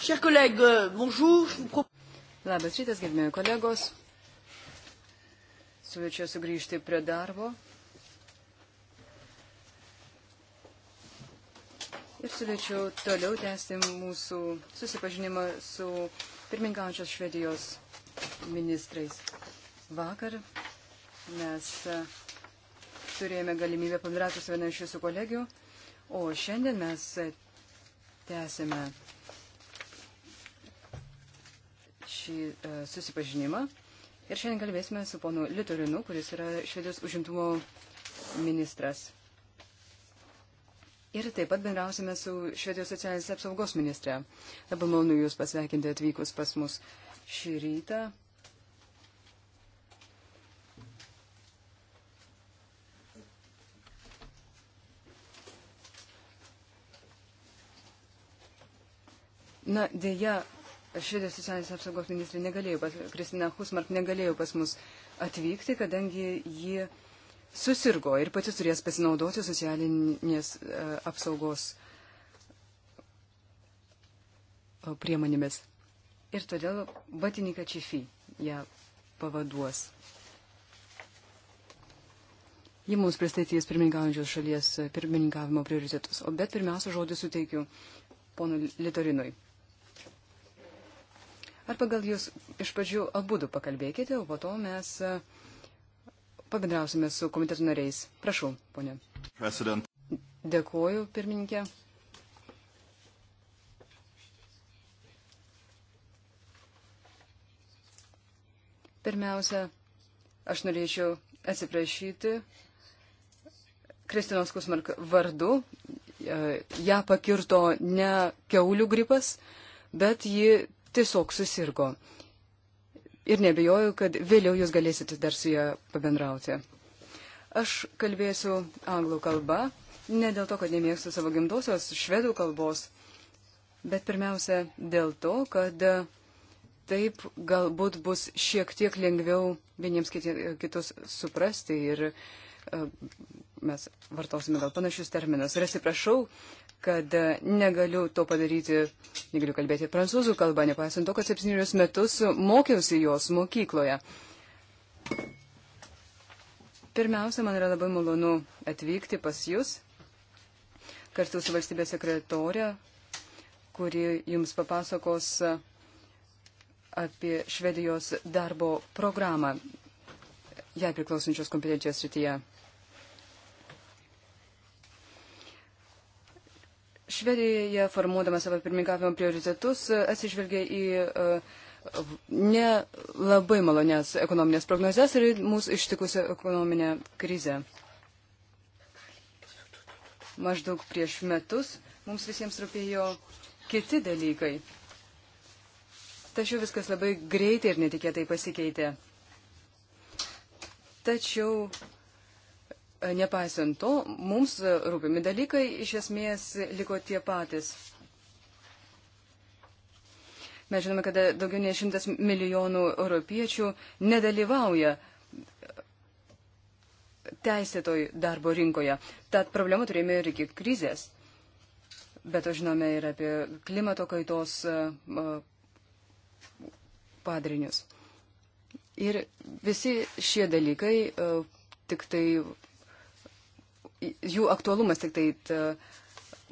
Chers collègues, euh, bonjour. Je vous propose... Labas rytas, gerbėjai kolegos. Suvečiu sugrįžti prie darbo. Ir suvečiu toliau tęsti mūsų susipažinimą su pirmininkaujančios Švedijos ministrais. Vakar mes e, turėjome galimybę pabendrauti su viena iš jūsų kolegių, o šiandien mes e, tęsime šį e, susipažinimą. Ir šiandien kalbėsime su ponu Litorinu, kuris yra švedijos užimtumo ministras. Ir taip pat bendrausime su švedijos socialinės apsaugos ministre. Labai malonu Jūs pasveikinti atvykus pas mus šį rytą. Na, dėja, švedės socialinės apsaugos ministrė negalėjo, pas, Kristina Husmark negalėjo pas mus atvykti, kadangi ji susirgo ir pati turės pasinaudoti socialinės e, apsaugos e, priemonėmis. Ir todėl Batinika Čifi ją pavaduos. Ji mums pristatys pirmininkaujančios šalies pirmininkavimo prioritetus. O bet pirmiausia žodį suteikiu ponui Litorinui. Arba gal jūs iš pradžių abudu pakalbėkite, o po to mes e, pabendrausime su komiteto nariais. Prašau, ponė. President. Dėkuoju, pirmininkė. Pirmiausia, aš norėčiau atsiprašyti Kristinos Kusmark vardu. E, ja pakirto ne keulių gripas, bet ji tiesiog susirgo. Ir nebejoju, kad vėliau jūs galėsite dar su ją pabendrauti. Aš kalbėsiu anglų kalba, ne dėl to, kad nemėgstu savo gimtosios švedų kalbos, bet pirmiausia dėl to, kad taip galbūt bus šiek tiek lengviau vieniems kitus suprasti ir e, mes vartosime gal panašius terminus. Ir atsiprašau, kad e, negaliu to padaryti, negaliu kalbėti prancūzų kalbą, nepaisant to, kad septynerius metus mokiausi jos mokykloje. Pirmiausia, man yra labai malonu atvykti pas Jūs kartu su valstybės sekretorė, kuri Jums papasakos apie Švedijos darbo programą, jai priklausančios kompetencijos rytyje. Švedija, formuodama savo pirmininkavimo prioritetus, atsižvelgia į e, nelabai malonės ekonominės prognozes ir mūsų ištikusią ekonominę krizę. Maždaug prieš metus mums visiems rūpėjo kiti dalykai. Tačiau viskas labai greitai ir netikėtai pasikeitė. Tačiau E, nepaisant to, mums e, rūpimi dalykai iš esmės liko tie patys. Mes žinome, kad daugiau nei šimtas milijonų europiečių nedalyvauja teisėtoj darbo rinkoje. Tad problemų turėjome ir iki krizės. Bet to žinome ir apie klimato kaitos e, padarinius. Ir visi šie dalykai tik tai jų aktualumas tik tai ta,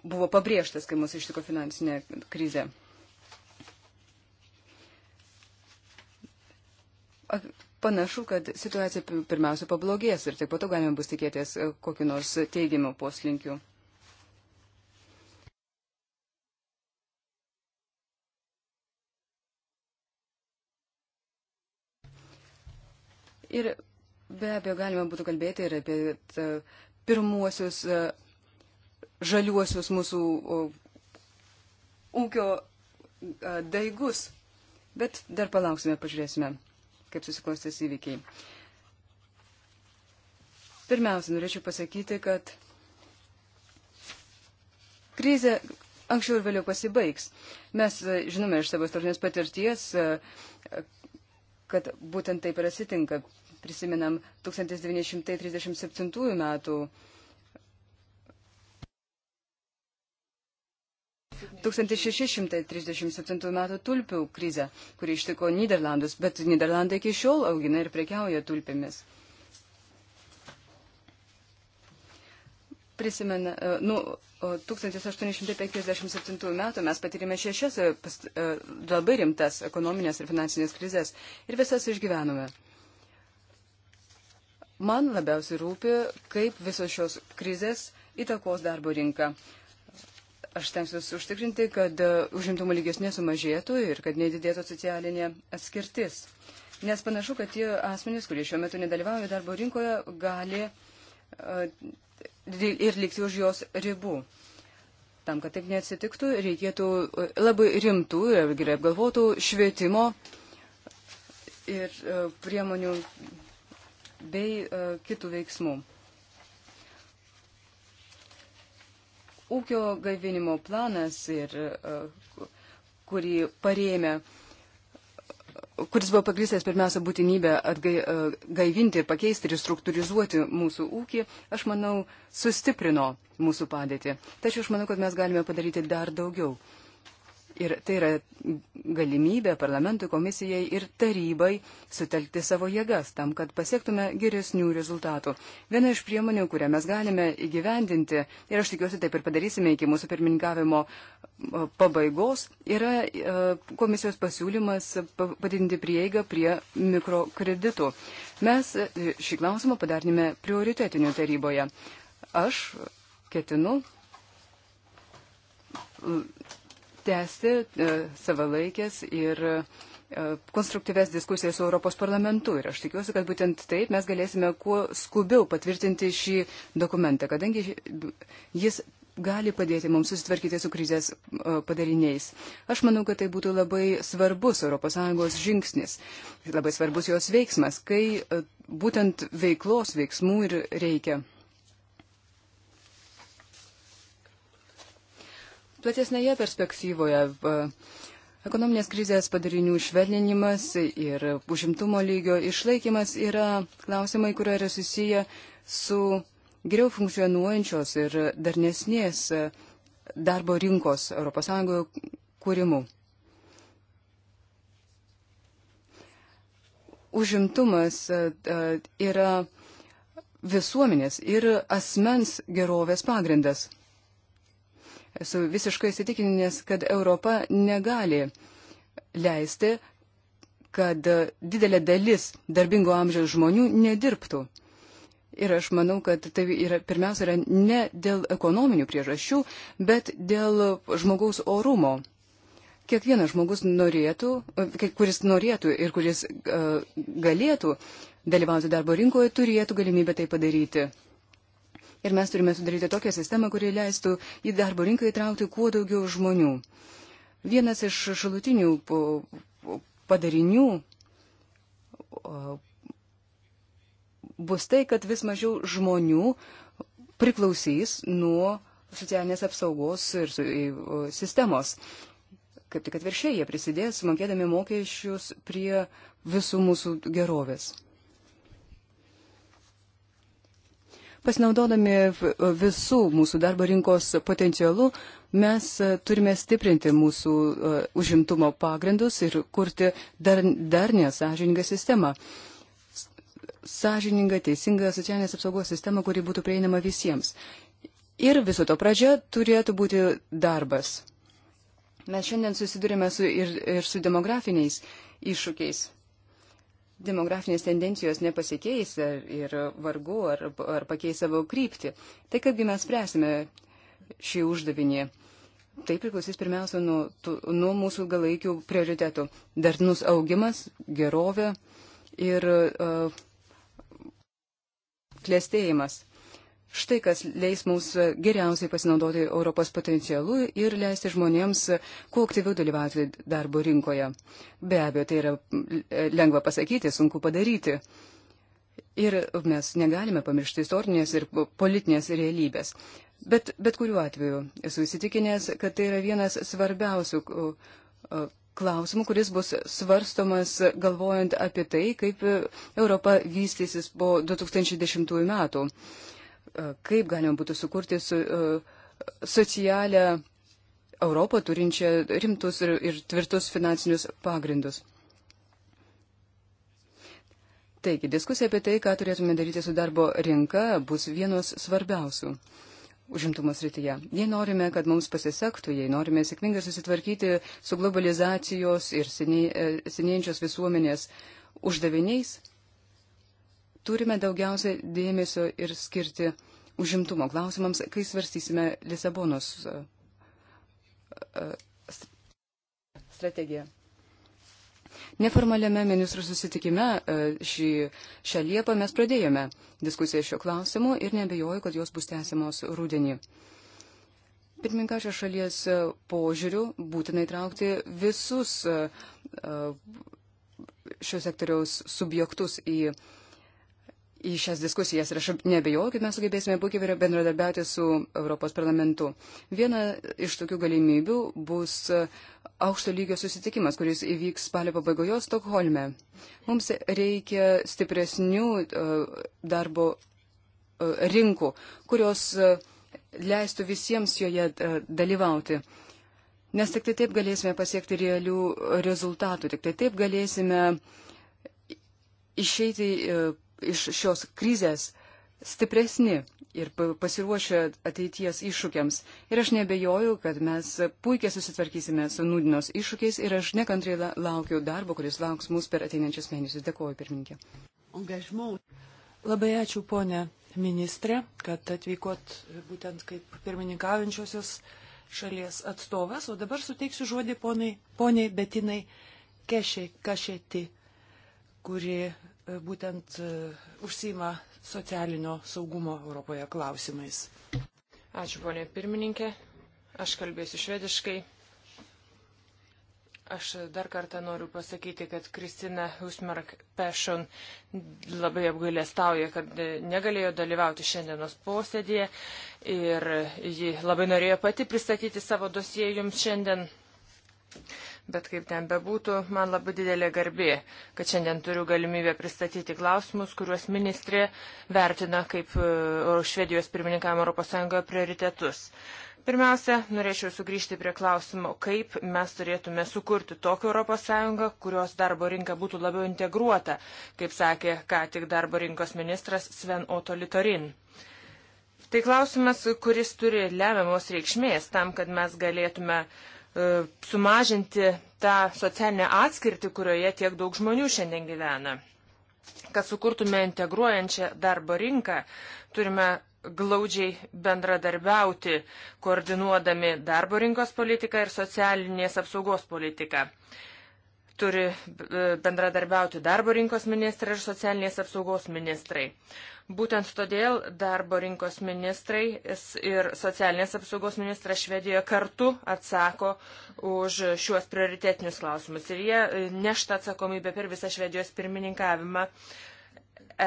buvo pabrėžtas, kai mūsų ištiko finansinė krizė. Panašu, kad situacija pirmiausia pablogės ir tik po to galima bus tikėtis e, kokiu nors teigiamu poslinkiu. Ir be abejo galima būtų kalbėti ir apie pirmuosius e, žaliuosius mūsų ūkio e, daigus. Bet dar palauksime, pažiūrėsime, kaip susiklostės įvykiai. Pirmiausia, norėčiau pasakyti, kad krizė anksčiau ir vėliau pasibaigs. Mes e, žinome iš savo istorinės patirties, kad būtent taip ir atsitinka prisiminam 1937 metų. 1637 metų tulpių krizę, kuri ištiko Niderlandus, bet Niderlandai iki šiol augina ir prekiauja tulpėmis. prisimena, e, nu, 1857 metų mes patyrėme šešias e, e, labai rimtas ekonominės ir finansinės krizės ir visas išgyvenome. Man labiausiai rūpi, kaip visos šios krizės įtakos darbo rinką. Aš tenksiuosi užtikrinti, kad užimtumo lygis nesumažėtų ir kad nedidėtų socialinė atskirtis. Nes panašu, kad tie asmenys, kurie šiuo metu nedalyvauja darbo rinkoje, gali e, ir likti už jos ribų. Tam, kad taip neatsitiktų, reikėtų e, labai rimtų ir gerai apgalvotų švietimo ir e, priemonių bei e, kitų veiksmų. Ūkio gaivinimo planas, ir, e, kurį parėmė, kuris buvo pagrįstas pirmiausia būtinybę atgaivinti e, ir pakeisti ir struktūrizuoti mūsų ūkį, aš manau, sustiprino mūsų padėtį. Tačiau aš manau, kad mes galime padaryti dar daugiau. Ir tai yra galimybė parlamentui, komisijai ir tarybai sutelkti savo jėgas tam, kad pasiektume geresnių rezultatų. Viena iš priemonių, kurią mes galime įgyvendinti, ir aš tikiuosi taip ir padarysime iki mūsų pirmininkavimo pabaigos, yra e, komisijos pasiūlymas padidinti prieigą prie mikrokreditų. Mes e, šį klausimą padarnime prioritetiniu taryboje. Aš ketinu tęsti e, savalaikės ir e, konstruktyves diskusijas su Europos parlamentu. Ir aš tikiuosi, kad būtent taip mes galėsime kuo skubiau patvirtinti šį dokumentą, kadangi jis gali padėti mums susitvarkyti su krizės e, padariniais. Aš manau, kad tai būtų labai svarbus ES žingsnis, labai svarbus jos veiksmas, kai būtent veiklos veiksmų ir reikia. platesnėje perspektyvoje. Ekonominės krizės padarinių švelninimas ir užimtumo lygio išlaikymas yra klausimai, kurie yra susiję su geriau funkcionuojančios ir darnesnės darbo rinkos ES kūrimu. Užimtumas yra visuomenės ir asmens gerovės pagrindas. Esu visiškai įsitikinęs, kad Europa negali leisti, kad didelė dalis darbingo amžiaus žmonių nedirbtų. Ir aš manau, kad tai yra, pirmiausia yra ne dėl ekonominių priežasčių, bet dėl žmogaus orumo. Kiekvienas žmogus norėtų, kuris norėtų ir kuris uh, galėtų dalyvauti darbo rinkoje, turėtų galimybę tai padaryti. Ir mes turime sudaryti tokią sistemą, kuri leistų į darbo rinką įtraukti kuo daugiau žmonių. Vienas iš šalutinių padarinių bus tai, kad vis mažiau žmonių priklausys nuo socialinės apsaugos ir sistemos kaip tik atviršiai, jie prisidės mokėdami mokesčius prie visų mūsų gerovės. Pasinaudodami visų mūsų darbo rinkos potencialų, mes e, turime stiprinti mūsų e, užimtumo pagrindus ir kurti dar, dar nesažiningą sistemą. Sažiningą, teisingą socialinės apsaugos sistemą, kuri būtų prieinama visiems. Ir viso to pradžia turėtų būti darbas. Mes šiandien susidurime su ir, ir su demografiniais iššūkiais demografinės tendencijos nepasikeis ir vargu ar, ar pakeis savo kryptį. Tai kaipgi mes spręsime šį uždavinį. Tai priklausys pirmiausia nuo, tu, nuo mūsų galaikių prioritetų. Darnus augimas, gerovė ir uh, klėstėjimas. Štai kas leis mums geriausiai pasinaudoti Europos potencialu ir leisti žmonėms kuo aktyviau dalyvauti darbo rinkoje. Be abejo, tai yra mm, lengva pasakyti, sunku padaryti. Ir mes negalime pamiršti istorinės ir politinės realybės. Bet, bet kuriuo atveju esu įsitikinęs, kad tai yra vienas svarbiausių klausimų, kuris bus svarstomas galvojant apie tai, kaip Europa vystysis po 2010 metų. E, kaip galima būtų sukurti su, e, socialią Europą turinčią rimtus ir, ir tvirtus finansinius pagrindus. Taigi, diskusija apie tai, ką turėtume daryti su darbo rinka, bus vienos svarbiausių užimtumo srityje. Jei norime, kad mums pasisektų, jei norime sėkmingai susitvarkyti su globalizacijos ir e, senėjančios visuomenės uždaviniais, turime daugiausia dėmesio ir skirti užimtumo klausimams, kai svarstysime Lisabonos e, e, strategiją. Neformaliame ministrų susitikime e, šį, šią liepą mes pradėjome diskusiją šio klausimu ir nebejoju, kad jos bus tęsiamos rūdienį. Pirmininkačio šalies požiūrių būtinai traukti visus šio sektoriaus subjektus į uh, į šias diskusijas ir aš nebejoju, kad mes sugebėsime puikiai bendradarbiauti su Europos parlamentu. Viena iš tokių galimybių bus e, aukšto lygio susitikimas, kuris įvyks spalio pabaigoje Stokholme. Mums reikia stipresnių e, darbo e, rinkų, kurios leistų visiems joje dalyvauti. Nes tik tai taip galėsime pasiekti realių rezultatų, tik tai taip galėsime išeiti iš šios krizės stipresni ir pasiruošę ateities iššūkiams. Ir aš nebejoju, kad mes puikiai susitvarkysime su nudinos iššūkiais ir aš nekantriai laukiu darbo, kuris lauks mūsų per ateinančias mėnesius. Dėkuoju, pirmininkė. Labai ačiū, ponė ministrė, kad atvykot būtent kaip pirmininkaujančiosios šalies atstovas. O dabar suteiksiu žodį poniai, poniai Betinai Kešė, Kašėti, kuri būtent e, užsima socialinio saugumo Europoje klausimais. Ačiū, ponė pirmininkė. Aš kalbėsiu švediškai. Aš dar kartą noriu pasakyti, kad Kristina Husmark Pešon labai apgailestauja, kad negalėjo dalyvauti šiandienos posėdėje ir ji labai norėjo pati pristatyti savo dosiją jums šiandien. Bet kaip ten bebūtų, man labai didelė garbė, kad šiandien turiu galimybę pristatyti klausimus, kuriuos ministrė vertina kaip e, Švedijos pirmininkavimo ES prioritetus. Pirmiausia, norėčiau sugrįžti prie klausimo, kaip mes turėtume sukurti tokią ES, kurios darbo rinka būtų labiau integruota, kaip sakė ką tik darbo rinkos ministras Sven Oto Litorin. Tai klausimas, kuris turi lemiamos reikšmės tam, kad mes galėtume uh, E, sumažinti tą socialinę atskirtį, kurioje tiek daug žmonių šiandien gyvena. Kad sukurtume integruojančią darbo rinką, turime glaudžiai bendradarbiauti, koordinuodami darbo rinkos politiką ir socialinės apsaugos politiką. Uh, turi e, bendradarbiauti darbo rinkos ministrai ir socialinės apsaugos ministrai. Būtent todėl darbo rinkos ministrai ir socialinės apsaugos ministras Švedijoje kartu atsako už šiuos prioritetinius klausimus. Ir jie e, nešta atsakomybę per visą Švedijos pirmininkavimą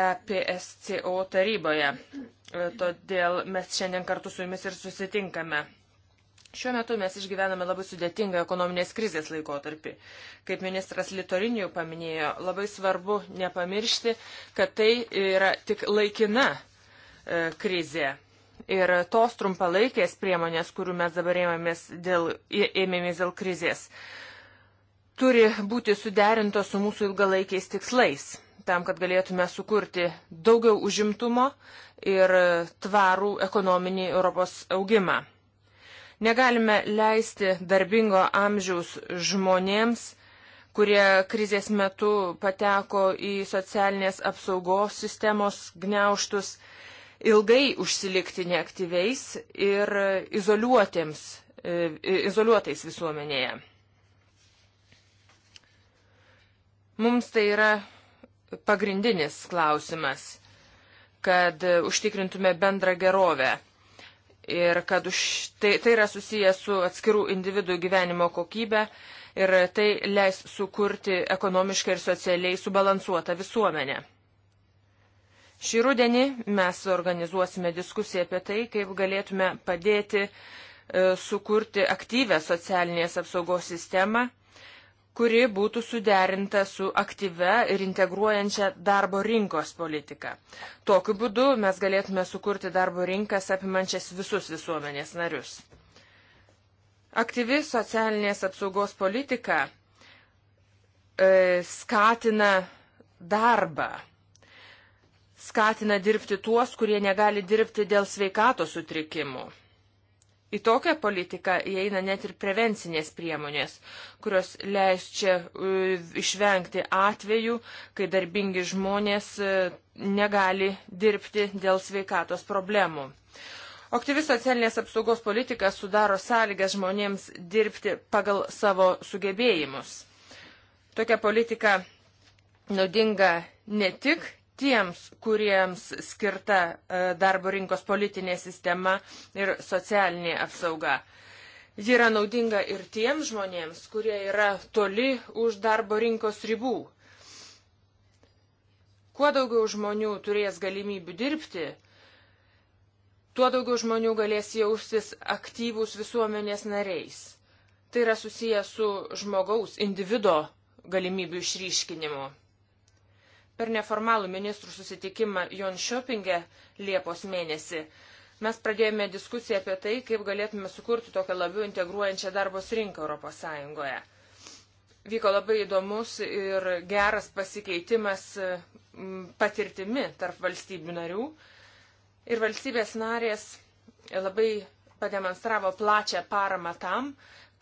EPSCO taryboje. E, todėl mes šiandien kartu su jumis ir susitinkame. Šiuo metu mes išgyvename labai sudėtingą ekonominės krizės laikotarpį. Kaip ministras Litorinijų paminėjo, labai svarbu nepamiršti, kad tai yra tik laikina e, krizė. Ir tos trumpalaikės priemonės, kurių mes dabar ėmėmės dėl, ėmėmės dėl krizės, turi būti suderintos su mūsų ilgalaikiais tikslais, tam, kad galėtume sukurti daugiau užimtumo ir tvarų ekonominį Europos augimą. Negalime leisti darbingo amžiaus žmonėms, kurie krizės metu pateko į socialinės apsaugos sistemos gneuštus, ilgai užsilikti neaktyviais ir e, izoliuotais visuomenėje. Mums tai yra pagrindinis klausimas, kad e, užtikrintume bendrą gerovę ir kad už, tai, tai yra susijęs su atskirų individų gyvenimo kokybė ir tai leis sukurti ekonomiškai ir socialiai subalansuotą visuomenę. Šį rudenį mes organizuosime diskusiją apie tai, kaip galėtume padėti e, sukurti aktyvę socialinės apsaugos sistemą kuri būtų suderinta su aktyve ir integruojančia darbo rinkos politika. Tokiu būdu mes galėtume sukurti darbo rinkas apimančias visus visuomenės narius. Aktyvi socialinės apsaugos politika e, skatina darbą, skatina dirbti tuos, kurie negali dirbti dėl sveikato sutrikimų. Į tokią politiką įeina net ir prevencinės priemonės, kurios leis čia e, išvengti atvejų, kai darbingi žmonės e, negali dirbti dėl sveikatos problemų. Aktyvi socialinės apsaugos politika sudaro sąlygas žmonėms dirbti pagal savo sugebėjimus. Tokia politika naudinga ne tik tiems, kuriems skirta e, darbo rinkos politinė sistema ir socialinė apsauga. Ji yra naudinga ir tiems žmonėms, kurie yra toli už darbo rinkos ribų. Kuo daugiau žmonių turės galimybių dirbti, tuo daugiau žmonių galės jaustis aktyvus visuomenės nariais. Tai yra susiję su žmogaus, individo galimybių išryškinimu per neformalų ministrų susitikimą Jonšopinge Liepos mėnesį mes pradėjome diskusiją apie tai, kaip galėtume sukurti tokią labiau integruojančią darbos rinką Europos Sąjungoje. Vyko labai įdomus ir geras pasikeitimas patirtimi tarp valstybių narių. Ir valstybės narės labai pademonstravo plačią paramą tam,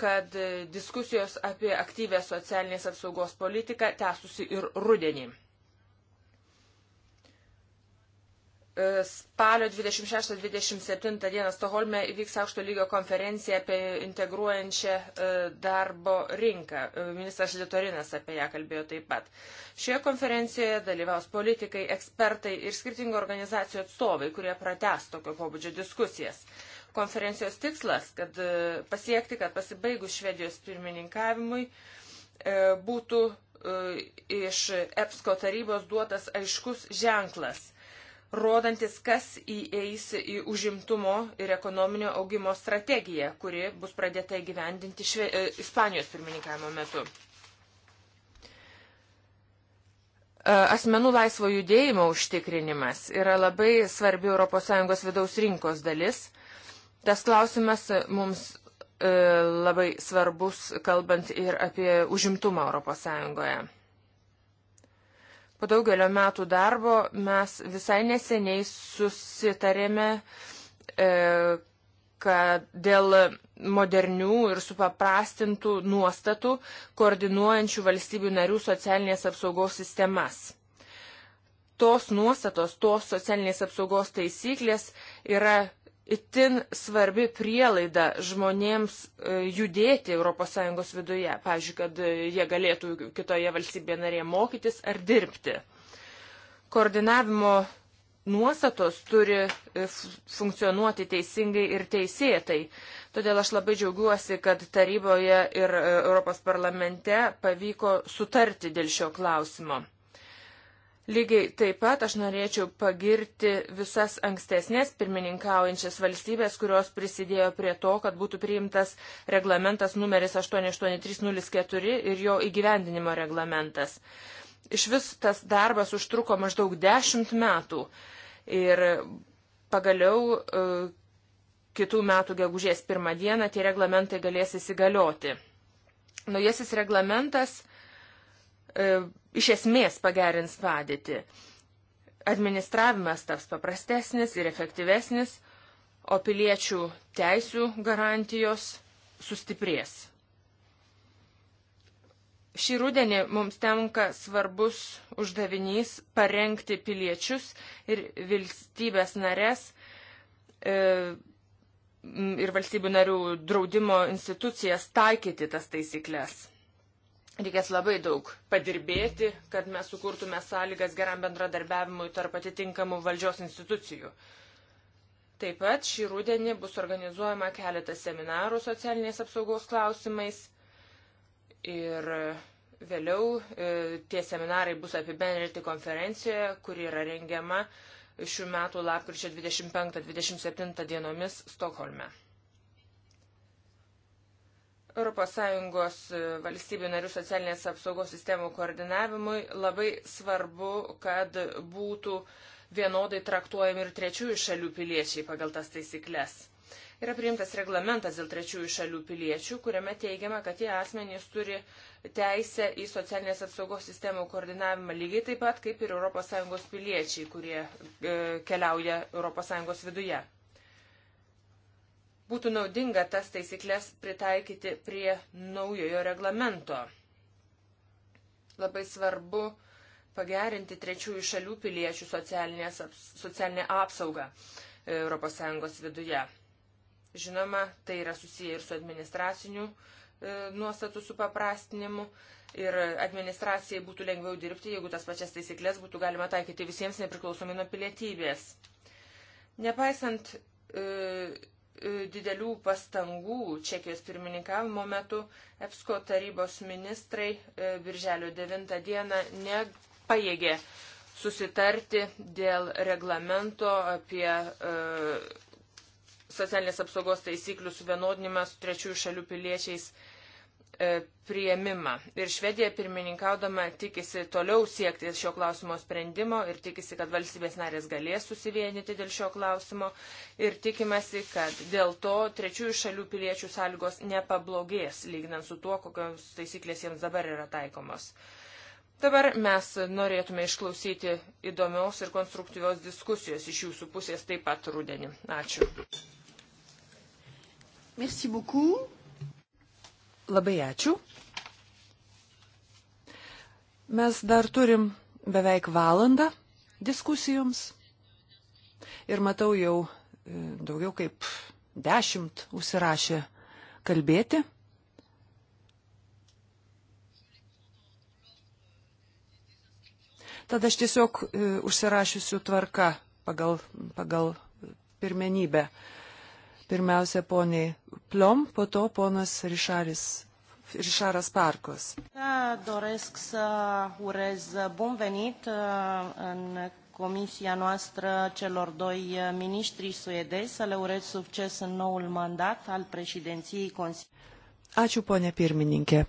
kad diskusijos apie aktyvę socialinės apsaugos politiką tęsusi ir rudenį. Spalio 26-27 dieną Stoholme vyks aukšto lygio konferencija apie integruojančią e, darbo rinką. E, ministras Litorinas apie ją kalbėjo taip pat. Šioje konferencijoje dalyvaus politikai, ekspertai ir skirtingų organizacijų atstovai, kurie prates tokio pobūdžio diskusijas konferencijos tikslas, kad e, pasiekti, kad pasibaigus Švedijos pirmininkavimui būtų iš EPSCO tarybos duotas aiškus ženklas rodantis, kas įeis į užimtumo ir ekonominio augimo strategiją, kuri bus pradėta įgyvendinti šve, e, Ispanijos pirmininkavimo metu. E, asmenų laisvo judėjimo užtikrinimas yra labai svarbi ES vidaus rinkos dalis. Tas klausimas mums e, labai svarbus, kalbant ir apie užimtumą ES. Po daugelio metų darbo mes visai neseniai susitarėme, e, kad dėl modernių ir supaprastintų nuostatų koordinuojančių valstybių narių socialinės apsaugos sistemas. Tos nuostatos, tos socialinės apsaugos taisyklės yra itin svarbi prielaida žmonėms e, judėti ES viduje, pavyzdžiui, kad e, jie galėtų kitoje valstybėje narėje mokytis ar dirbti. Koordinavimo nuostatos turi e, funkcionuoti teisingai ir teisėtai. Todėl aš labai džiaugiuosi, kad taryboje ir Europos parlamente pavyko sutarti dėl šio klausimo. Lygiai taip pat aš norėčiau pagirti visas ankstesnės pirmininkaujančias valstybės, kurios prisidėjo prie to, kad būtų priimtas reglamentas numeris 88304 ir jo įgyvendinimo reglamentas. Iš vis tas darbas užtruko maždaug 10 metų ir pagaliau e, kitų metų gegužės pirmą dieną tie reglamentai galės įsigalioti. Naujasis reglamentas nu, E, iš esmės pagerins padėtį. Administravimas taps paprastesnis ir efektyvesnis, o piliečių teisių garantijos sustiprės. Šį rudenį mums tenka svarbus uždavinys parengti piliečius ir valstybės narės e, ir valstybių narių draudimo institucijas taikyti tas taisyklės reikės labai daug padirbėti, kad mes sukurtume sąlygas geram bendradarbiavimui tarp atitinkamų valdžios institucijų. Taip pat šį rudenį bus organizuojama keletas seminarų socialinės apsaugos klausimais ir vėliau e, tie seminarai bus apibendrinti konferencijoje, kuri yra rengiama šių metų lapkričio 25-27 dienomis Stokholme. ES e, valstybių narių socialinės apsaugos sistemų koordinavimui labai svarbu, kad būtų vienodai traktuojami ir trečiųjų šalių piliečiai pagal tas taisyklės. Yra priimtas reglamentas dėl trečiųjų šalių piliečių, kuriame teigiama, kad tie asmenys turi teisę į socialinės apsaugos sistemų koordinavimą lygiai taip pat kaip ir ES piliečiai, kurie e, keliauja ES viduje. Būtų naudinga tas taisyklės pritaikyti prie naujojo reglamento. Labai svarbu pagerinti trečiųjų šalių piliečių socialinę apsaugą e, ES viduje. Žinoma, tai yra susiję ir su administraciniu e, nuostatų supaprastinimu ir administracijai būtų lengviau dirbti, jeigu tas pačias taisyklės būtų galima taikyti visiems nepriklausomai nuo pilietybės. Nepaisant e, E, didelių pastangų Čekijos pirmininkavimo metu EPSCO tarybos ministrai e, birželio 9 dieną nepaėgė susitarti dėl reglamento apie e, socialinės apsaugos taisyklių suvienodinimą su trečiųjų šalių piliečiais E, prieimimą. Ir Švedija pirmininkaudama tikisi toliau siekti šio klausimo sprendimo ir tikisi, kad valstybės narės galės susivienyti dėl šio klausimo ir tikimasi, kad dėl to trečiųjų šalių piliečių sąlygos nepablogės, lygnant su tuo, kokios taisyklės jiems dabar yra taikomos. Dabar mes norėtume išklausyti įdomios ir konstruktyvios diskusijos iš jūsų pusės taip pat rudenį. Ačiū. Merci beaucoup. Labai ačiū. Mes dar turim beveik valandą diskusijoms ir matau jau e, daugiau kaip dešimt užsirašė kalbėti. Tad aš tiesiog e, užsirašysiu tvarką pagal, pagal pirmenybę. Uh, Pirmiausia, poniai Plom, po to ponas Rišaris, Rišaras Parkos. Doresc să urez bun venit uh, în comisia noastră celor doi uh, miniștri suedezi, să le urez succes în noul mandat al președinției Consiliului. Ačiū, ponė pirmininkė.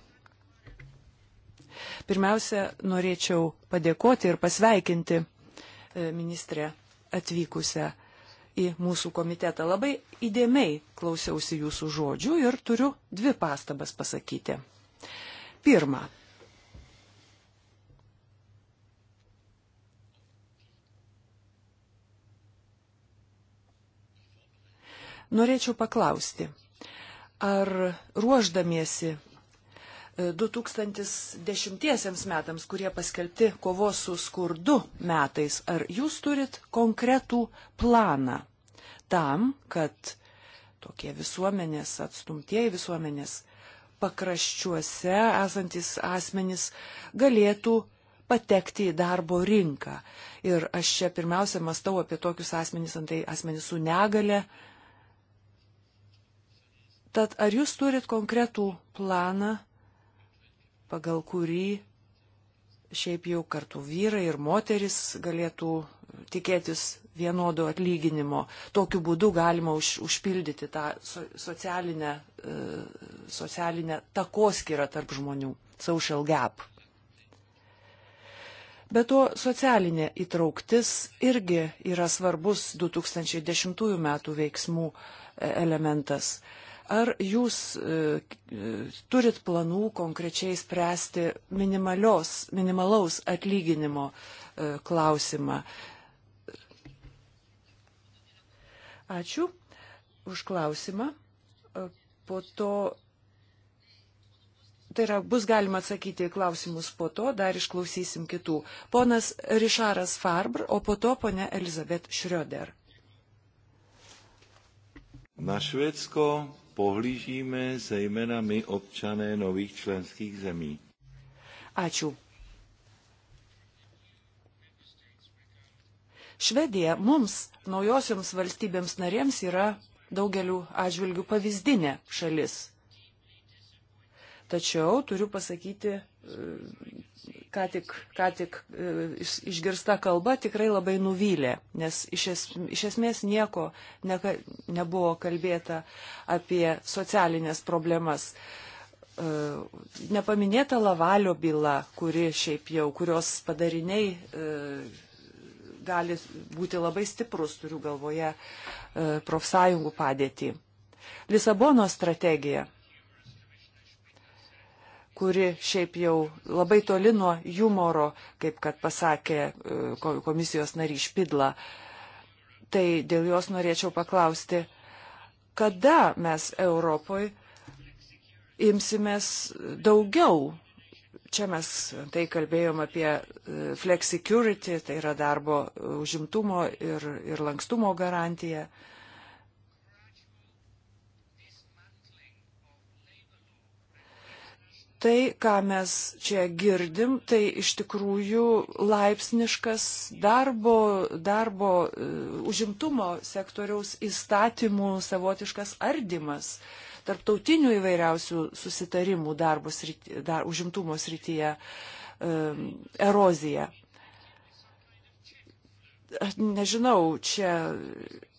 Pirmiausia, norėčiau padėkoti ir pasveikinti e, ministrę atvykusią į mūsų komitetą. Labai įdėmiai klausiausi jūsų žodžių ir turiu dvi pastabas pasakyti. Pirma. Norėčiau paklausti, ar ruoždamiesi 2010 e, metams, kurie paskelbti kovos su skurdu metais, ar jūs turit konkretų planą, tam, kad tokie visuomenės, atstumtieji visuomenės pakraščiuose esantis asmenys galėtų patekti į darbo rinką. Ir aš čia pirmiausia mastau apie tokius asmenys, antai asmenys su negale. Tad ar jūs turit konkretų planą, pagal kurį šiaip jau kartu vyrai ir moteris galėtų tikėtis vienodo atlyginimo. Tokiu būdu galima už, užpildyti tą so, socialinę, e, socialinę takoskirą tarp žmonių, social gap. Be to, socialinė įtrauktis irgi yra svarbus 2010 m. veiksmų e, elementas. Ar jūs e, turit planų konkrečiai spręsti minimalaus atlyginimo e, klausimą? Ačiū už klausimą. E, po to tai yra, bus galima atsakyti klausimus po to, dar išklausysim kitų. Ponas Rišaras Farbr, o po to ponia Elizabet Šrioder. Na Švédsko pohlížíme zejména my občané nových členských zemí. Ačiū. Švedija mums, naujosioms valstybėms narėms, yra daugeliu atžvilgių pavyzdinė šalis. Tačiau turiu pasakyti, e, ką tik, ką tik e, išgirsta kalba tikrai labai nuvylė, nes iš, es, iš esmės nieko ne, nebuvo kalbėta apie socialinės problemas. E, nepaminėta Lavalio byla, kuri šiaip jau, kurios padariniai gali būti labai stiprus, turiu galvoje, e, profsąjungų padėtį. Lisabono strategija, kuri šiaip jau labai toli nuo humoro, kaip kad pasakė e, komisijos narys Špidla, tai dėl jos norėčiau paklausti, kada mes Europoje imsimės daugiau Čia mes tai kalbėjom apie e, flexicurity, tai yra darbo užimtumo ir, ir lankstumo garantija. tai, ką mes čia girdim, tai iš tikrųjų laipsniškas darbo, darbo e, užimtumo sektoriaus įstatymų savotiškas ardymas. Uh, tarptautinių įvairiausių susitarimų darbos, dar, užimtumo srityje um, erozija. Nežinau, čia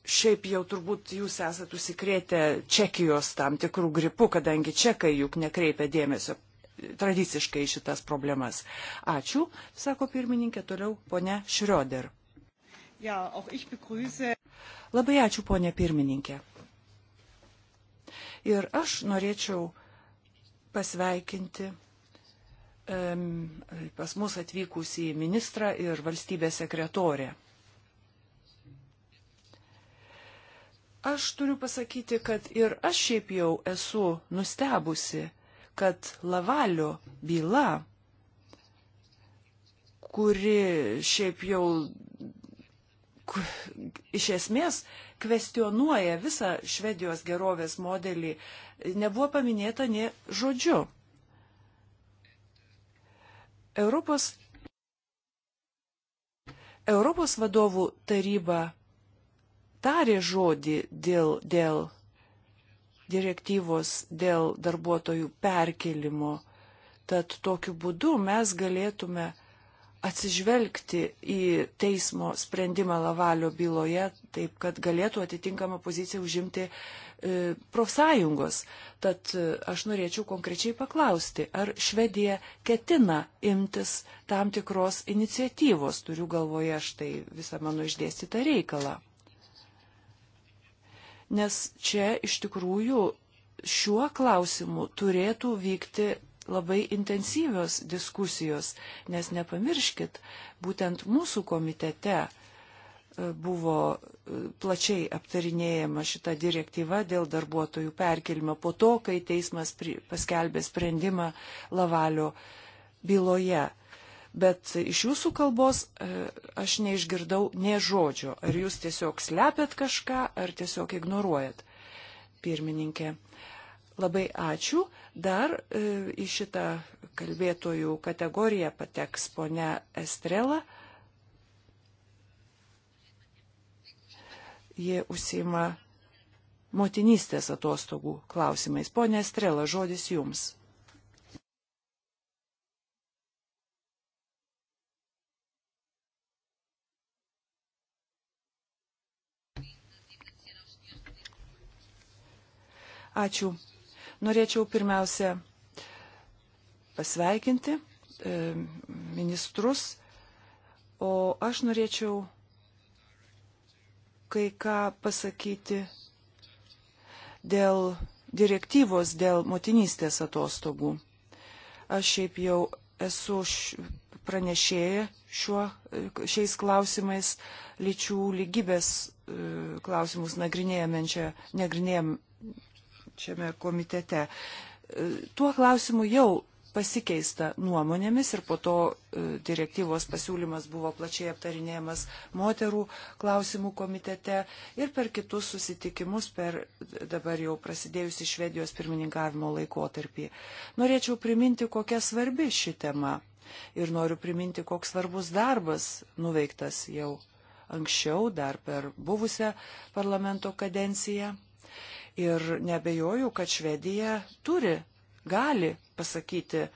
šiaip jau turbūt jūs esat užsikrėtę Čekijos tam tikrų gripų, kadangi Čekai juk nekreipia dėmesio tradiciškai šitas problemas. Ačiū, sako pirmininkė, toliau ponia Šrioder. Ja, Labai ačiū, ponia pirmininkė. Ir aš norėčiau pasveikinti pas mus atvykusį ministrą ir valstybės sekretorę. Aš turiu pasakyti, kad ir aš šiaip jau esu nustebusi, kad Lavalio byla, kuri šiaip jau iš esmės kvestionuoja visą Švedijos gerovės modelį, nebuvo paminėta nie žodžiu. Europos, Europos vadovų taryba tarė žodį dėl, dėl direktyvos, dėl darbuotojų perkelimo. Tad tokiu būdu mes galėtume uh, atsižvelgti į teismo sprendimą Lavalio byloje, taip kad galėtų atitinkamą poziciją užimti e, profsąjungos. Tad e, aš norėčiau konkrečiai paklausti, ar Švedija ketina imtis tam tikros iniciatyvos, turiu galvoje štai visą mano išdėstytą reikalą. Nes čia iš tikrųjų šiuo klausimu turėtų vykti labai intensyvios diskusijos, nes nepamirškit, būtent mūsų komitete e, buvo e, plačiai aptarinėjama šita direktyva dėl darbuotojų perkelimo po to, kai teismas paskelbė sprendimą Lavalio byloje. Bet iš jūsų kalbos e, aš neišgirdau nie žodžio. Ar jūs tiesiog slepiat kažką, ar tiesiog ignoruojat, pirmininkė. Labai ačiū. Dar e, į šitą kalbėtojų kategoriją pateks ponia Estrela. Jie užsima motinystės atostogų klausimais. Pone Estrela, žodis jums. Ačiū. Norėčiau pirmiausia pasveikinti e, ministrus, o aš norėčiau kai ką pasakyti dėl direktyvos dėl motinystės atostogų. Aš šiaip jau esu pranešėja šiuo, e, šiais klausimais lyčių lygybės e, klausimus nagrinėjame čia, nagrinėjame, šiame komitete. E, tuo klausimu jau pasikeista nuomonėmis ir po to e, direktyvos pasiūlymas buvo plačiai aptarinėjamas moterų klausimų komitete ir per kitus susitikimus per dabar jau prasidėjusi Švedijos pirmininkavimo laikotarpį. Norėčiau priminti, kokia svarbi ši tema ir noriu priminti, koks svarbus darbas nuveiktas jau anksčiau, dar per buvusią parlamento kadenciją. Ir nebejoju, kad Švedija turi, gali pasakyti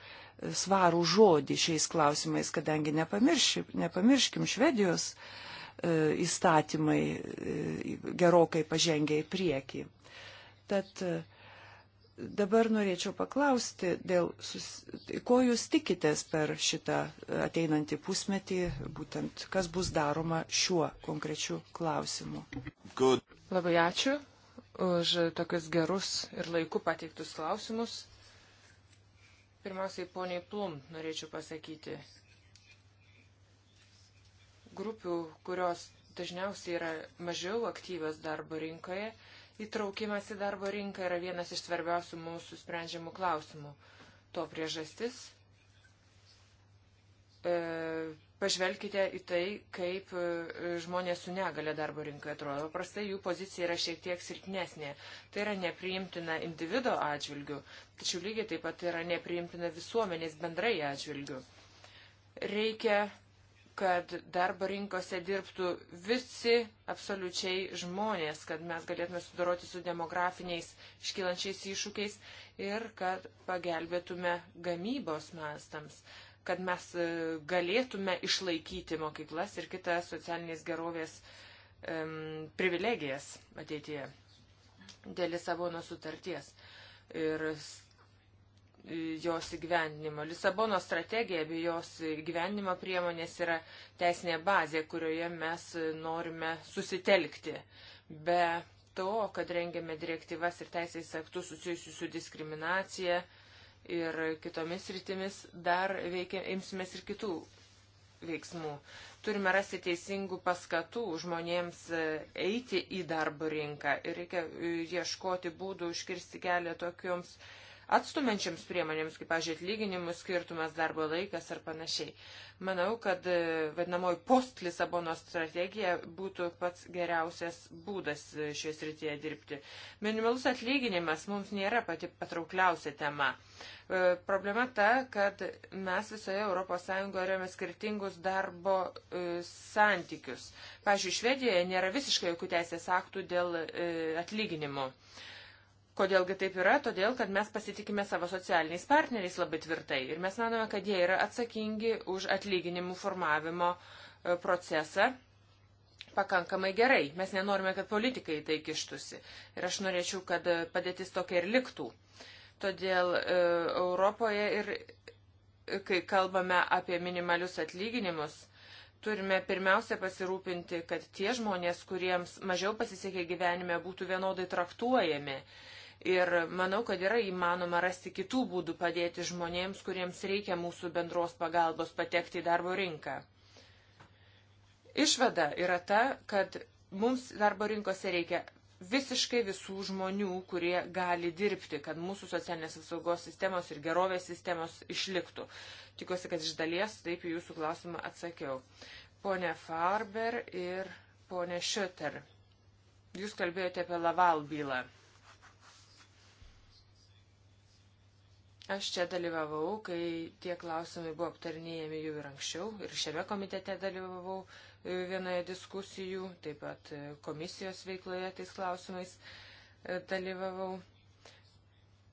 svarų žodį šiais klausimais, kadangi nepamiršim, nepamirškim Švedijos e, įstatymai e, gerokai pažengia į priekį. Tad e, dabar norėčiau paklausti, dėl, sus... ko jūs tikitės per šitą ateinantį pusmetį, būtent kas bus daroma šiuo konkrečiu klausimu. Good. Labai ačiū už tokius gerus ir laiku pateiktus klausimus. Pirmiausiai, poniai Plum, norėčiau pasakyti. Grupių, kurios dažniausiai yra mažiau aktyvios darbo rinkoje, įtraukimas į darbo rinką yra vienas iš svarbiausių mūsų sprendžiamų klausimų. To priežastis E, pažvelkite į tai, kaip e, žmonės su negale darbo rinkoje atrodo. Paprastai jų pozicija yra šiek tiek silpnesnė. Tai yra nepriimtina individo atžvilgių, tačiau lygiai taip pat yra nepriimtina visuomenės bendrai atžvilgių. Reikia kad darbo rinkose dirbtų visi absoliučiai žmonės, kad mes galėtume sudoroti su demografiniais iškylančiais iššūkiais ir kad pagelbėtume gamybos mastams kad mes e, galėtume išlaikyti mokyklas ir kitas socialinės gerovės um, privilegijas ateityje dėl Lisabono sutarties ir e, jos įgyvendinimo. Lisabono strategija bei jos įgyvendinimo priemonės yra teisinė bazė, kurioje mes norime susitelkti. Be to, kad rengiame direktyvas ir teisės aktus susijusius su diskriminacija, uh, ir kitomis rytimis dar veikia, imsimės ir kitų veiksmų. Turime rasti teisingų paskatų žmonėms e, eiti į darbo rinką ir reikia e, ieškoti būdų užkirsti kelią tokioms uh, atstumiančiams priemonėms, kaip, pažiūrėjau, atlyginimų skirtumas, darbo laikas ar panašiai. Manau, kad e, vadinamoji post-Lisabono strategija būtų pats geriausias būdas e, šioje srityje dirbti. Minimalus atlyginimas mums nėra pati patraukliausia tema. E, problema ta, kad mes visoje ES remiame skirtingus darbo santykius. Pavyzdžiui, Švedijoje nėra visiškai jokių teisės aktų dėl atlyginimo. Kodėlgi taip yra? Todėl, kad mes pasitikime savo socialiniais partneriais labai tvirtai ir mes manome, kad jie yra atsakingi už atlyginimų formavimo e, procesą pakankamai gerai. Mes nenorime, kad politikai tai kištusi. Ir aš norėčiau, kad e, padėtis tokia ir liktų. Todėl e, Europoje ir e, kai kalbame apie minimalius atlyginimus, turime pirmiausia pasirūpinti, kad tie žmonės, kuriems mažiau pasisekė gyvenime, būtų vienodai traktuojami Ir manau, kad yra įmanoma rasti kitų būdų padėti žmonėms, kuriems reikia mūsų bendros pagalbos patekti į darbo rinką. Išvada yra ta, kad mums darbo rinkose reikia visiškai visų žmonių, kurie gali dirbti, kad mūsų socialinės apsaugos sistemos ir gerovės sistemos išliktų. Tikiuosi, kad iš dalies taip į jūsų klausimą atsakiau. Pone Farber ir pone Šöter, jūs kalbėjote apie Laval bylą. Aš čia dalyvavau, kai tie klausimai buvo aptarinėjami jau ir anksčiau, ir šiame komitete dalyvavau e, vienoje diskusijų, taip pat e, komisijos veikloje tais klausimais e, dalyvavau.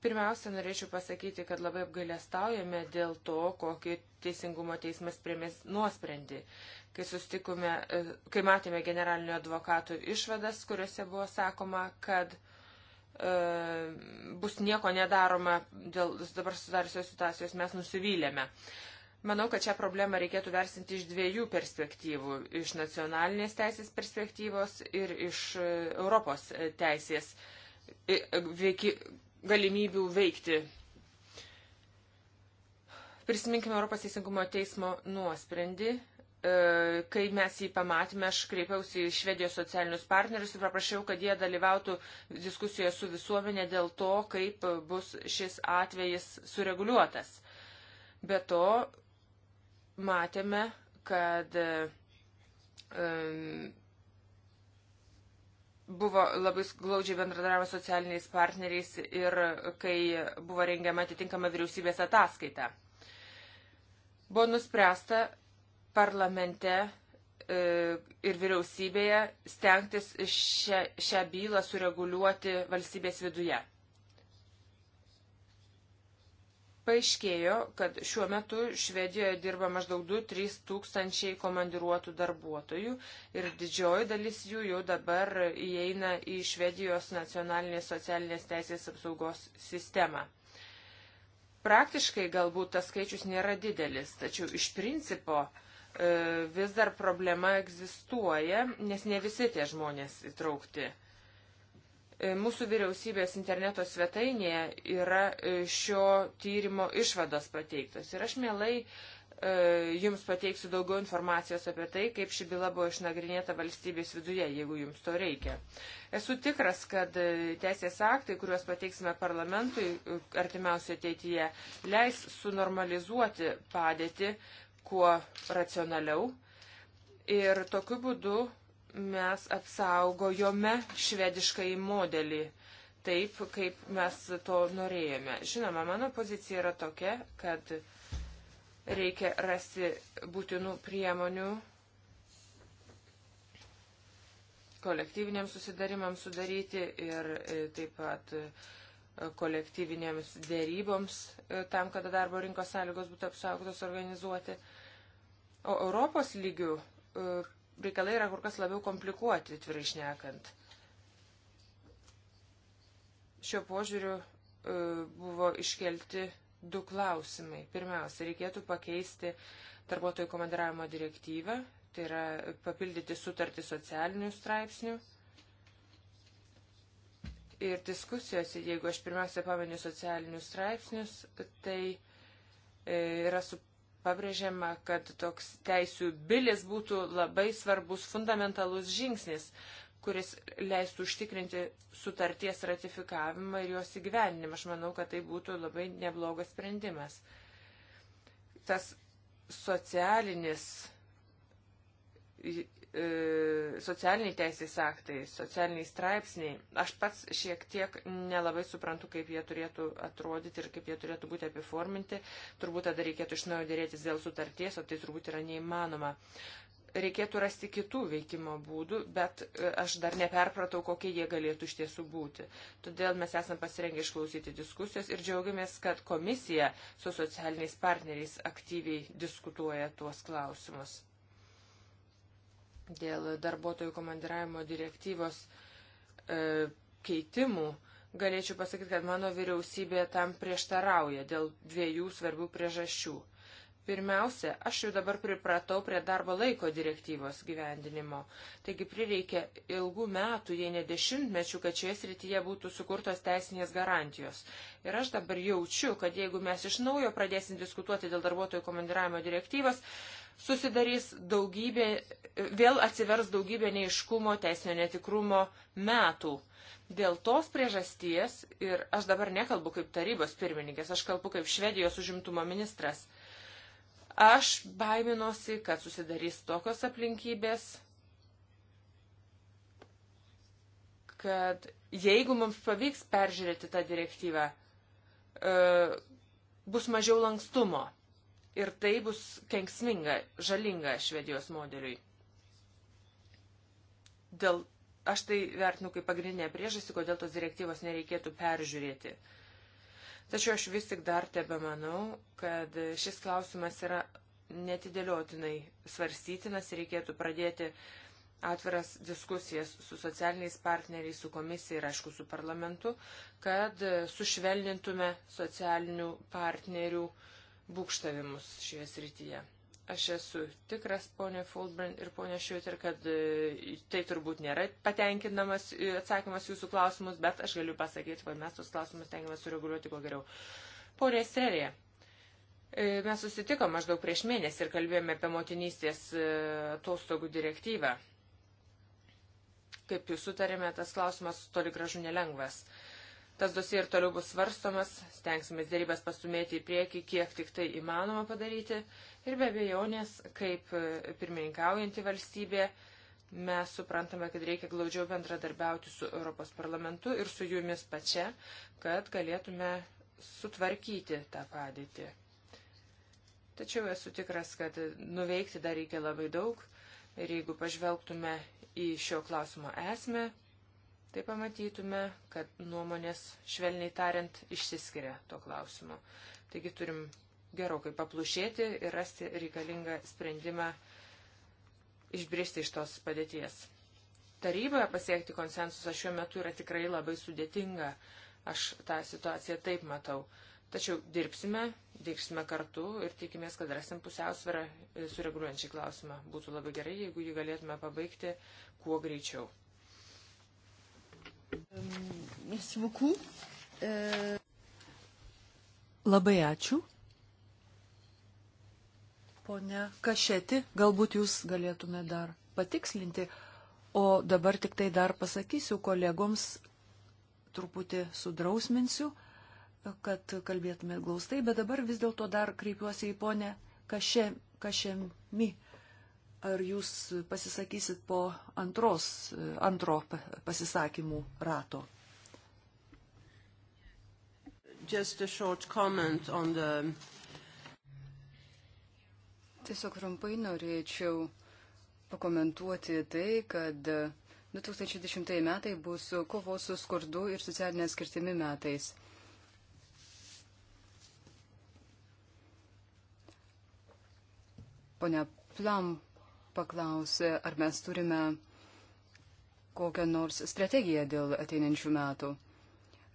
Pirmiausia, norėčiau pasakyti, kad labai apgailestaujame dėl to, kokį teisingumo teismas priemės nuosprendį. Kai, kai matėme generalinio advokato išvadas, kuriuose buvo sakoma, kad uh, E, bus nieko nedaroma dėl dabar sudarysios situacijos, mes nusivylėme. Manau, kad šią problemą reikėtų versinti iš dviejų perspektyvų - iš nacionalinės teisės perspektyvos ir iš e, Europos e, teisės veiki, galimybių veikti. Prisiminkime Europos teisingumo teismo nuosprendį E, kai mes jį pamatėme, aš kreipiausi į Švedijos socialinius partnerius ir paprašiau, kad jie dalyvautų diskusijoje su visuomenė dėl to, kaip bus šis atvejis sureguliuotas. Be to, matėme, kad um, buvo labai glaudžiai bendradarbiavimo socialiniais partneriais ir kai buvo rengiama atitinkama vyriausybės ataskaita. Buvo nuspręsta, parlamente e, ir vyriausybėje stengtis šią, šią bylą sureguliuoti valstybės viduje. Paaiškėjo, kad šiuo metu Švedijoje dirba maždaug 2-3 tūkstančiai komandiruotų darbuotojų ir didžioji dalis jų jau dabar įeina į Švedijos nacionalinės socialinės teisės apsaugos sistemą. Praktiškai galbūt tas skaičius nėra didelis, tačiau iš principo uh, E, vis dar problema egzistuoja, nes ne visi tie žmonės įtraukti. E, mūsų vyriausybės interneto svetainėje yra e, šio tyrimo išvados pateiktos. Ir aš mielai jums pateiksiu daugiau informacijos apie tai, kaip ši byla buvo išnagrinėta valstybės viduje, jeigu jums to reikia. Esu tikras, kad teisės aktai, kuriuos pateiksime parlamentui artimiausioje ateityje, leis sunormalizuoti padėtį kuo racionaliau. Ir tokiu būdu mes apsaugojome švediškai modelį taip, kaip mes to norėjome. Žinoma, mano pozicija yra tokia, kad reikia rasti būtinų priemonių kolektyviniams susidarimams sudaryti ir e, taip pat e, kolektyvinėms dėryboms e, tam, kad darbo rinkos sąlygos būtų apsaugotos organizuoti. O Europos lygių e, reikalai yra kur kas labiau komplikuoti, tvirai šnekant. Šiuo požiūriu e, buvo iškelti du klausimai. Pirmiausia, reikėtų pakeisti darbuotojų komandiravimo direktyvą, tai yra papildyti sutartį socialinių straipsnių. Ir diskusijose, jeigu aš pirmiausia pamenu socialinius straipsnius, tai e, yra su pabrėžiama, kad toks teisų bilis būtų labai svarbus fundamentalus žingsnis, kuris leistų užtikrinti sutarties ratifikavimą ir jos įgyvenimą. Aš manau, kad tai būtų labai neblogas sprendimas. Tas socialinis E, socialiniai teisės aktai, socialiniai straipsniai. Aš pats šiek tiek nelabai suprantu, kaip jie turėtų atrodyti ir kaip jie turėtų būti apiforminti. Turbūt tada reikėtų iš naujo dėrėtis dėl sutarties, o tai turbūt yra neįmanoma. Reikėtų rasti kitų veikimo būdų, bet e, aš dar neperpratau, kokie jie galėtų iš tiesų būti. Todėl mes esam pasirengę išklausyti diskusijos ir džiaugiamės, kad komisija su socialiniais partneriais aktyviai diskutuoja tuos klausimus dėl darbuotojų komandiravimo direktyvos e, keitimų, galėčiau pasakyti, kad mano vyriausybė tam prieštarauja dėl dviejų svarbių priežasčių. Pirmiausia, aš jau dabar pripratau prie darbo laiko direktyvos gyvendinimo. Taigi prireikia ilgų metų, jei ne dešimtmečių, kad šioje srityje būtų sukurtos teisinės garantijos. Ir aš dabar jaučiu, kad jeigu mes iš naujo pradėsim diskutuoti dėl darbuotojų komandiravimo direktyvos, susidarys daugybė, vėl atsivers daugybė neiškumo, teisinio netikrumo metų. Dėl tos priežasties, ir aš dabar nekalbu kaip tarybos pirmininkės, aš kalbu kaip Švedijos užimtumo ministras, aš baiminosi, kad susidarys tokios aplinkybės, kad jeigu mums pavyks peržiūrėti tą direktyvą, e, bus mažiau lankstumo Ir tai bus kenksminga, žalinga Švedijos modeliui. Dėl, aš tai vertinu kaip pagrindinę priežastį, kodėl tos direktyvos nereikėtų peržiūrėti. Tačiau aš vis tik dar tebe manau, kad šis klausimas yra netidėliotinai svarstytinas ir reikėtų pradėti atviras diskusijas su socialiniais partneriais, su komisija ir aišku su parlamentu, kad sušvelnintume socialinių partnerių uh, būkštavimus šioje srityje. Aš esu tikras, ponė Fulbrand ir ponė Šiuter, kad e, tai turbūt nėra patenkinamas e, atsakymas jūsų klausimus, bet aš galiu pasakyti, kad mes tos klausimus tengiamės sureguliuoti kuo geriau. Ponė Estrelė, mes susitikom maždaug prieš mėnesį ir kalbėjome apie motinystės e, atostogų direktyvą. Kaip jūs sutarėme, tas klausimas toli gražu nelengvas. Uh, Tas dosie ir toliau bus svarstomas, stengsime dėrybės pastumėti į priekį, kiek tik tai įmanoma padaryti. Ir be abejonės, kaip e, pirmininkaujanti valstybė, mes suprantame, kad reikia glaudžiau bendradarbiauti su Europos parlamentu ir su jumis pačia, kad galėtume sutvarkyti tą padėtį. Tačiau esu tikras, kad nuveikti dar reikia labai daug ir jeigu pažvelgtume į šio klausimo esmę, tai pamatytume, kad nuomonės, švelniai tariant, išsiskiria tuo klausimu. Taigi turim gerokai paplušėti ir rasti reikalingą sprendimą išbristi iš tos padėties. Taryboje pasiekti konsensusą šiuo metu yra tikrai labai sudėtinga. Aš tą situaciją taip matau. Tačiau dirbsime, dirbsime kartu ir tikimės, kad rasim pusiausvyrą e, sureguliuojant šį klausimą. Būtų labai gerai, jeigu jį galėtume pabaigti kuo greičiau. Euh, Labai ačiū. Pone Kašėti, galbūt jūs galėtume dar patikslinti, o dabar tik tai dar pasakysiu kolegoms, truputį sudrausminsiu, kad kalbėtumėt glaustai, bet dabar vis dėlto dar kreipiuosi į ponę Kašė, Kašėmi. Kašė Ar jūs pasisakysit po antros, e, antro pasisakymų rato? The... Tiesiog trumpai norėčiau pakomentuoti tai, kad 2010 metai bus kovos su skurdu ir socialinė skirtimi metais. Pone Plam paklausė, ar mes turime kokią nors strategiją dėl ateinančių metų.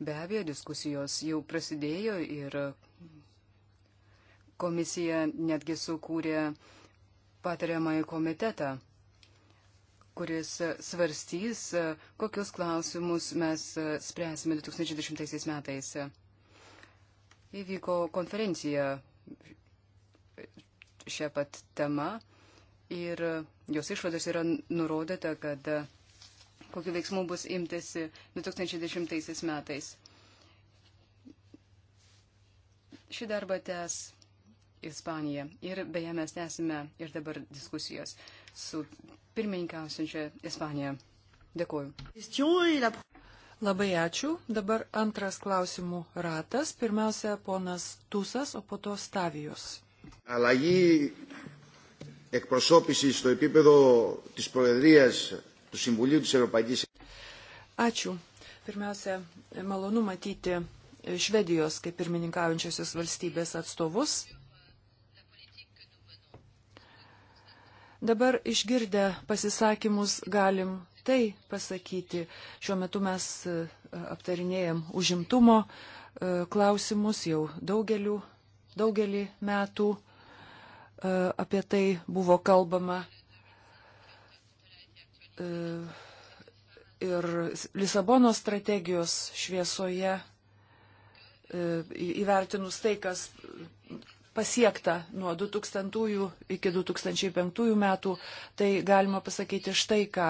Be abejo, diskusijos jau prasidėjo ir komisija netgi sukūrė patariamąjį komitetą, kuris svarstys, kokius klausimus mes spręsime 2010 metais. Įvyko konferencija šią pat temą ir jos išvados yra nurodyta, kad e, kokiu veiksmu bus imtasi 2010 metais. Šį darbą tęs Ispanija ir beje mes tęsime ir dabar diskusijos su pirmininkausiančia Ispanija. Dėkuoju. Labai ačiū. Dabar antras klausimų ratas. Pirmiausia, ponas Tusas, o po to Stavijos. Αλλαγή εκπροσώπηση στο επίπεδο της Προεδρίας του Συμβουλίου της Ευρωπαϊκής Ačiū. Pirmiausia, malonu matyti Švedijos kaip pirmininkaujančiosios valstybės atstovus. Dabar išgirdę pasisakymus galim tai pasakyti. Šiuo metu mes e, aptarinėjom užimtumo e, klausimus jau daugeliu, daugelį metų E, apie tai buvo kalbama. E, ir Lisabono strategijos šviesoje e, įvertinus tai, kas pasiekta nuo 2000 iki 2005 metų, tai galima pasakyti štai ką,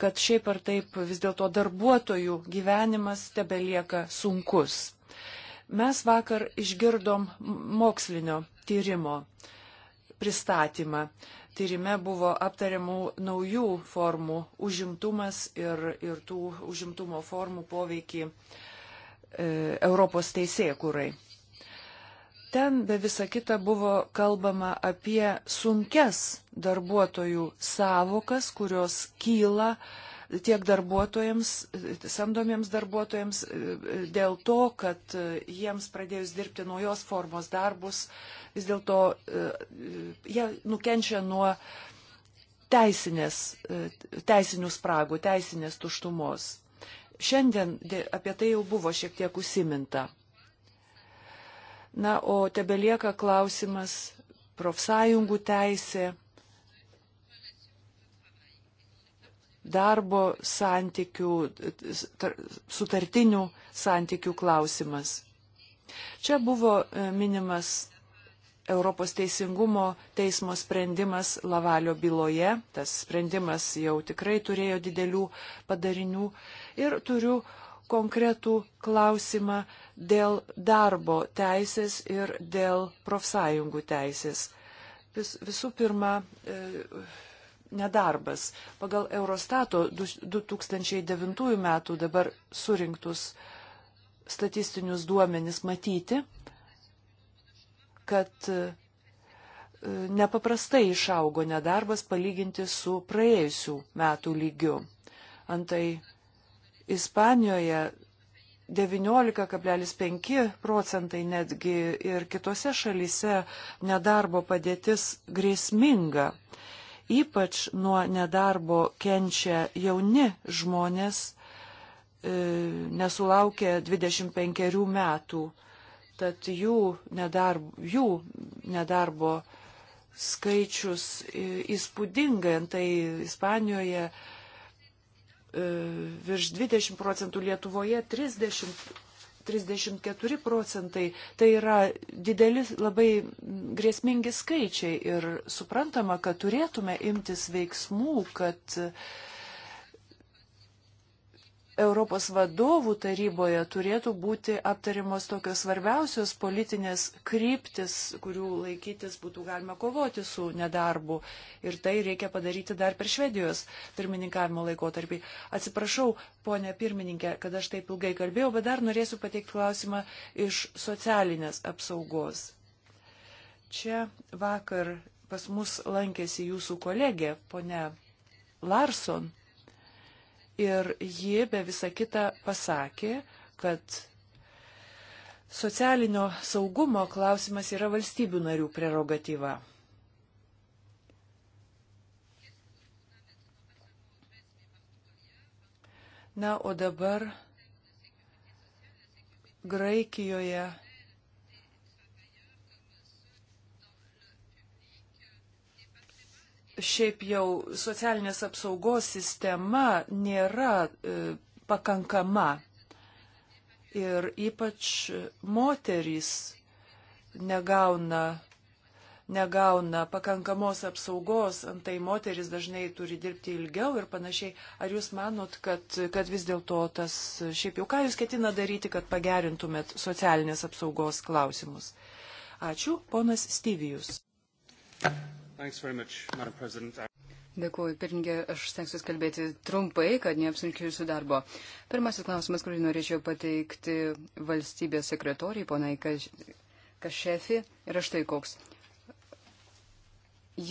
kad šiaip ar taip vis dėlto darbuotojų gyvenimas tebelieka sunkus. Mes vakar išgirdom mokslinio tyrimo, pristatymą. Tyrime buvo aptariamų naujų formų užimtumas ir, ir tų užimtumo formų poveikį e, Europos teisėkurai. Ten be visa kita buvo kalbama apie sunkes darbuotojų savokas, kurios kyla e, tiek darbuotojams, samdomiems darbuotojams, dėl to, kad e, jiems pradėjus dirbti naujos formos darbus, vis dėlto e, jie nukenčia nuo teisinės, e, teisinių spragų, teisinės tuštumos. Šiandien apie tai jau buvo šiek tiek užsiminta. Na, o tebelieka klausimas profsąjungų teisė darbo santykių, sutartinių santykių klausimas. Čia buvo e, minimas Europos teisingumo teismo sprendimas Lavalio byloje. Tas sprendimas jau tikrai turėjo didelių padarinių. Ir turiu konkretų klausimą dėl darbo teisės ir dėl profsąjungų teisės. Vis, visų pirma, e, nedarbas. Pagal Eurostato 2009 metų dabar surinktus statistinius duomenis matyti, kad e, nepaprastai išaugo nedarbas palyginti su praėjusių metų lygiu. Antai Ispanijoje 19,5 procentai netgi ir kitose šalyse nedarbo padėtis grėsminga. Ypač nuo nedarbo kenčia jauni žmonės, e, nesulaukia 25 metų, tad jų nedarbo, jų nedarbo skaičius įspūdingai, tai Ispanijoje e, virš 20 procentų, Lietuvoje 30 34 procentai tai yra dideli, labai grėsmingi skaičiai ir suprantama, kad turėtume imtis veiksmų, kad uh, Europos vadovų taryboje turėtų būti aptariamos tokios svarbiausios politinės kryptis, kurių laikytis būtų galima kovoti su nedarbu. Ir tai reikia padaryti dar per Švedijos pirmininkavimo laikotarpį. Atsiprašau, ponė pirmininkė, kad aš taip ilgai kalbėjau, bet dar norėsiu pateikti klausimą iš socialinės apsaugos. Čia vakar pas mus lankėsi jūsų kolegė, ponė Larson. Ir ji be visa kita pasakė, kad socialinio saugumo klausimas yra valstybių narių prerogatyva. Na, o dabar Graikijoje šiaip jau socialinės apsaugos sistema nėra e, pakankama. Ir ypač moterys negauna, negauna pakankamos apsaugos, antai moteris dažnai turi dirbti ilgiau ir panašiai. Ar jūs manot, kad, kad vis dėlto tas, šiaip jau ką jūs ketina daryti, kad pagerintumėt socialinės apsaugos klausimus? Ačiū, ponas Styvijus. Dėkuoju, pirmininkė, aš stengsiu kalbėti trumpai, kad neapsunkiu jūsų darbo. Pirmasis klausimas, kurį norėčiau pateikti valstybės sekretoriai, ponai Kašefi, yra štai koks.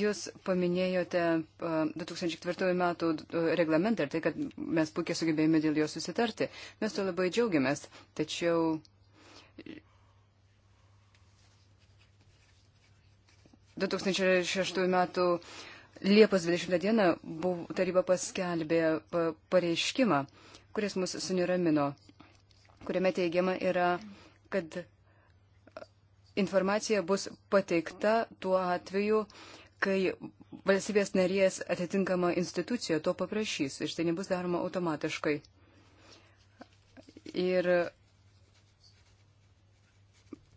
Jūs paminėjote 2004 metų reglamentą ir tai, kad mes puikiai sugebėjome dėl jo susitarti. Mes to labai džiaugiamės, tačiau 2006 metų Liepos 20 dieną buvo, taryba paskelbė pareiškimą, kuris mus suniramino, kuriame teigiama yra, kad informacija bus pateikta tuo atveju, kai valstybės narės atitinkama institucija to paprašys ir tai nebus daroma automatiškai. Ir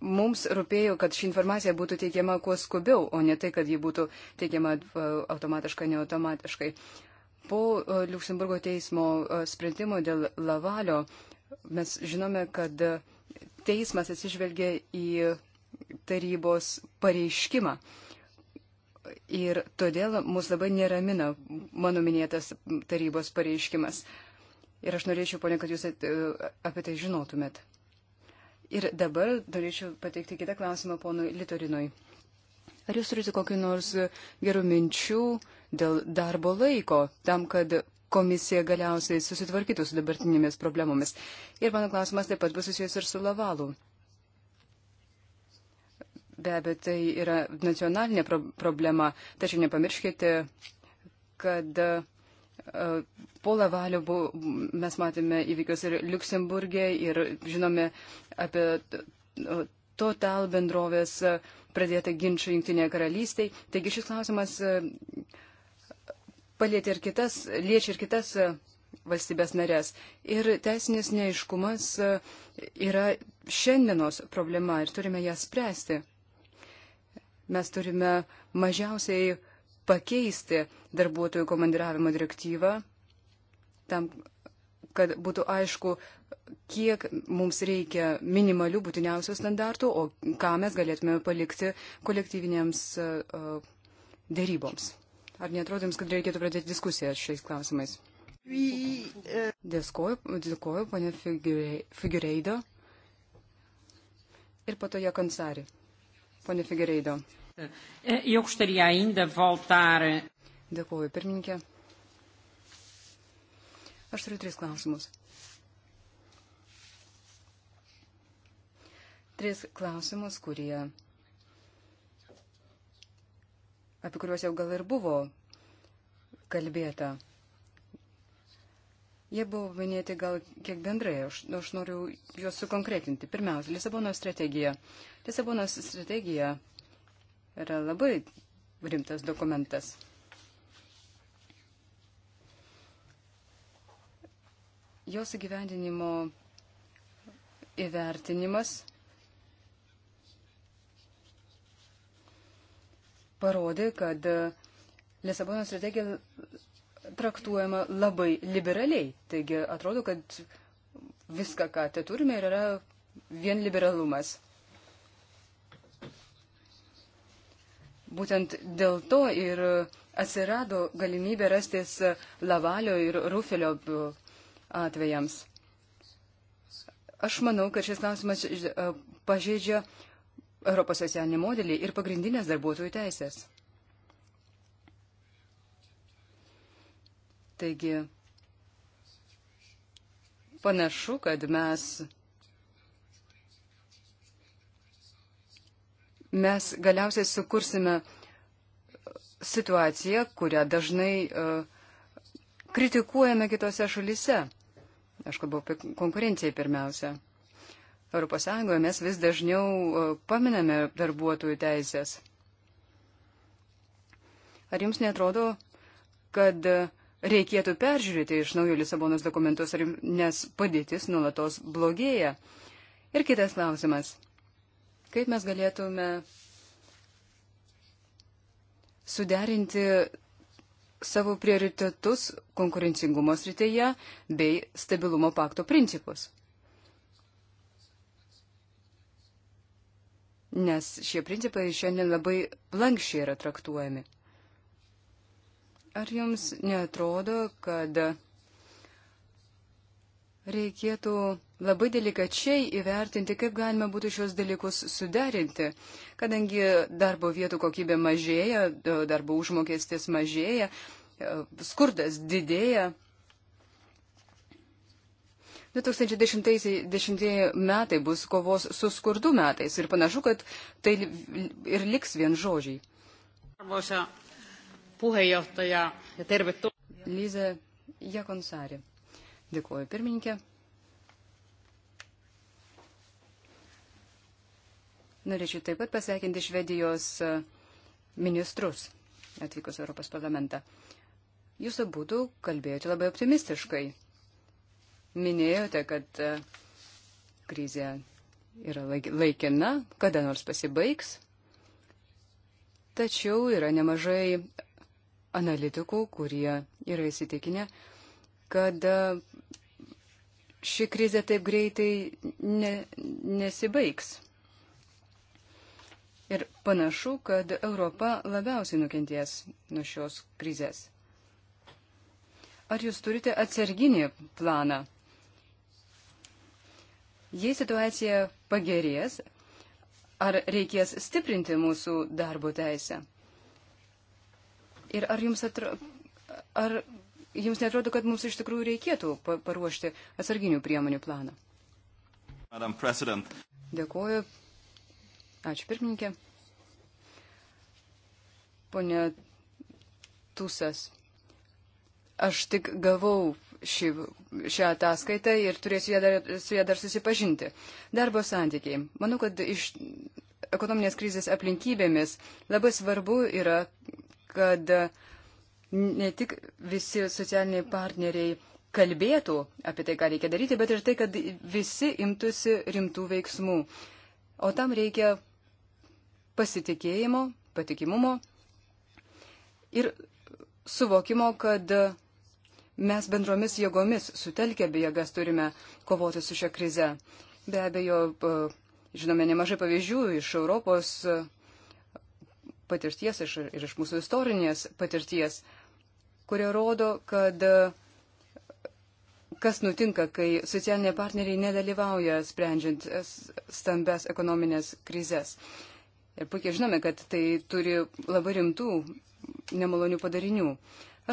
mums rūpėjo, kad ši informacija būtų teikiama kuo skubiau, o ne tai, kad ji būtų teikiama e, automatiškai, neautomatiškai. Po e, Luksemburgo teismo e, sprendimo dėl Lavalio mes žinome, kad teismas atsižvelgia į tarybos pareiškimą. Ir todėl mus labai neramina mano minėtas tarybos pareiškimas. Ir aš norėčiau, ponė, kad jūs apie tai žinotumėt. Ir dabar norėčiau pateikti kitą klausimą ponui Litorinui. Ar jūs turite kokiu nors gerų minčių dėl darbo laiko, tam, kad komisija galiausiai susitvarkytų su dabartinėmis problemomis? Ir mano klausimas taip pat bus susijęs ir su lavalu. Be abejo, tai yra nacionalinė pro problema, tačiau nepamirškite, kad Po Lavalio mes matėme įvykius ir Luksemburgė ir žinome apie Total bendrovės pradėtą ginčą Junktinėje karalystėje. Taigi šis klausimas e, palėtė ir kitas, liečia ir kitas e, valstybės narės. Ir teisinis neiškumas e, yra šiandienos problema ir turime ją spręsti. Mes turime mažiausiai pakeisti darbuotojų komandiravimo direktyvą, tam, kad būtų aišku, kiek mums reikia minimalių būtiniausių standartų, o ką mes galėtume palikti kolektyvinėms e, dėryboms. Ar netrodo jums, kad reikėtų pradėti diskusiją šiais klausimais? Dėkoju, dėkoju ponė Figureido ir po to Jekansari. Pone Figureido. Eh, eu gostaria ainda voltar. Dėkuoju, pirmininkė. Aš turiu tris klausimus. Tris klausimus, kurie, apie kuriuos jau gal ir buvo kalbėta. Jie buvo minėti gal kiek bendrai, aš, aš noriu juos sukonkretinti. Pirmiausia, Lisabono strategija. Lisabono strategija yra labai rimtas dokumentas. Jos įgyvendinimo įvertinimas parodė, kad Lisabono strategija traktuojama labai liberaliai. Taigi atrodo, kad viską, ką te turime, yra vien liberalumas. Būtent dėl to ir atsirado galimybė rastis Lavalio ir Rufelio atvejams. Aš manau, kad šis klausimas e, pažeidžia Europos socialinį modelį ir pagrindinės darbuotojų teisės. Taigi, panašu, kad mes mes galiausiai sukursime situaciją, kurią dažnai uh, kritikuojame kitose šalise. Aš kalbu apie konkurenciją pirmiausia. ES mes vis dažniau uh, paminame darbuotojų teisės. Ar jums netrodo, kad e, reikėtų peržiūrėti iš naujo Lisabonos dokumentus, nes padėtis nulatos blogėja? Ir kitas klausimas kaip mes galėtume suderinti savo prioritetus konkurencingumo srityje bei stabilumo pakto principus. Nes šie principai šiandien labai lankščiai yra traktuojami. Ar jums netrodo, kad reikėtų labai delikačiai įvertinti, kaip galima būtų šios dalykus suderinti, kadangi darbo vietų kokybė mažėja, darbo užmokestis mažėja, e, skurdas didėja. 2010 metai bus kovos su skurdu metais ir panašu, kad tai ir liks vien žodžiai. Arvoisa puheenjohtaja ja tervetuloa. Liisa Jakonsari. Dėkuoju pirmininkė. Norėčiau taip pat pasveikinti Švedijos e, ministrus atvykus Europos parlamentą. Jūs abudu kalbėjote labai optimistiškai. Minėjote, kad e, krizė yra laikina, kada nors pasibaigs. Tačiau yra nemažai analitikų, kurie yra įsitikinę, kad e, ši krizė taip greitai ne, nesibaigs. Ir panašu, kad Europa labiausiai nukenties nuo šios krizės. Ar jūs turite atsarginį planą? Jei situacija pagerės, ar reikės stiprinti mūsų darbo teisę? Ir ar jums atrodo, ar jums netrodo, kad mums iš tikrųjų reikėtų paruošti atsarginių priemonių planą? Dėkuoju. Ačiū pirmininkė. Pone Tusas, aš tik gavau šį, šią ataskaitą ir turėsiu ją dar, su ją dar susipažinti. Darbo santykiai. Manau, kad iš ekonominės krizės aplinkybėmis labai svarbu yra, kad uh, ne tik visi socialiniai partneriai kalbėtų apie tai, ką reikia daryti, bet ir tai, kad visi imtųsi rimtų veiksmų. O tam reikia pasitikėjimo, patikimumo ir suvokimo, kad mes bendromis jėgomis sutelkę jėgas turime kovoti su šia krize. Be abejo, žinome nemažai pavyzdžių iš Europos patirties iš, ir iš mūsų istorinės patirties kurie rodo, kad kas nutinka, kai socialiniai partneriai nedalyvauja sprendžiant stambes ekonominės krizės. Ir puikiai žinome, kad tai turi labai rimtų nemalonių padarinių.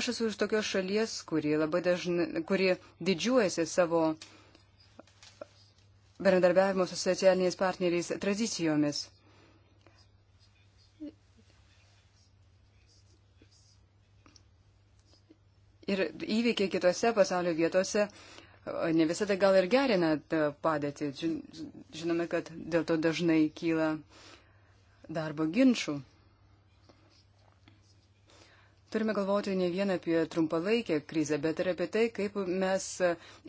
Aš esu iš tokios šalies, kuri, dažna, kuri didžiuojasi savo bendradarbiavimo su socialiniais partneriais tradicijomis. Ir įvykiai kitose pasaulio vietose e, ne visada gal ir gerina padėtį. Žinome, kad dėl to dažnai kyla darbo ginčių. Turime galvoti ne vien apie trumpalaikę krizę, bet ir apie tai, kaip mes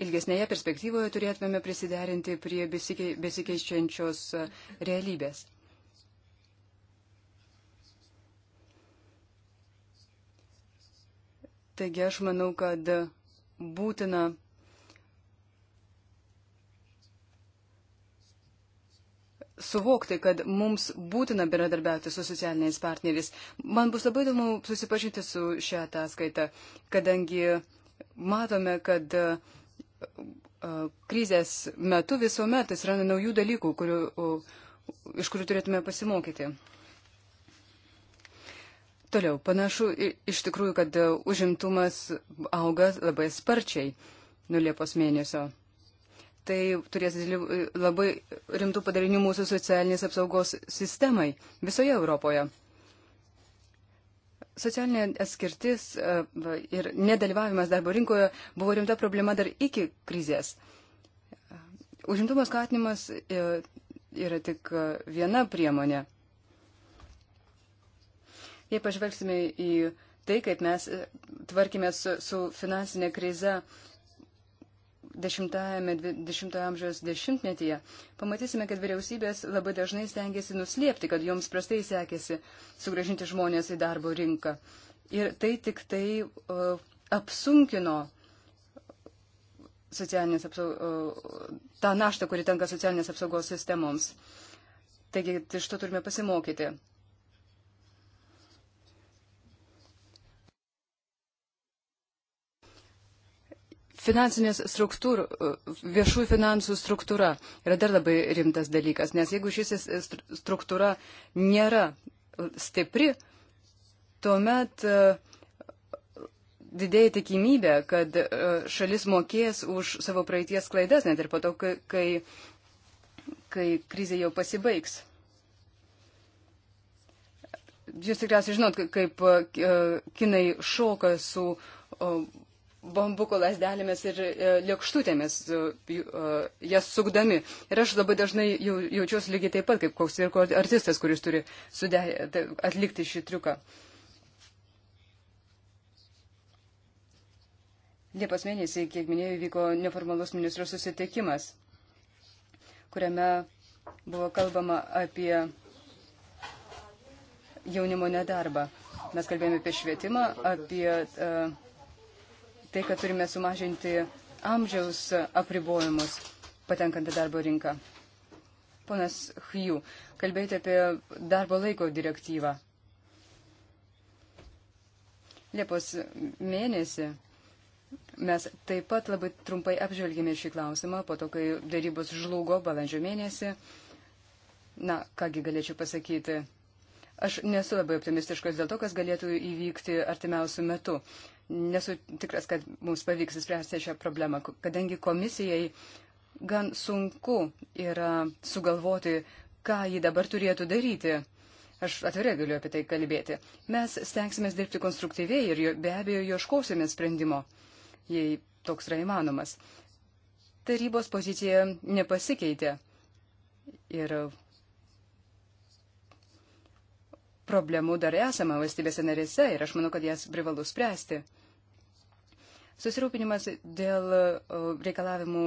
ilgesnėje perspektyvoje turėtume prisiderinti prie besikeičiančios realybės. Taigi aš manau, kad būtina suvokti, kad mums būtina bendradarbiauti su socialiniais partneriais. Man bus labai įdomu susipažinti su šią ataskaitą, kadangi matome, kad e, e, krizės metu visuomet atsiranda naujų dalykų, kurių, iš kurių turėtume pasimokyti. Toliau, panašu iš tikrųjų, kad e, užimtumas auga labai sparčiai nuo Liepos mėnesio. Tai turės e, labai rimtų padarinių mūsų socialinės apsaugos sistemai visoje Europoje. Socialinė atskirtis e, ir nedalyvavimas darbo rinkoje buvo rimta problema dar iki krizės. Užimtumo skatinimas yra tik viena priemonė Jei pažvelgsime į tai, kaip mes e, tvarkėme su, su finansinė krize 10-ojo amžiaus dešimtmetyje, pamatysime, kad vyriausybės labai dažnai stengiasi nuslėpti, kad joms prastai sekėsi sugražinti žmonės į darbo rinką. Ir tai tik tai uh, apsunkino socialinės apsaugos, uh, e, tą naštą, kuri tenka socialinės apsaugos sistemoms. Taigi, iš tai to turime pasimokyti. finansinės struktūrų, viešų finansų struktūra yra dar labai rimtas dalykas, nes jeigu šis struktūra nėra stipri, tuomet didėja tikimybė, kad šalis mokės už savo praeities klaidas, net ir po to, kai, kai krizė jau pasibaigs. Jūs tikriausiai žinot, kaip kinai šoka su bambuko lasdelėmis ir e, lėkštutėmis, e, e, jas sukdami. Ir aš labai dažnai jaučiuosi lygiai taip pat, kaip koks cirko artistas, kuris turi sudė, atlikti šį triuką. Liepos mėnesį, kiek minėjau, vyko neformalus ministrų susitikimas, kuriame buvo kalbama apie jaunimo nedarbą. Mes kalbėjome apie švietimą, apie uh, tai, kad turime sumažinti amžiaus apribojimus patenkant į darbo rinką. Ponas Hju, kalbėjote apie darbo laiko direktyvą. Liepos mėnesį mes taip pat labai trumpai apžvelgėme šį klausimą, po to, kai darybos žlugo balandžio mėnesį. Na, kągi galėčiau pasakyti. Aš nesu labai optimistiškas dėl to, kas galėtų įvykti artimiausių metų nesu tikras, kad mums pavyks įspręsti šią problemą, kadangi komisijai gan sunku yra sugalvoti, ką ji dabar turėtų daryti. Aš atvirai galiu apie tai kalbėti. Mes stengsime dirbti konstruktyviai ir be abejo ieškosime sprendimo, jei toks yra įmanomas. Tarybos pozicija nepasikeitė ir problemų dar esama valstybėse narėse ir aš manau, kad jas privalu spręsti. Susirūpinimas dėl reikalavimų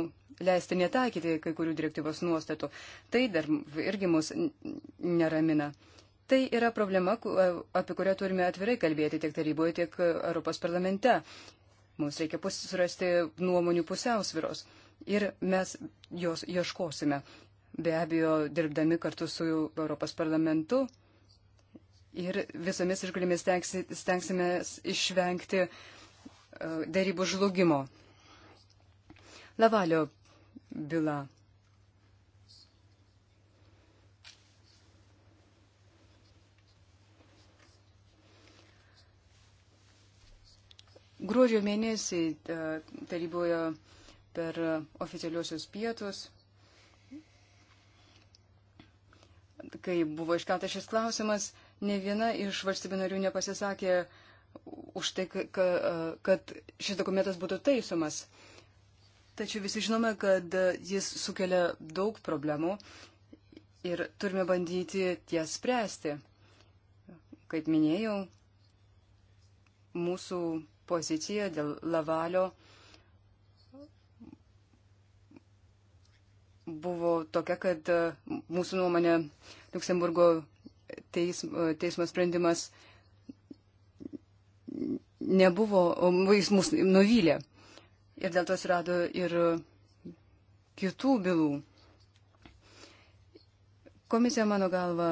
leisti netaikyti kai kurių direktyvos nuostatų, tai dar irgi mus neramina. Tai yra problema, apie kurią turime atvirai kalbėti tiek taryboje, tiek Europos parlamente. Mums reikia surasti nuomonių pusiausviros ir mes jos ieškosime. Be abejo, dirbdami kartu su Europos parlamentu ir visomis išgalimis stengsime išvengti e, darybų žlugimo. Lavalio byla. Gruodžio mėnesį e, taryboje per oficialiuosius pietus, kai buvo iškeltas šis klausimas, Ne viena iš valstybių narių nepasisakė už tai, kad šis dokumentas būtų taisomas. Tačiau visi žinome, kad jis sukelia daug problemų ir turime bandyti ties spręsti. Kaip minėjau, mūsų pozicija dėl lavalio buvo tokia, kad mūsų nuomonė Luksemburgo teismo, teismo sprendimas nebuvo, jis mus nuvylė. Ir dėl to atsirado ir kitų bylų. Komisija, mano galva,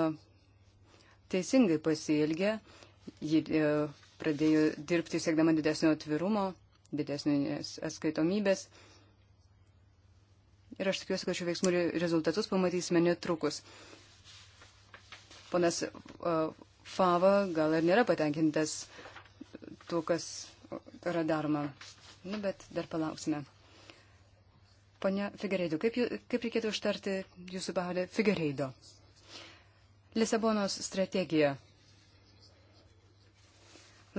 teisingai pasielgė, ji e, pradėjo dirbti siekdama didesnio atvirumo, didesnės atskaitomybės. Ir aš tikiuosi, kad šių veiksmų rezultatus pamatysime netrukus. Ponas Fava gal ir nėra patenkintas tuo, kas yra daroma. Nu, bet dar palauksime. Pane Figereido, kaip, kaip reikėtų ištarti jūsų pavardę Figereido? Lisabonos strategija.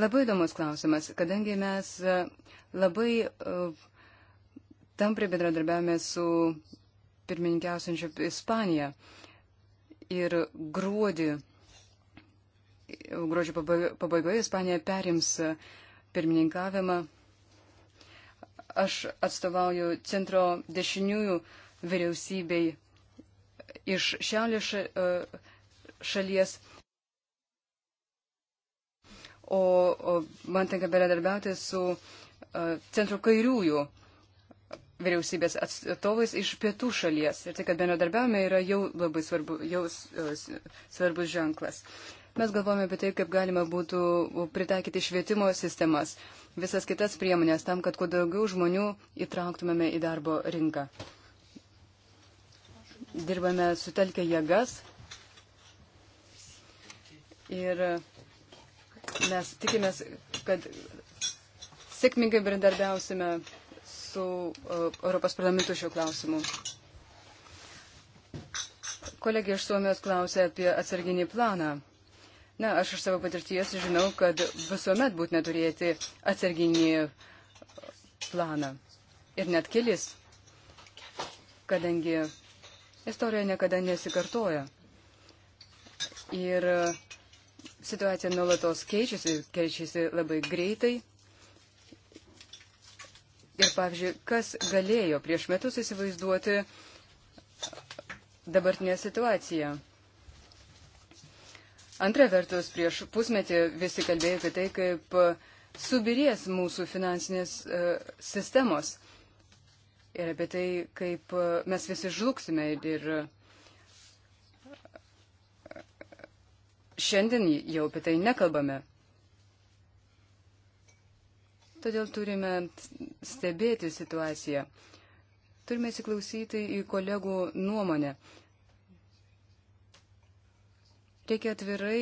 Labai įdomus klausimas, kadangi mes labai uh, tampri bendradarbiavame su pirmininkiausiančiu Ispanija. Uh, ir gruodį, gruodžio pabaigoje Ispanija perims pirmininkavimą. Aš atstovauju centro dešiniųjų vyriausybei iš šiaulės e, šalies. O, o man tenka bendradarbiauti su uh, centro kairiųjų vyriausybės atstovais iš pietų šalies. Ir tai, kad bendradarbiavome, yra jau labai svarbu, jau e, svarbus ženklas. Mes galvojame apie tai, kaip galima būtų pritaikyti švietimo sistemas, visas kitas priemonės tam, kad kuo daugiau žmonių įtrauktumėme į darbo rinką. Dirbame sutelkę jėgas ir mes tikimės, kad sėkmingai bendradarbiausime su e, Europos parlamentu šiuo klausimu. Kolegė iš Suomijos klausė apie atsarginį planą. Na, aš iš savo patirties žinau, kad visuomet būtina turėti atsarginį planą. Ir net kelis, kadangi istorija niekada nesikartoja. Ir situacija nuolatos keičiasi, keičiasi labai greitai Ir pavyzdžiui, kas galėjo prieš metus įsivaizduoti dabartinę situaciją? Antra vertus, prieš pusmetį visi kalbėjo apie tai, kaip subirės mūsų finansinės uh, sistemos ir apie tai, kaip uh, mes visi žlugsime ir uh, šiandien jau apie tai nekalbame. Todėl turime stebėti situaciją. Turime įsiklausyti į kolegų nuomonę. Reikia atvirai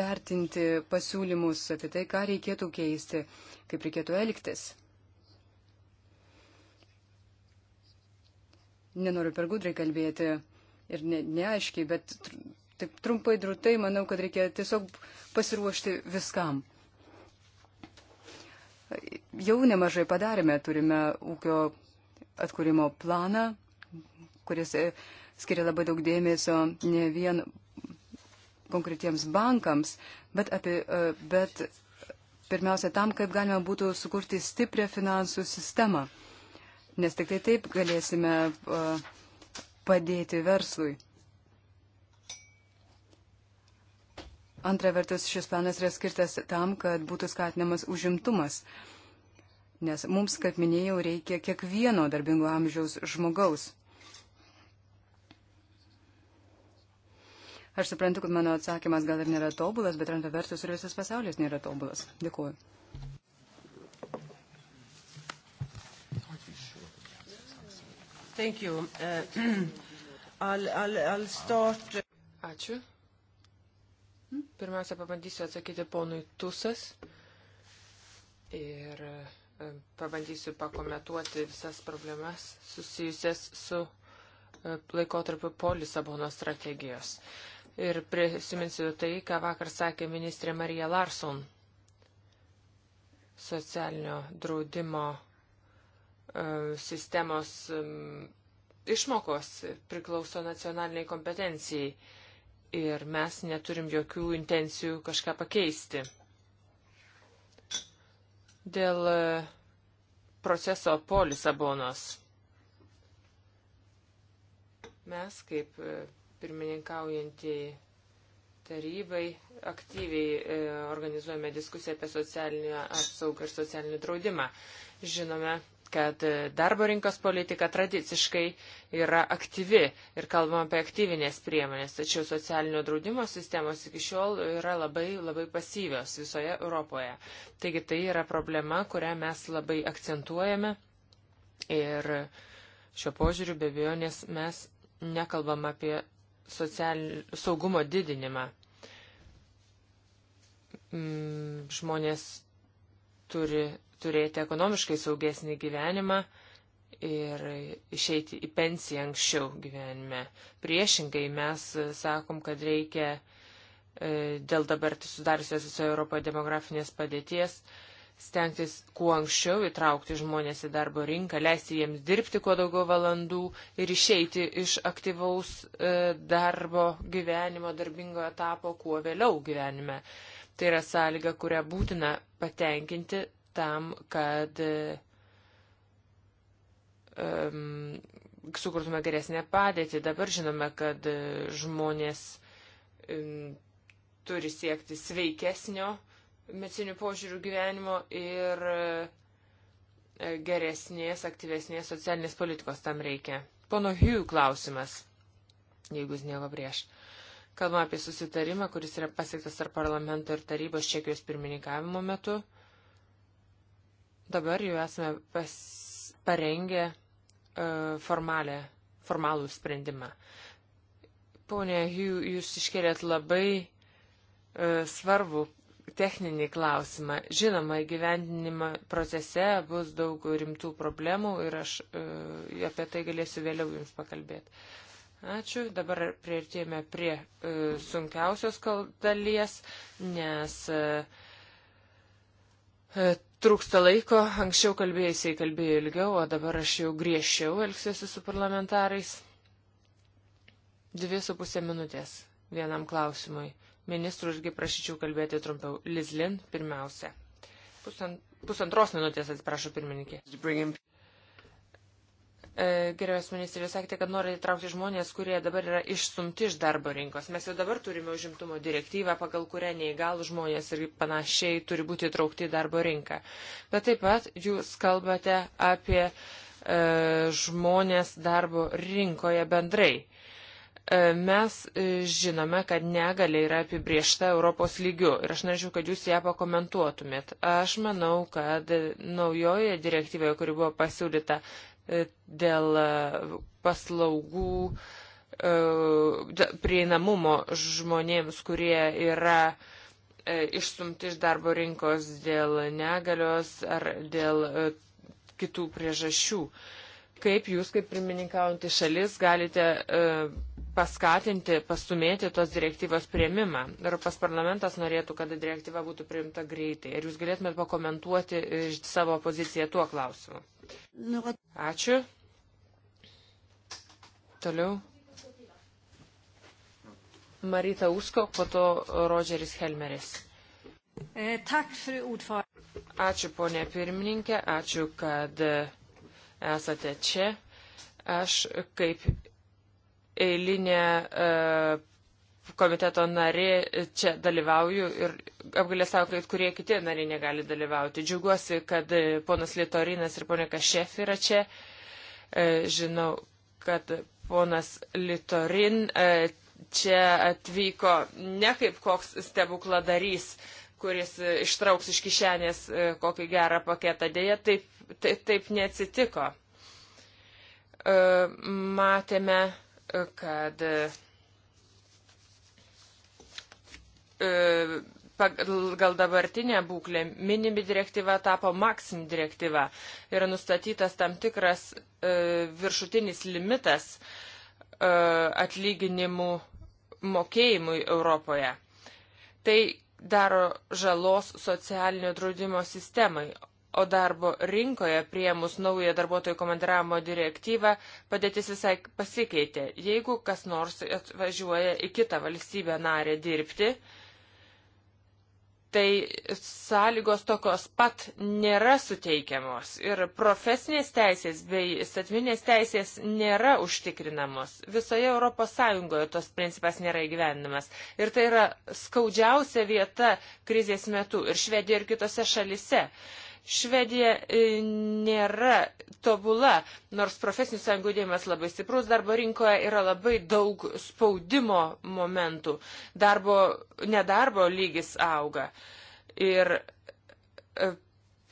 vertinti pasiūlymus apie tai, ką reikėtų keisti, kaip reikėtų elgtis. Nenoriu per gudrai kalbėti ir ne, neaiškiai, bet taip trumpai drūtai manau, kad reikia tiesiog pasiruošti viskam jau nemažai padarėme. Turime ūkio atkūrimo planą, kuris e, skiria labai daug dėmesio ne vien konkretiems bankams, bet, apie, e, bet pirmiausia tam, kaip galima būtų sukurti stiprią finansų sistemą. Nes tik tai taip galėsime e, padėti verslui. Antra vertus, šis planas yra skirtas tam, kad būtų skatinamas užimtumas. Nes mums, kaip minėjau, reikia kiekvieno darbingo amžiaus žmogaus. Aš suprantu, kad mano atsakymas gal ir nėra tobulas, bet antra vertus ir visas pasaulis nėra tobulas. Dėkuoju. Thank you. Uh, I'll, I'll, I'll start... Ačiū. Pirmiausia, pabandysiu atsakyti ponui Tusas ir e, pabandysiu pakomentuoti visas problemas susijusias su e, laikotarpiu po Lisabono strategijos. Ir prisiminsiu tai, ką vakar sakė ministrė Marija Larson socialinio draudimo e, sistemos išmokos priklauso nacionaliniai kompetencijai ir mes neturim jokių intencijų kažką pakeisti. Dėl e, proceso po Lisabonos. Mes kaip e, pirmininkaujantieji tarybai aktyviai e, organizuojame diskusiją apie socialinę apsaugą ir socialinį draudimą. Žinome, kad e, darbo rinkos politika tradiciškai yra aktyvi ir kalbam apie aktyvinės priemonės, tačiau socialinio draudimo sistemos iki šiol yra labai, labai pasyvios visoje Europoje. Taigi tai yra problema, kurią mes labai akcentuojame ir šio požiūriu be abejonės mes nekalbam apie social... saugumo didinimą. Mm, žmonės turi turėti ekonomiškai saugesnį gyvenimą ir išeiti į pensiją anksčiau gyvenime. Priešingai mes sakom, kad reikia e, dėl dabar sudariusios visoje Europoje demografinės padėties stengtis kuo anksčiau įtraukti žmonės į darbo rinką, leisti jiems dirbti kuo daugiau valandų ir išeiti iš aktyvaus e, darbo gyvenimo, darbingo etapo kuo vėliau gyvenime. Tai yra sąlyga, kurią būtina patenkinti tam, kad um, sukurtume geresnę padėtį. Dabar žinome, kad žmonės um, turi siekti sveikesnio medicinių požiūrių gyvenimo ir e, geresnės, aktyvesnės socialinės politikos tam reikia. Pono Hugh klausimas, jeigu jis nieko prieš. Kalbama apie susitarimą, kuris yra pasiektas tarp parlamento ir tarybos Čekijos pirmininkavimo metu. Uh, Dabar jau esame pas, parengę uh, formalę, formalų sprendimą. Pone, jūs iškėlėt labai uh, svarbų techninį klausimą. Žinoma, gyvendinimo procese bus daug rimtų problemų ir aš uh, apie tai galėsiu vėliau Jums pakalbėti. Ačiū. Dabar prieartėjame prie uh, sunkiausios dalies, nes uh, trūksta laiko, anksčiau kalbėjusiai kalbėjo ilgiau, o dabar aš jau griežčiau elgsiuosi su parlamentarais. Dvi su pusė minutės vienam klausimui. Ministrų irgi prašyčiau kalbėti trumpiau. Lizlin pirmiausia. Pusant, pusantros minutės atsiprašau pirmininkė. E, gerbiamas ministrė, jūs sakėte, kad norite įtraukti žmonės, kurie dabar yra išsumti iš darbo rinkos. Mes jau dabar turime užimtumo direktyvą, pagal kurią neįgalų žmonės ir panašiai turi būti įtraukti į darbo rinką. Bet taip pat jūs kalbate apie e, žmonės darbo rinkoje bendrai. E, mes e, žinome, kad negalė yra apibriešta Europos lygiu ir aš norėčiau, kad jūs ją pakomentuotumėt. Aš manau, kad naujoje direktyvoje, kuri buvo pasiūlyta E, dėl e, paslaugų e, prieinamumo žmonėms, kurie yra išsumti iš darbo rinkos dėl negalios ar dėl kitų priežasčių. Kaip jūs, kaip pirmininkaujantį šalis, galite paskatinti, pastumėti tos direktyvos prieimimą. Europos parlamentas norėtų, kad direktyva būtų priimta greitai. Ir jūs galėtumėte pakomentuoti e, savo poziciją tuo klausimu. Ačiū. Toliau. Marita Usko, po to Rodžeris Helmeris. E, ačiū, ponė pirmininkė, ačiū, kad esate čia. Aš kaip eilinė e, komiteto narė čia dalyvauju ir apgalėsau, kad kurie kiti nariai negali dalyvauti. Džiaugiuosi, kad e, ponas Litorinas ir ponė Kašef yra čia. E, žinau, kad ponas Litorin čia atvyko ne kaip koks stebukladarys, kuris ištrauks iš kišenės kokį gerą paketą. Deja, taip, taip, taip neatsitiko. Matėme kad e, gal dabartinė būklė minimi direktyva tapo maksim direktyva. Yra nustatytas tam tikras e, viršutinis limitas e, atlyginimų mokėjimui Europoje. Tai daro žalos socialinio draudimo sistemai, O darbo rinkoje priemus naują darbuotojų komandiravimo direktyvą padėtis visai pasikeitė. Jeigu kas nors atvažiuoja į kitą valstybę narę dirbti, tai sąlygos tokios pat nėra suteikiamos ir profesinės teisės bei statminės teisės nėra užtikrinamos. Visoje ES tos principas nėra įgyvendinamas. Ir tai yra skaudžiausia vieta krizės metu ir Švedijoje ir kitose šalise. Švedija e, nėra tobula, nors profesinių sąjungų dėjimas labai stiprus, darbo rinkoje yra labai daug spaudimo momentų, darbo, nedarbo lygis auga. Ir e,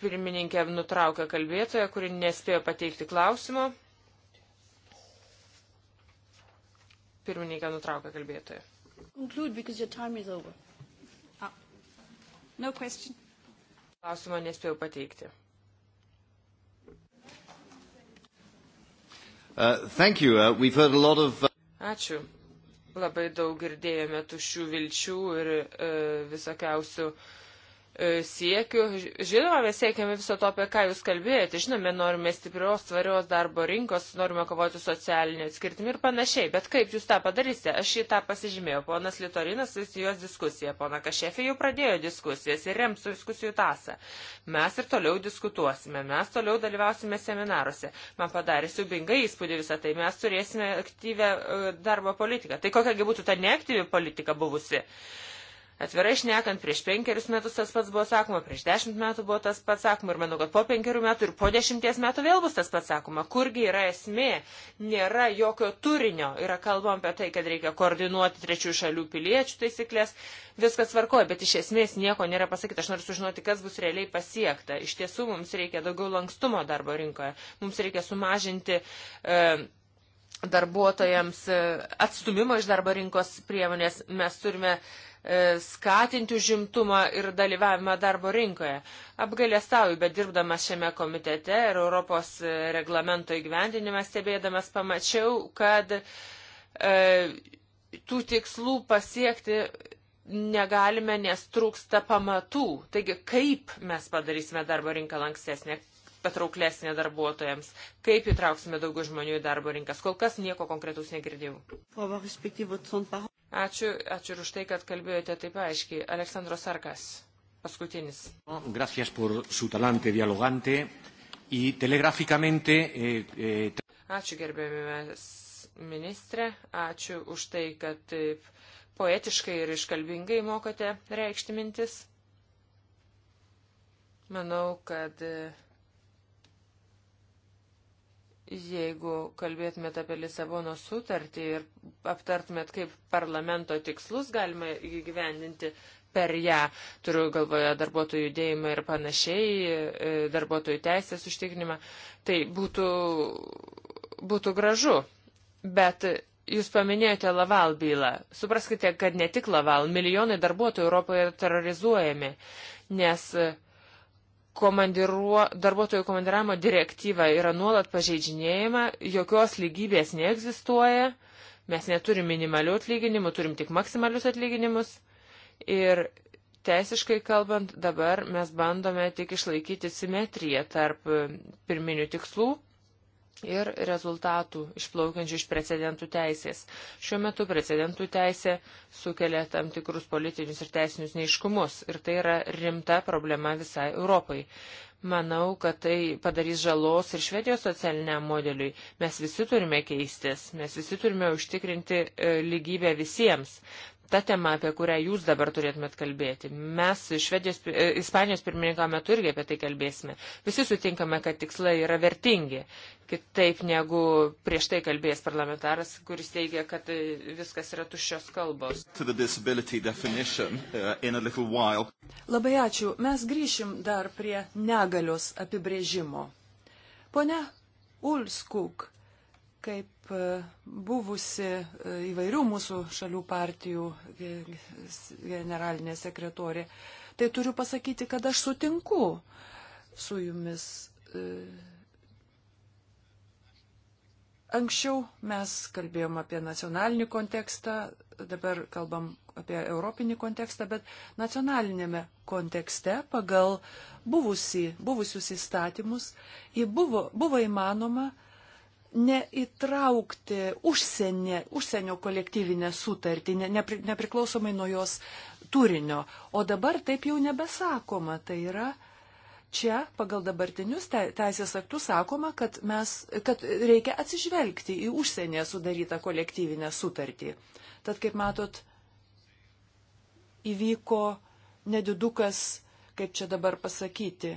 pirmininkė nutraukė kalbėtoją, kuri nespėjo pateikti klausimo. Pirmininkė nutraukė kalbėtoją. Conclude because your time is over. Ah. No question. Klausimo nespėjau pateikti. Uh, thank you. Uh, we've heard a lot of. Uh, Ačiū. Labai daug girdėjome tuščių vilčių ir uh, visokiausių uh, E, siekių. Žinoma, mes siekiame viso to, apie ką jūs kalbėjote. Žinome, norime stiprios, tvarios darbo rinkos, norime kovoti socialinį atskirtimį ir panašiai. Bet kaip jūs tą padarysite? Aš šį tą pasižymėjau. Ponas Litorinas vis jos diskusiją. Pona Kašefė jau pradėjo diskusijas ir rems diskusijų tasą. Mes ir toliau diskutuosime. Mes toliau dalyvausime seminaruose. Man padarė siubingai įspūdį visą tai. Mes turėsime aktyvę e, darbo politiką. Tai kokiagi būtų ta neaktyvi politika buvusi? Atvirai šnekant, prieš penkerius metus tas pats buvo sakoma, prieš dešimt metų buvo tas pats sakoma ir manau, kad po penkerių metų ir po dešimties metų vėl bus tas pats sakoma. Kurgi yra esmė, nėra jokio turinio, yra kalbam apie tai, kad reikia koordinuoti trečių šalių piliečių taisyklės, viskas svarkoja, bet iš esmės nieko nėra pasakyta. Aš noriu sužinoti, kas bus realiai pasiekta. Iš tiesų mums reikia daugiau lankstumo darbo rinkoje, mums reikia sumažinti. E, darbuotojams e, atstumimo iš darbo rinkos priemonės. Mes turime e, skatinti užimtumą ir dalyvavimą darbo rinkoje. Apgailestauju, bet dirbdamas šiame komitete ir Europos e, reglamento įgyvendinimą stebėdamas pamačiau, kad e, tų tikslų pasiekti negalime, nes trūksta pamatų. Taigi, kaip mes padarysime darbo rinką lankstesnė, patrauklesnė darbuotojams, kaip įtrauksime daugiau žmonių į darbo rinkas. Kol kas nieko konkretaus negirdėjau. Ačiū, ačiū ir už tai, kad kalbėjote taip aiškiai. Aleksandro Sarkas, paskutinis. Gracias por su talante dialogante y telegráficamente. Eh, eh, Ačiū gerbėmės ministrė, ačiū už tai, kad taip poetiškai ir iškalbingai mokate reikšti mintis. Manau, kad Jeigu kalbėtumėt apie Lisabono sutartį ir aptartumėt, kaip parlamento tikslus galima įgyvendinti per ją, turiu galvoje darbuotojų judėjimą ir panašiai, e, darbuotojų teisės užtikrinimą, tai būtų, būtų gražu. Bet jūs paminėjote Laval bylą. Supraskite, kad ne tik Laval, milijonai darbuotojų Europoje terrorizuojami, nes uh, komandiruo, darbuotojų komandiravimo direktyva yra nuolat pažeidžinėjama, jokios lygybės neegzistuoja, mes neturim minimalių atlyginimų, turim tik maksimalius atlyginimus. Ir teisiškai kalbant, dabar mes bandome tik išlaikyti simetriją tarp pirminių tikslų ir rezultatų išplaukiančių iš precedentų teisės. Šiuo metu precedentų teisė sukelia tam tikrus politinius ir teisinius neiškumus ir tai yra rimta problema visai Europai. Manau, kad tai padarys žalos ir Švedijos socialiniam modeliui. Mes visi turime keistis, mes visi turime užtikrinti e, lygybę visiems ta tema, apie kurią jūs dabar turėtumėt kalbėti. Mes Švedijos, e, Ispanijos pirmininkavimo metu irgi apie tai kalbėsime. Visi sutinkame, kad tikslai yra vertingi, kitaip negu prieš tai kalbėjęs parlamentaras, kuris teigia, kad e, viskas yra tuščios kalbos. Uh, Labai ačiū. Mes grįšim dar prie negalios apibrėžimo. Pone Ulskuk kaip e, buvusi e, įvairių mūsų šalių partijų generalinė sekretorė, tai turiu pasakyti, kad aš sutinku su jumis. E. Anksčiau mes kalbėjom apie nacionalinį kontekstą, dabar kalbam apie europinį kontekstą, bet nacionalinėme kontekste pagal buvusi, buvusius įstatymus buvo, buvo įmanoma uh, neįtraukti užsienį, užsienio kolektyvinę sutartį, ne, nepri, nepriklausomai nuo jos turinio. O dabar taip jau nebesakoma. Tai yra čia pagal dabartinius teisės aktus sakoma, kad, mes, kad reikia atsižvelgti į užsienį sudarytą kolektyvinę sutartį. Tad, kaip matot, įvyko nedidukas, kaip čia dabar pasakyti,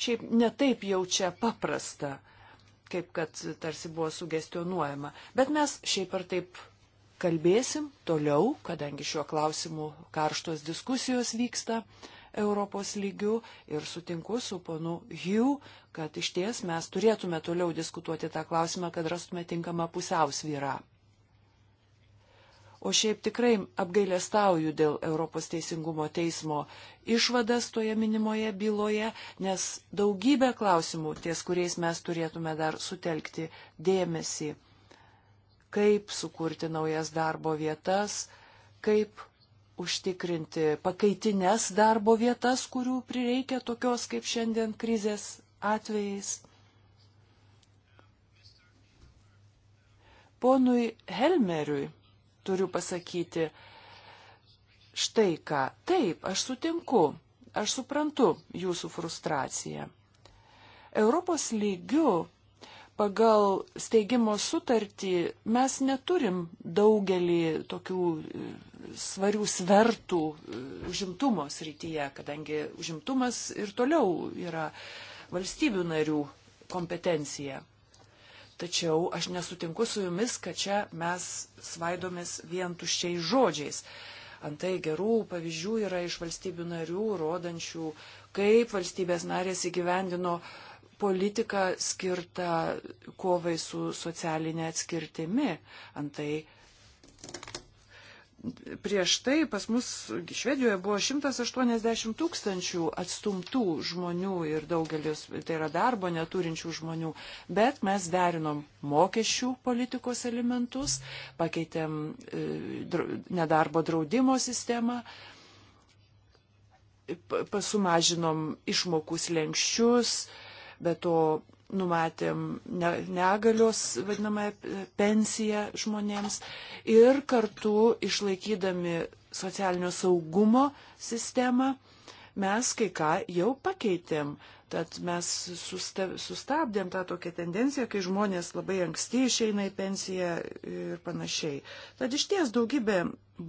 šiaip netaip jau čia paprasta, kaip kad tarsi buvo sugestionuojama. Bet mes šiaip ar taip kalbėsim toliau, kadangi šiuo klausimu karštos diskusijos vyksta. Europos lygių ir sutinku su ponu Hiu, kad iš ties mes turėtume toliau diskutuoti tą klausimą, kad rastume tinkamą pusiausvyrą. O šiaip tikrai apgailestauju dėl Europos teisingumo teismo išvadas toje minimoje byloje, nes daugybė klausimų, ties kuriais mes turėtume dar sutelkti dėmesį, kaip sukurti naujas darbo vietas, kaip užtikrinti pakaitines darbo vietas, kurių prireikia tokios kaip šiandien krizės atvejais. Ponui Helmeriui turiu pasakyti štai ką. Taip, aš sutinku, aš suprantu jūsų frustraciją. Europos lygių pagal steigimo sutartį mes neturim daugelį tokių e, svarių svertų e, užimtumo srityje, kadangi užimtumas ir toliau yra valstybių narių kompetencija. Tačiau aš nesutinku su jumis, kad čia mes svaidomis vien tuščiais žodžiais. Antai gerų pavyzdžių yra iš valstybių narių, rodančių, kaip valstybės narės įgyvendino politiką skirtą kovai su socialinė atskirtimi. Antai prieš tai pas mus Švedijoje buvo 180 tūkstančių atstumtų žmonių ir daugelis, tai yra darbo neturinčių žmonių, bet mes derinom mokesčių politikos elementus, pakeitėm e, nedarbo draudimo sistemą, pasumažinom išmokus lenkščius, bet to numatėm negalios vadinamąją pensiją žmonėms ir kartu išlaikydami socialinio saugumo sistemą mes kai ką jau pakeitėm. Tad mes sustabdėm tą tokią tendenciją, kai žmonės labai anksti išeina į pensiją ir panašiai. Tad iš ties daugybė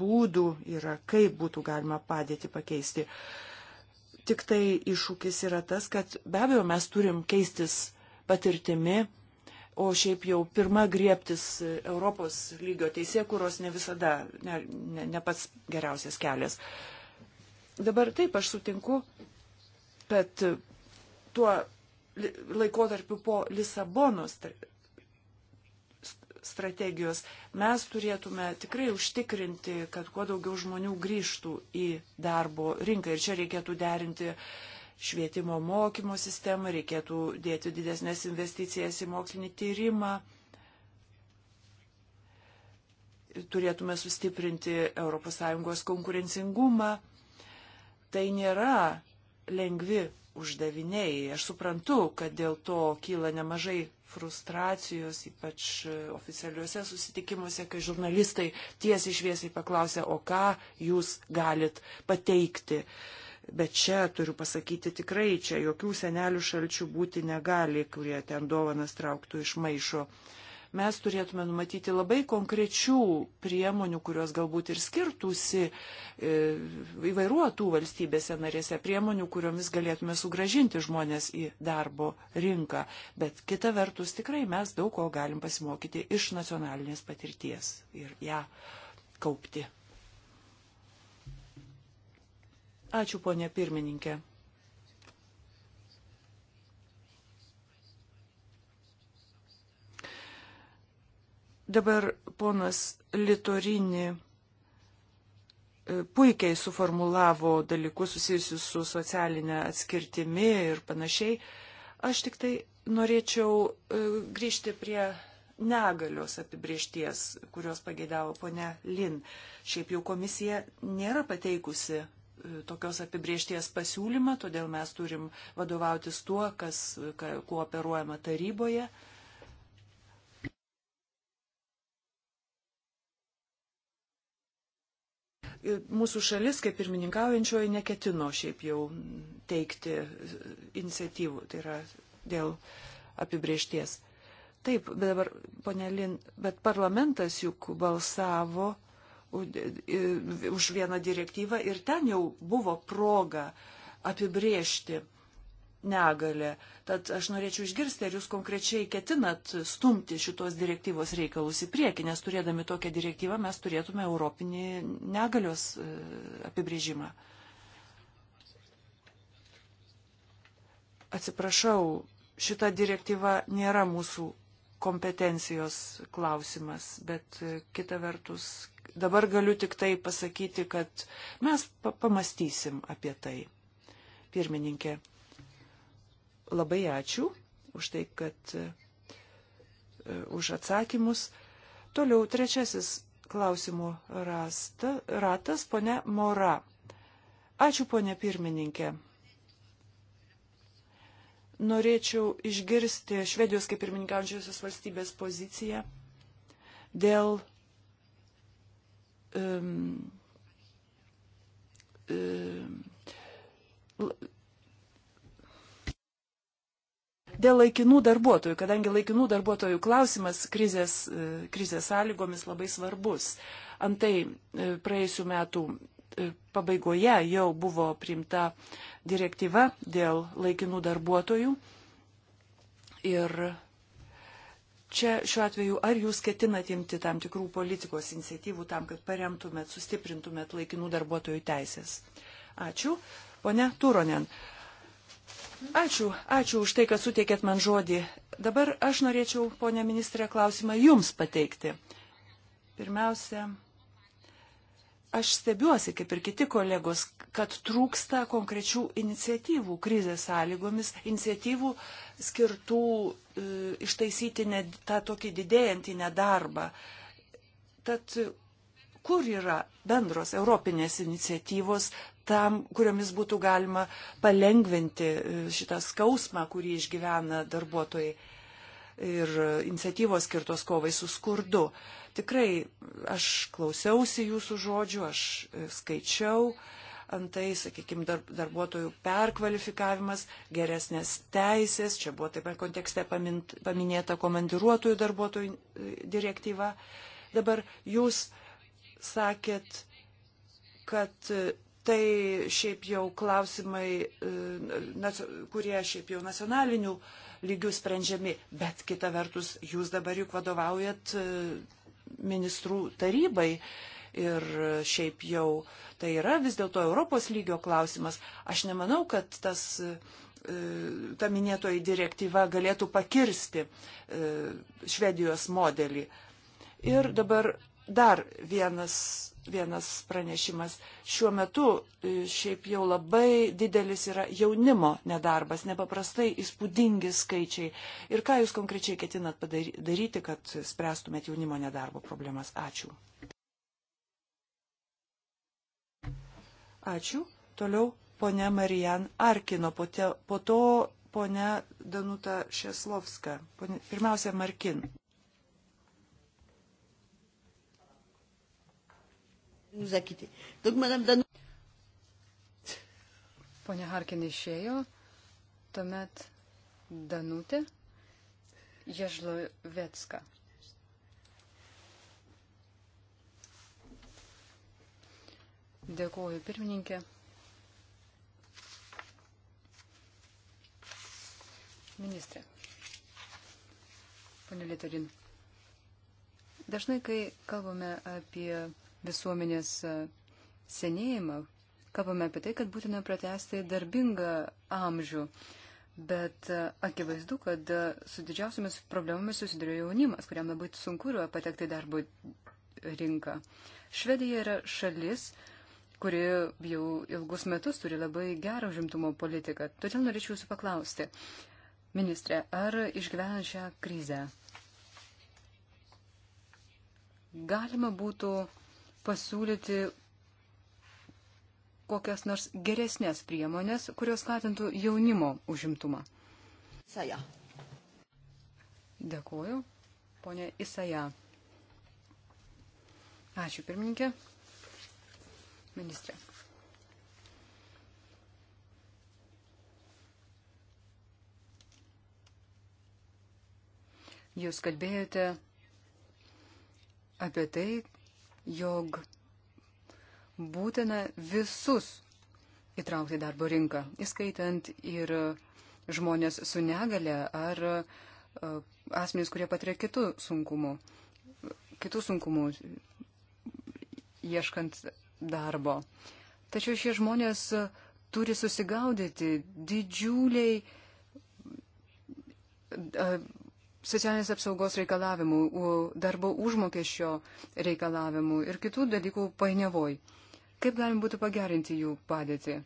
būdų yra, kaip būtų galima padėti pakeisti. Tik tai iššūkis yra tas, kad be abejo mes turim keistis patirtimi, o šiaip jau pirma griebtis Europos lygio teisėkuros ne visada, ne, ne, ne pats geriausias kelias. Dabar taip aš sutinku, kad tuo laikotarpiu po Lisabonos strategijos mes turėtume tikrai užtikrinti, kad kuo daugiau žmonių grįžtų į darbo rinką. Ir čia reikėtų derinti švietimo mokymo sistemą, reikėtų dėti didesnės investicijas į mokslinį tyrimą. Turėtume sustiprinti ES konkurencingumą. Tai nėra lengvi uždaviniai. Aš suprantu, kad dėl to kyla nemažai frustracijos, ypač oficialiuose susitikimuose, kai žurnalistai tiesiai šviesiai paklausia, o ką jūs galit pateikti. Uh, Bet čia turiu pasakyti tikrai, čia jokių senelių šalčių būti negali, kurie ten dovanas trauktų iš maišo. Mes turėtume numatyti labai konkrečių priemonių, kurios galbūt ir skirtųsi e, įvairuotų valstybėse narėse, priemonių, kuriomis galėtume sugražinti žmonės į darbo rinką. Bet kita vertus, tikrai mes daug ko galim pasimokyti iš nacionalinės patirties ir ją kaupti. Ačiū, ponė pirmininkė. Dabar ponas Litorini e, puikiai suformulavo dalykus susijusius su socialinė atskirtimi ir panašiai. Aš tik tai norėčiau e, grįžti prie negalios apibriešties, kurios pageidavo ponia Lin. Šiaip jau komisija nėra pateikusi tokios apibriešties pasiūlymą, todėl mes turim vadovautis tuo, kas, kuo operuojama taryboje. Mūsų šalis, kaip pirmininkaujančioji, neketino šiaip jau teikti iniciatyvų, tai yra dėl apibriešties. Taip, bet dabar, ponelin, bet parlamentas juk balsavo uh, už vieną direktyvą ir ten jau buvo proga apibriežti negalę. Tad aš norėčiau išgirsti, ar jūs konkrečiai ketinat stumti šitos direktyvos reikalus į priekį, nes turėdami tokią direktyvą mes turėtume europinį negalios e, apibrėžimą. Atsiprašau, šita direktyva nėra mūsų kompetencijos klausimas, bet kita vertus, dabar galiu tik tai pasakyti, kad mes pamastysim apie tai. Pirmininkė, labai ačiū už tai, kad e, už atsakymus. Toliau trečiasis klausimų rasta, ratas, ponia Mora. Ačiū, ponia pirmininkė norėčiau išgirsti Švedijos kaip pirmininkaujančiosios valstybės poziciją dėl um, um, dėl laikinų darbuotojų, kadangi laikinų darbuotojų klausimas krizės, e, krizės sąlygomis labai svarbus. Antai e, praėjusiu metu E, pabaigoje jau buvo priimta direktyva dėl laikinų darbuotojų. Ir čia šiuo atveju, ar jūs ketinat imti tam tikrų politikos iniciatyvų tam, kad paremtumėt, sustiprintumėt laikinų darbuotojų teisės? Ačiū. Pone Turonen. Ačiū, ačiū už tai, kad suteikėt man žodį. Dabar aš norėčiau, ponė ministrė, klausimą jums pateikti. Pirmiausia, aš stebiuosi, kaip ir kiti kolegos, kad trūksta konkrečių iniciatyvų krizės sąlygomis, iniciatyvų skirtų e, ištaisyti ne, tą tokį didėjantį nedarbą. Tad kur yra bendros europinės iniciatyvos tam, kuriomis būtų galima palengventi e, šitą skausmą, kurį išgyvena darbuotojai? ir iniciatyvos skirtos kovai su skurdu. Tikrai aš klausiausi jūsų žodžių, aš e, skaičiau, antai, sakykime, dar, darbuotojų perkvalifikavimas, geresnės teisės, čia buvo taip pat kontekste pamint, paminėta komandiruotojų darbuotojų e, direktyva. Dabar jūs sakėt, kad e, tai šiaip jau klausimai, kurie šiaip jau nacionalinių uh, lygių sprendžiami, bet kita vertus jūs dabar juk vadovaujat e, ministrų tarybai ir šiaip jau tai yra vis dėlto Europos lygio klausimas. Aš nemanau, kad tas, e, e, ta minėtoji direktyva galėtų pakirsti Švedijos modelį. Ir dabar dar vienas vienas pranešimas. Šiuo metu e, šiaip jau labai didelis yra jaunimo nedarbas, nepaprastai įspūdingi skaičiai. Ir ką jūs konkrečiai ketinat padaryti, kad spręstumėt jaunimo nedarbo problemas? Ačiū. Ačiū. Toliau ponia Marijan Arkino, po, te, po to ponia Danuta Šeslovska. Pone, pirmiausia, Markin. nous a quittés. Donc, Madame Danou. Pone Harkin išėjo, tuomet Danutė Ježlovecka. Dėkuoju pirmininkė. Ministrė. Pane Lietarin. Dažnai, kai kalbame apie visuomenės e, senėjimą, kalbame apie tai, kad būtina pratesti darbingą amžių. Bet e, akivaizdu, kad e, su didžiausiamis problemomis susiduria jaunimas, kuriam labai sunku yra patekti darbo rinką. Švedija yra šalis, kuri jau ilgus metus turi labai gerą žimtumo politiką. Todėl norėčiau jūsų paklausti, ministrė, ar išgyvenant šią krizę galima būtų pasiūlyti kokias nors geresnės priemonės, kurios skatintų jaunimo užimtumą. Saja. Dėkuoju, ponė Isaja. Ačiū, pirmininkė. Ministrė. Jūs kalbėjote apie tai, jog būtina visus įtraukti darbo rinką, įskaitant ir žmonės su negale ar e, asmenys, kurie patiria kitų sunkumų, kitų sunkumų ieškant darbo. Tačiau šie žmonės turi susigaudyti didžiuliai e, socialinės apsaugos reikalavimų, darbo užmokesčio reikalavimų ir kitų dalykų painiavoj. Kaip galim būtų pagerinti jų padėtį?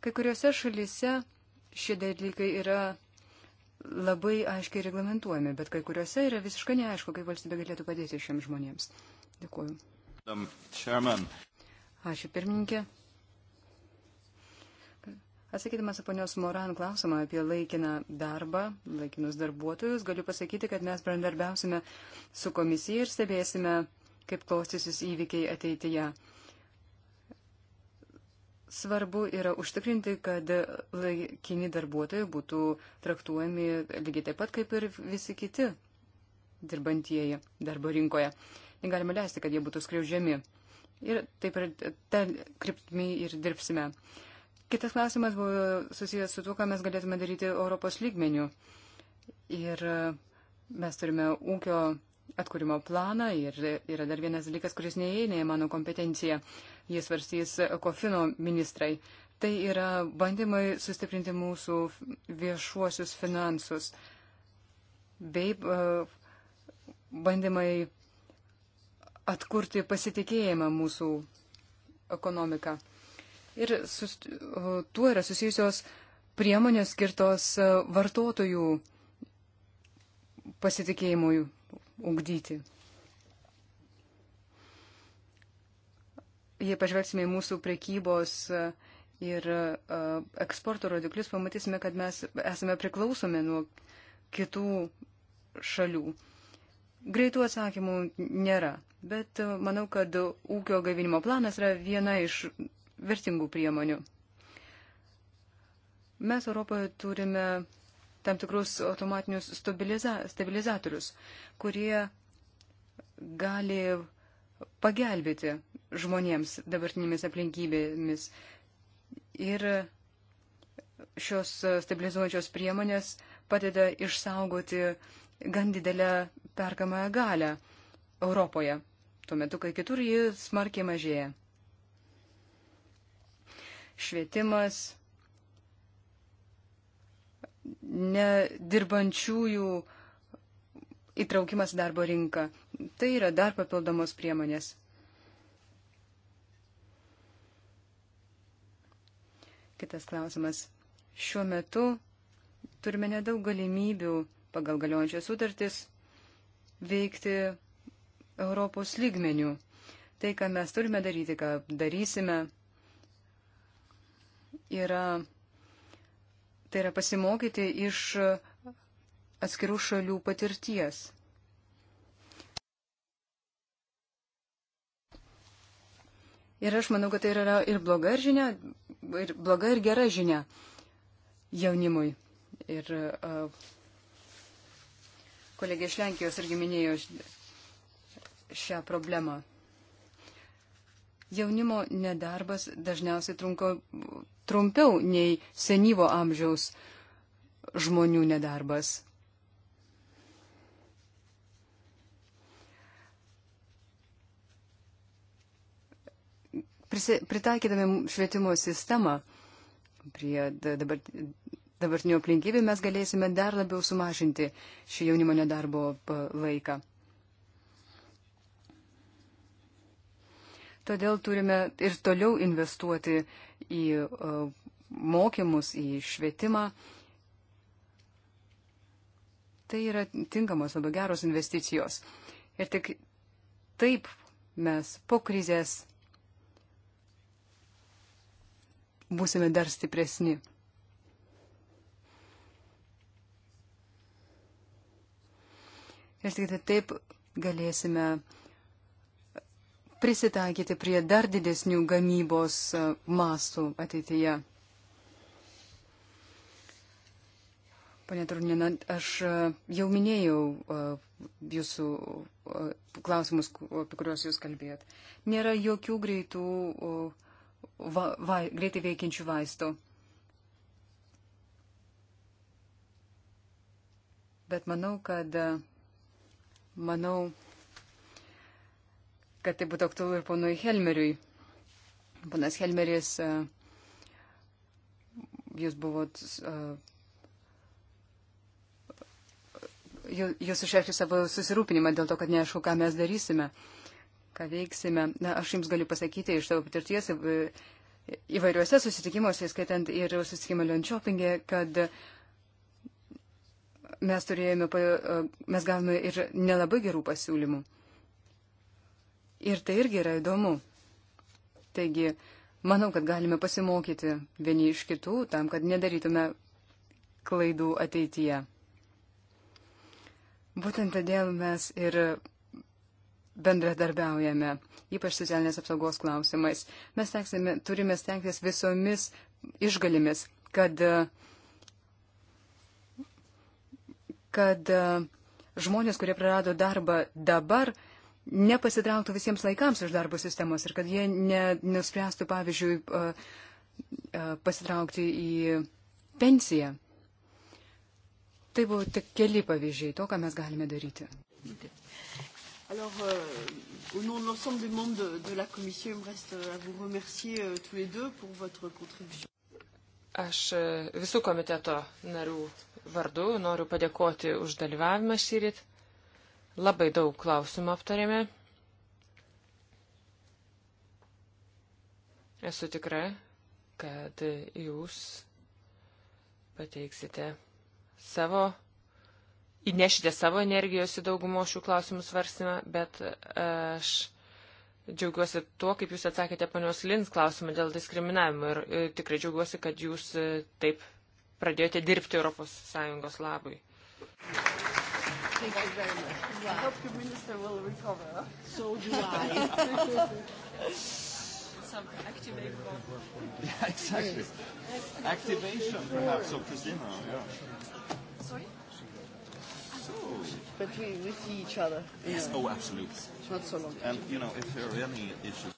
Kai kuriuose šalyse šie dalykai yra labai aiškiai reglamentuojami, bet kai kuriuose yra visiškai neaišku, kaip valstybė galėtų padėti šiems žmonėms. Dėkuoju. Ačiū pirmininkė. Atsakydamas ponios Moran klausimą apie laikiną darbą, laikinus darbuotojus, galiu pasakyti, kad mes bendarbiausime su komisija ir stebėsime, kaip klostysis įvykiai ateityje. Svarbu yra užtikrinti, kad laikini darbuotojai būtų traktuojami lygiai taip pat kaip ir visi kiti dirbantieji darbo rinkoje. Negalima leisti, kad jie būtų skriaužiami. Ir taip ir ten kryptimi ir dirbsime. Uh, Kitas klausimas buvo susijęs su tuo, ką mes galėtume daryti Europos lygmenių. Ir e, mes turime ūkio atkūrimo planą ir yra dar vienas dalykas, kuris neįeina į mano kompetenciją. Jis varstys kofino ministrai. Tai yra bandymai sustiprinti mūsų viešuosius finansus bei e, bandymai atkurti pasitikėjimą mūsų ekonomiką ir su tuo yra susijusios priemonės skirtos e, vartotojų pasitikėjimui ugdyti. Jei pažvelgsime į mūsų prekybos e, ir e, eksporto rodiklius, pamatysime, kad mes esame priklausomi nuo kitų šalių. Greitų atsakymų nėra, bet manau, kad ūkio gaivinimo planas yra viena iš vertingų priemonių. Mes Europoje turime tam tikrus automatinius stabiliza stabilizatorius, kurie gali pagelbėti žmonėms dabartinėmis aplinkybėmis. Ir šios stabilizuojančios priemonės padeda išsaugoti gan didelę perkamąją galę Europoje, tuo metu, kai kitur ji smarkiai mažėja švietimas, nedirbančiųjų įtraukimas darbo rinką. Tai yra dar papildomos priemonės. Kitas klausimas. Šiuo metu turime nedaug galimybių pagal galiojančias sutartis veikti Europos lygmenių. Tai, ką mes turime daryti, ką darysime, yra, tai yra pasimokyti iš atskirų šalių patirties. Ir aš manau, kad tai yra ir bloga ir žinia, ir bloga ir gera žinia jaunimui. Ir uh, kolegė iš Lenkijos irgi minėjo šią problemą. Jaunimo nedarbas dažniausiai trunka trumpiau nei senyvo amžiaus žmonių nedarbas. Pritaikydami švietimo sistemą prie dabar, dabartinių aplinkybių mes galėsime dar labiau sumažinti šį jaunimo nedarbo laiką. Todėl turime ir toliau investuoti į e, mokymus, į švietimą. Tai yra tinkamos labai geros investicijos. Ir tik taip mes po krizės būsime dar stipresni. Ir tik tai taip galėsime uh, prisitaikyti prie dar didesnių gamybos e, mastų ateityje. Pane Turnina, aš e, jau minėjau e, jūsų klausimus, apie kuriuos jūs kalbėjot. Nėra jokių greitų, va, va, greitai veikiančių vaistų. Bet manau, kad manau, kad tai būtų aktualu ir ponui Helmeriui. Ponas Helmeris, e, jūs buvot. E, jūs išreikšti savo susirūpinimą dėl to, kad neaišku, ką mes darysime, ką veiksime. Na, aš jums galiu pasakyti iš savo patirties e, įvairiuose susitikimuose, skaitant ir susitikimą Lenčiopingė, kad mes turėjome, mes gavome ir nelabai gerų pasiūlymų. Ir tai irgi yra įdomu. Taigi, manau, kad galime pasimokyti vieni iš kitų tam, kad nedarytume klaidų ateityje. Būtent todėl mes ir bendradarbiaujame, ypač socialinės apsaugos klausimais. Mes teksime, turime stengtis visomis išgalimis, kad, kad e, žmonės, kurie prarado darbą dabar, nepasitrauktų visiems laikams iš darbo sistemos ir kad jie ne, nuspręstų, pavyzdžiui, pasitraukti į pensiją. Tai buvo tik keli pavyzdžiai to, ką mes galime daryti. Alors, euh, au nom de l'ensemble des membres de, de la Commission, il me reste euh, à vous remercier euh, tous les deux pour votre contribution. Aš euh, visų komiteto narių vardu noriu padėkoti už dalyvavimą šyrit. Labai daug klausimų aptarėme. Esu tikra, kad jūs pateiksite savo, įnešite savo energijos į daugumo šių klausimų svarstymą, bet aš džiaugiuosi tuo, kaip jūs atsakėte panios Lins klausimą dėl diskriminavimo ir e, tikrai džiaugiuosi, kad jūs e, taip pradėjote dirbti ES labui. Thank you. Thank you very much. Wow. I hope your minister will recover. So do I. Some activate Yeah, exactly. Yes. Activation, perhaps, of Christina. Yeah. Sorry? So. But we, we see each other. Yes, yeah. oh, absolutely. It's not so long. And, you know, if there are any issues.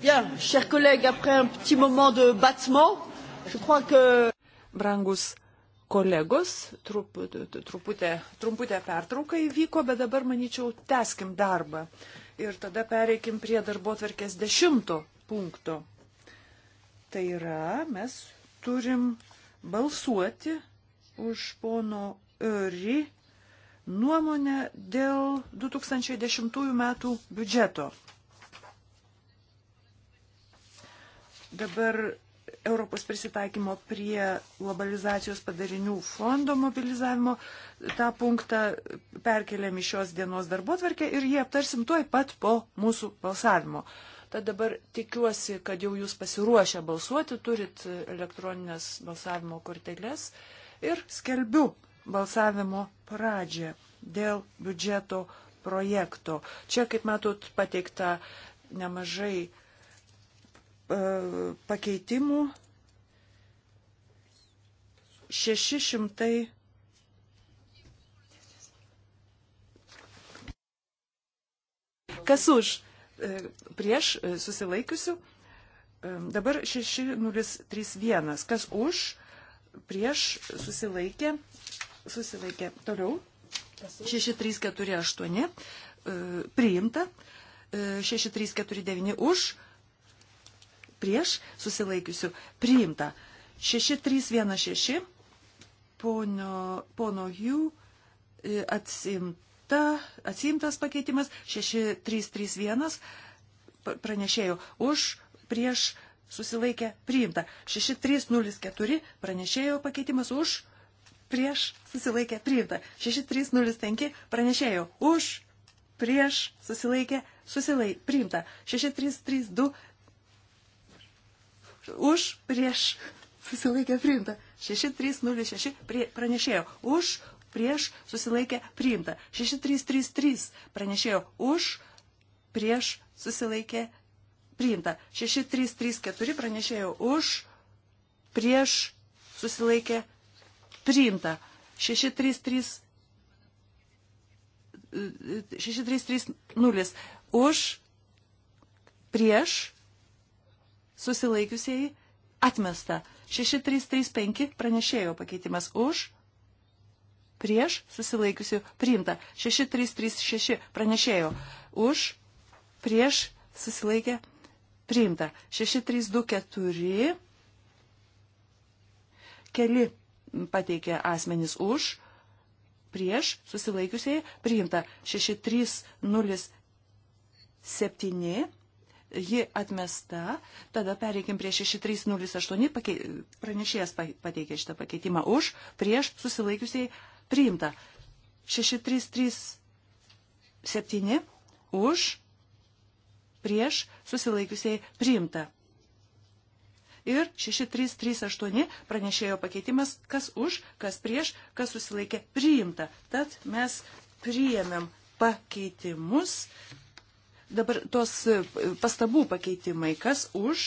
Bien, chers collègues, après un petit moment de battement, je crois que. Brangus kolegos, truputė, trumputė pertrauka įvyko, bet dabar, manyčiau, teskim darbą. Ir tada pereikim prie darbo tvarkės dešimto punkto. Tai yra, mes turim balsuoti už pono Ry nuomonę dėl 2010 metų biudžeto. Dabar Europos prisitaikymo prie globalizacijos padarinių fondo mobilizavimo. Ta punktą perkeliam į šios dienos darbo tvarkę ir jį aptarsim tuoj pat po mūsų balsavimo. Tad dabar tikiuosi, kad jau jūs pasiruošę balsuoti, turit elektroninės balsavimo korteles ir skelbiu balsavimo pradžią dėl biudžeto projekto. Čia, kaip matot, pateikta nemažai uh, pakeitimų 600. Kas už? E, prieš e, susilaikiusių. E, dabar 6031. Kas už? Prieš susilaikė. Susilaikė. Toliau. 6348. Priimta. 6349 už prieš susilaikiusių priimta. 6316 pono, pono jų e, atsimta, atsimtas pakeitimas 6331 pranešėjo už prieš susilaikė priimta. 6304 pranešėjo pakeitimas už prieš susilaikė priimta. 6305 pranešėjo už prieš susilaikė susilaikė priimta. 6332 už, prieš, susilaikė priimta. 6306 prie, pranešėjo už, prieš, susilaikė priimta. 6333 pranešėjo už, prieš, susilaikė priimta. 6334 pranešėjo už, prieš, susilaikė priimta. 6330 už, prieš, susilaikiusieji, atmesta. 6335 pranešėjo pakeitimas už, prieš, susilaikiusių, priimta. 6336 pranešėjo už, prieš, susilaikė, priimta. 6324 keli pateikė asmenys už, prieš, susilaikiusiai, priimta 6307, ji atmesta. Tada pereikim prie 6308, pakei, pranešėjas pateikė šitą pakeitimą už, prieš susilaikiusiai priimta. 6337 už, prieš susilaikiusiai priimta. Ir 6338 pranešėjo pakeitimas, kas už, kas prieš, kas susilaikė priimta. Tad mes priėmėm pakeitimus Dabar tos e, pastabų pakeitimai, kas už,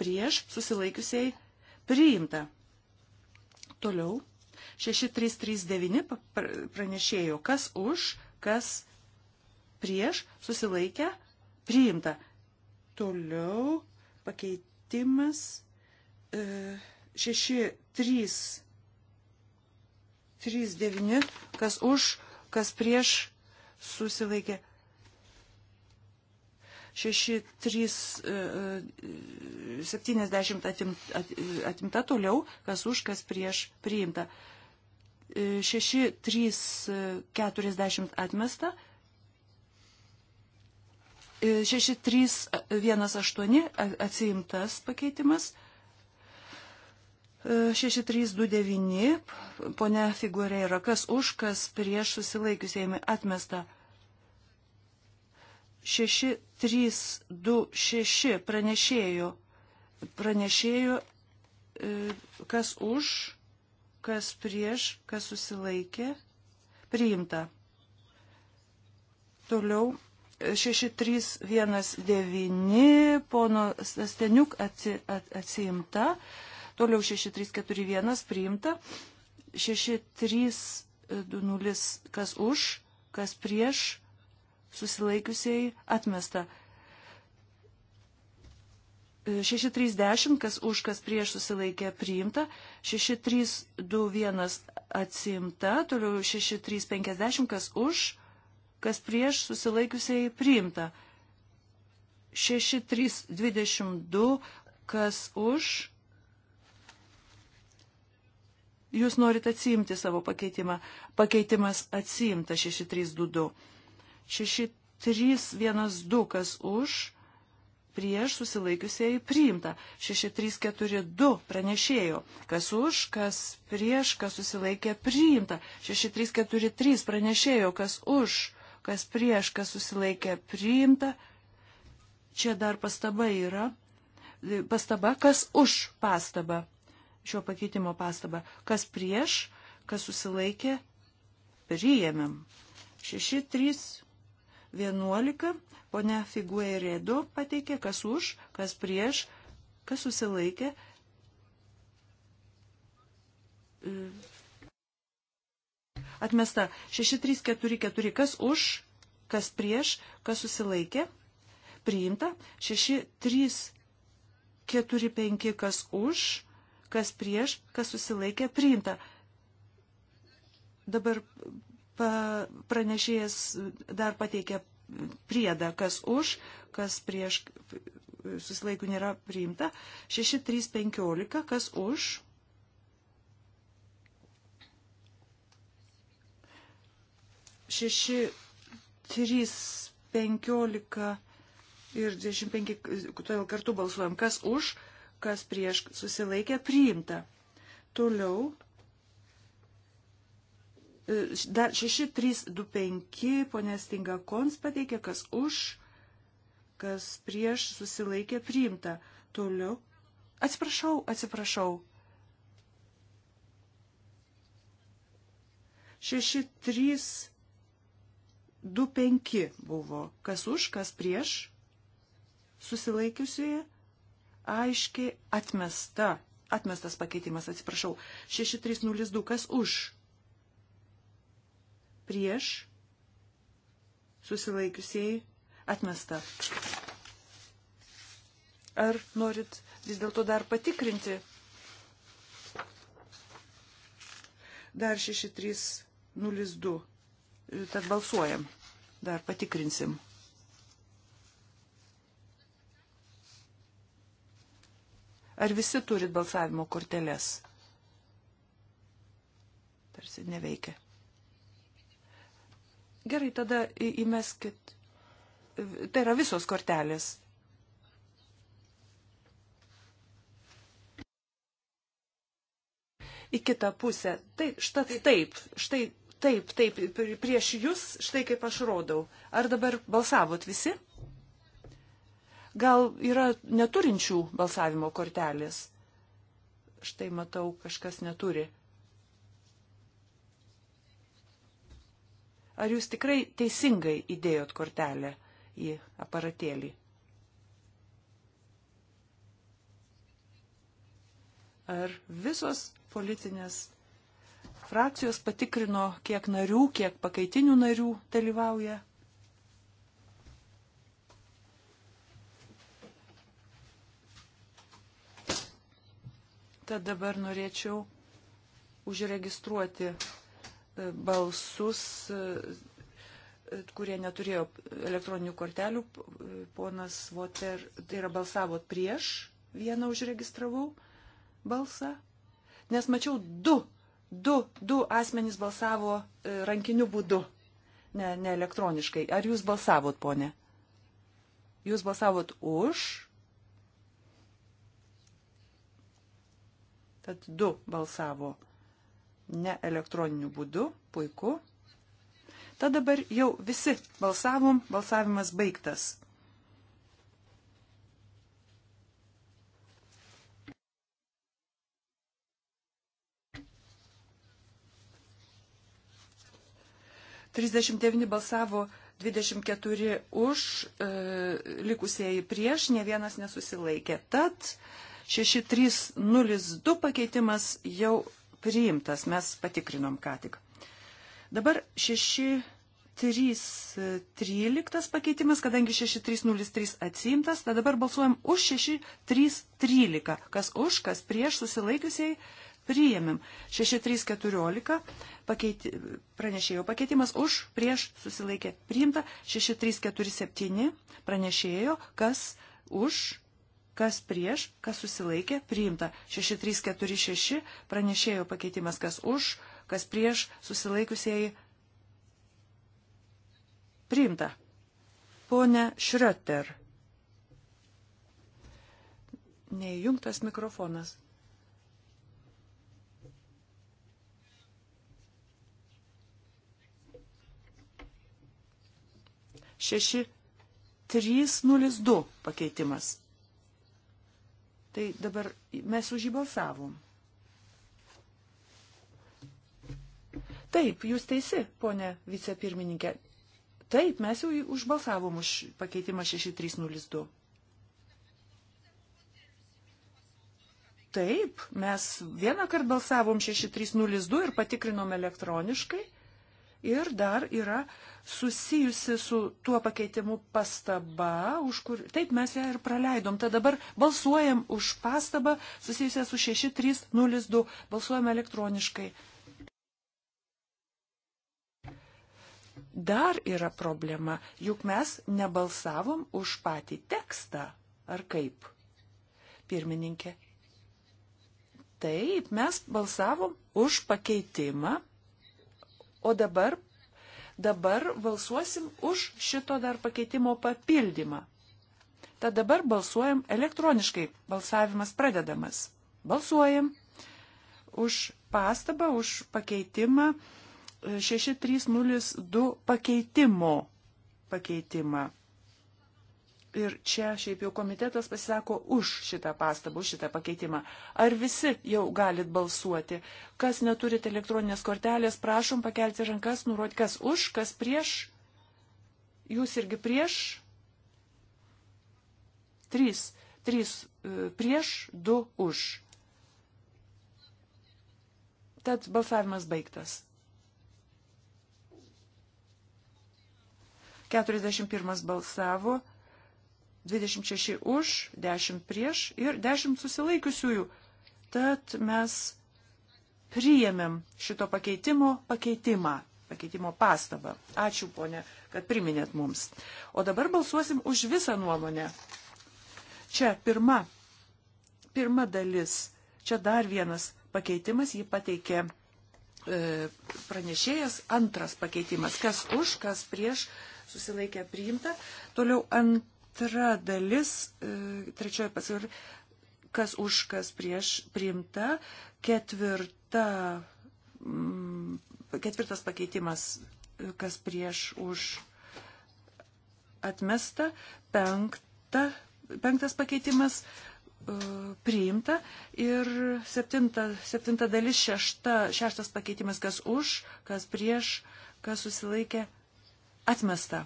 prieš, susilaikiusiai priimta. Toliau. 6339 pranešėjo, kas už, kas prieš, susilaikę, priimta. Toliau pakeitimas 6339, e, kas už, kas prieš, susilaikė, priimta 6.3.70 e, e, atimta toliau, kas už, kas prieš priimta. 6.3.40 e, atmesta. 6.3.18 atsiimtas pakeitimas. 6329, ponia figūrė yra kas už, kas prieš susilaikiusėjimai atmesta. 6329. 6326 pranešėjo, pranešėjo, e, kas už, kas prieš, kas susilaikė, priimta. Toliau 6319 e, pono Steniuk atsi, at, atsiimta, toliau 6341 priimta, 6320 kas už, kas prieš, susilaikiusiai atmesta. 630, kas už, kas prieš susilaikė priimta, 6321 atsimta, toliau 6350, kas už, kas prieš susilaikiusiai priimta, 6322, kas už. Jūs norite atsiimti savo pakeitimą. Pakeitimas atsiimta 6322. 6312, kas už, prieš susilaikiusieji priimta. 6342 pranešėjo, kas už, kas prieš, kas susilaikė priimta. 6343 pranešėjo, kas už, kas prieš, kas susilaikė priimta. Čia dar pastaba yra. Pastaba, kas už pastabą. Šio pakeitimo pastaba. Kas prieš, kas susilaikė priėmėm. 6343. 11. Pone Figueredo pateikė, kas už, kas prieš, kas susilaikė. Atmesta 6344, kas už, kas prieš, kas susilaikė. Priimta 6345, kas už, kas prieš, kas susilaikė. Priimta. Dabar pranešėjas dar pateikė priedą, kas už, kas prieš, susilaikų nėra priimta. 6315, kas už. Šeši, trys, penkiolika ir dvidešimt penki, todėl kartu balsuojam, kas už, kas prieš susilaikė, priimta. Toliau Dar 6325 ponė Stinga Kons pateikė, kas už, kas prieš susilaikė priimta. Toliau. Atsiprašau, atsiprašau. 6325 buvo. Kas už, kas prieš susilaikiusioje aiškiai atmesta. Atmestas pakeitimas, atsiprašau. 6302 kas už prieš, susilaikiusieji, atmesta. Ar norit vis dėlto dar patikrinti? Dar 6302. Tad balsuojam. Dar patikrinsim. Ar visi turit balsavimo korteles? Tarsi neveikia. Gerai, tada įmeskit. Tai yra visos kortelės. Į kitą pusę. Tai štai taip, štai taip, taip, prieš jūs, štai kaip aš rodau. Ar dabar balsavot visi? Gal yra neturinčių balsavimo kortelės? Štai matau, kažkas neturi. ar jūs tikrai teisingai įdėjot kortelę į aparatėlį? Ar visos politinės frakcijos patikrino, kiek narių, kiek pakaitinių narių dalyvauja Tad dabar norėčiau užregistruoti balsus, kurie neturėjo elektroninių kortelių. Ponas Voter, tai yra balsavo prieš, vieną užregistravau balsą, nes mačiau du, du, du asmenys balsavo e, rankiniu būdu, ne, ne elektroniškai. Ar jūs balsavot, ponė? Jūs balsavot už, tad du balsavo prieš ne elektroniniu būdu, puiku. Tad dabar jau visi balsavom, balsavimas baigtas. Trisdešimt devyni balsavo 24 už, e, likusieji prieš, ne vienas nesusilaikė. Tad 6302 pakeitimas jau priimtas, mes patikrinom ką tik. Dabar 6313 e, pakeitimas, kadangi 6303 atsimtas, tai dabar balsuojam už 6313. Kas už, kas prieš susilaikiusiai priėmėm. 6314 pakeiti, pranešėjo pakeitimas už, prieš susilaikė priimta. 6347 pranešėjo, kas už, kas prieš, kas susilaikė, priimta. 6346 pranešėjo pakeitimas, kas už, kas prieš, susilaikusieji, priimta. Pone Šrioter. Neįjungtas mikrofonas. Šeši, trys, nulis, du pakeitimas. Tai dabar mes už jį balsavom. Taip, jūs teisi, ponė vicepirmininkė. Taip, mes jau užbalsavom už pakeitimą 6302. Taip, mes vieną kartą balsavom 6302 ir patikrinom elektroniškai ir dar yra susijusi su tuo pakeitimu pastaba, už kur, taip mes ją ir praleidom. Tad dabar balsuojam už pastabą susijusią su 6302, balsuojam elektroniškai. Dar yra problema, juk mes nebalsavom už patį tekstą, ar kaip? Pirmininkė. Taip, mes balsavom už pakeitimą O dabar, dabar balsuosim už šito dar pakeitimo papildymą. Tad dabar balsuojam elektroniškai. Balsavimas pradedamas. Balsuojam už pastabą, už pakeitimą 6302 e, pakeitimo pakeitimą ir čia šiaip jau komitetas pasisako už šitą pastabą, už šitą pakeitimą. Ar visi jau galit balsuoti? Kas neturit elektroninės kortelės, prašom pakelti rankas, nurodyti, kas už, kas prieš. Jūs irgi prieš. Trys. Trys e, prieš, du už. Tad balsavimas baigtas. 41 balsavo, 26 už, 10 prieš ir 10 susilaikiusiųjų. Tad mes priėmėm šito pakeitimo pakeitimą, pakeitimo pastabą. Ačiū, ponė, kad priminėt mums. O dabar balsuosim už visą nuomonę. Čia pirma, pirma dalis, čia dar vienas pakeitimas, jį pateikė e, pranešėjas, antras pakeitimas, kas už, kas prieš, susilaikė priimta. Toliau ant antra dalis, e, trečioji pasir, kas už, kas prieš priimta, ketvirta, mm, ketvirtas pakeitimas, e, kas prieš už atmesta, penkta, penktas pakeitimas e, priimta ir septinta, septinta dalis, šešta, šeštas pakeitimas, kas už, kas prieš, kas susilaikė, atmesta.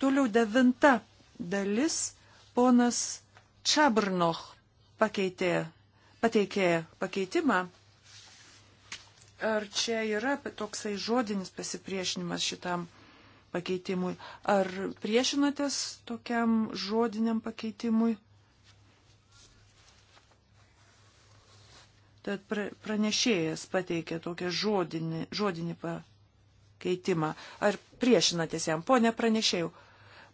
Toliau devinta dalis ponas Čabrnoch pakeitė, pateikė pakeitimą. Ar čia yra toksai žodinis pasipriešinimas šitam pakeitimui? Ar priešinatės tokiam žodiniam pakeitimui? Tad pranešėjas pateikė tokį žodinį, žodinį pakeitimą. Ar priešinatės jam, ponė pranešėjau?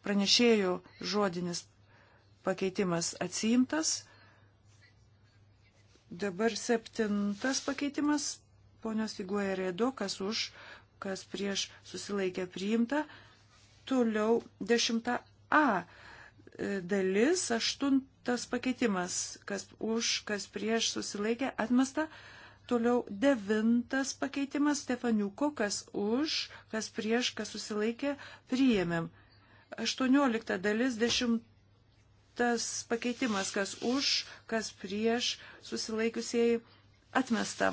pranešėjų žodinis pakeitimas atsiimtas. Dabar septintas pakeitimas, ponios figuoja rėdo, kas už, kas prieš susilaikė priimta. Toliau dešimta A e, dalis, aštuntas pakeitimas, kas už, kas prieš susilaikė atmesta. Toliau devintas pakeitimas Stefaniuko, kas už, kas prieš, kas susilaikė, priėmėm. 18 dalis 10 pakeitimas, kas už, kas prieš susilaikiusieji atmesta.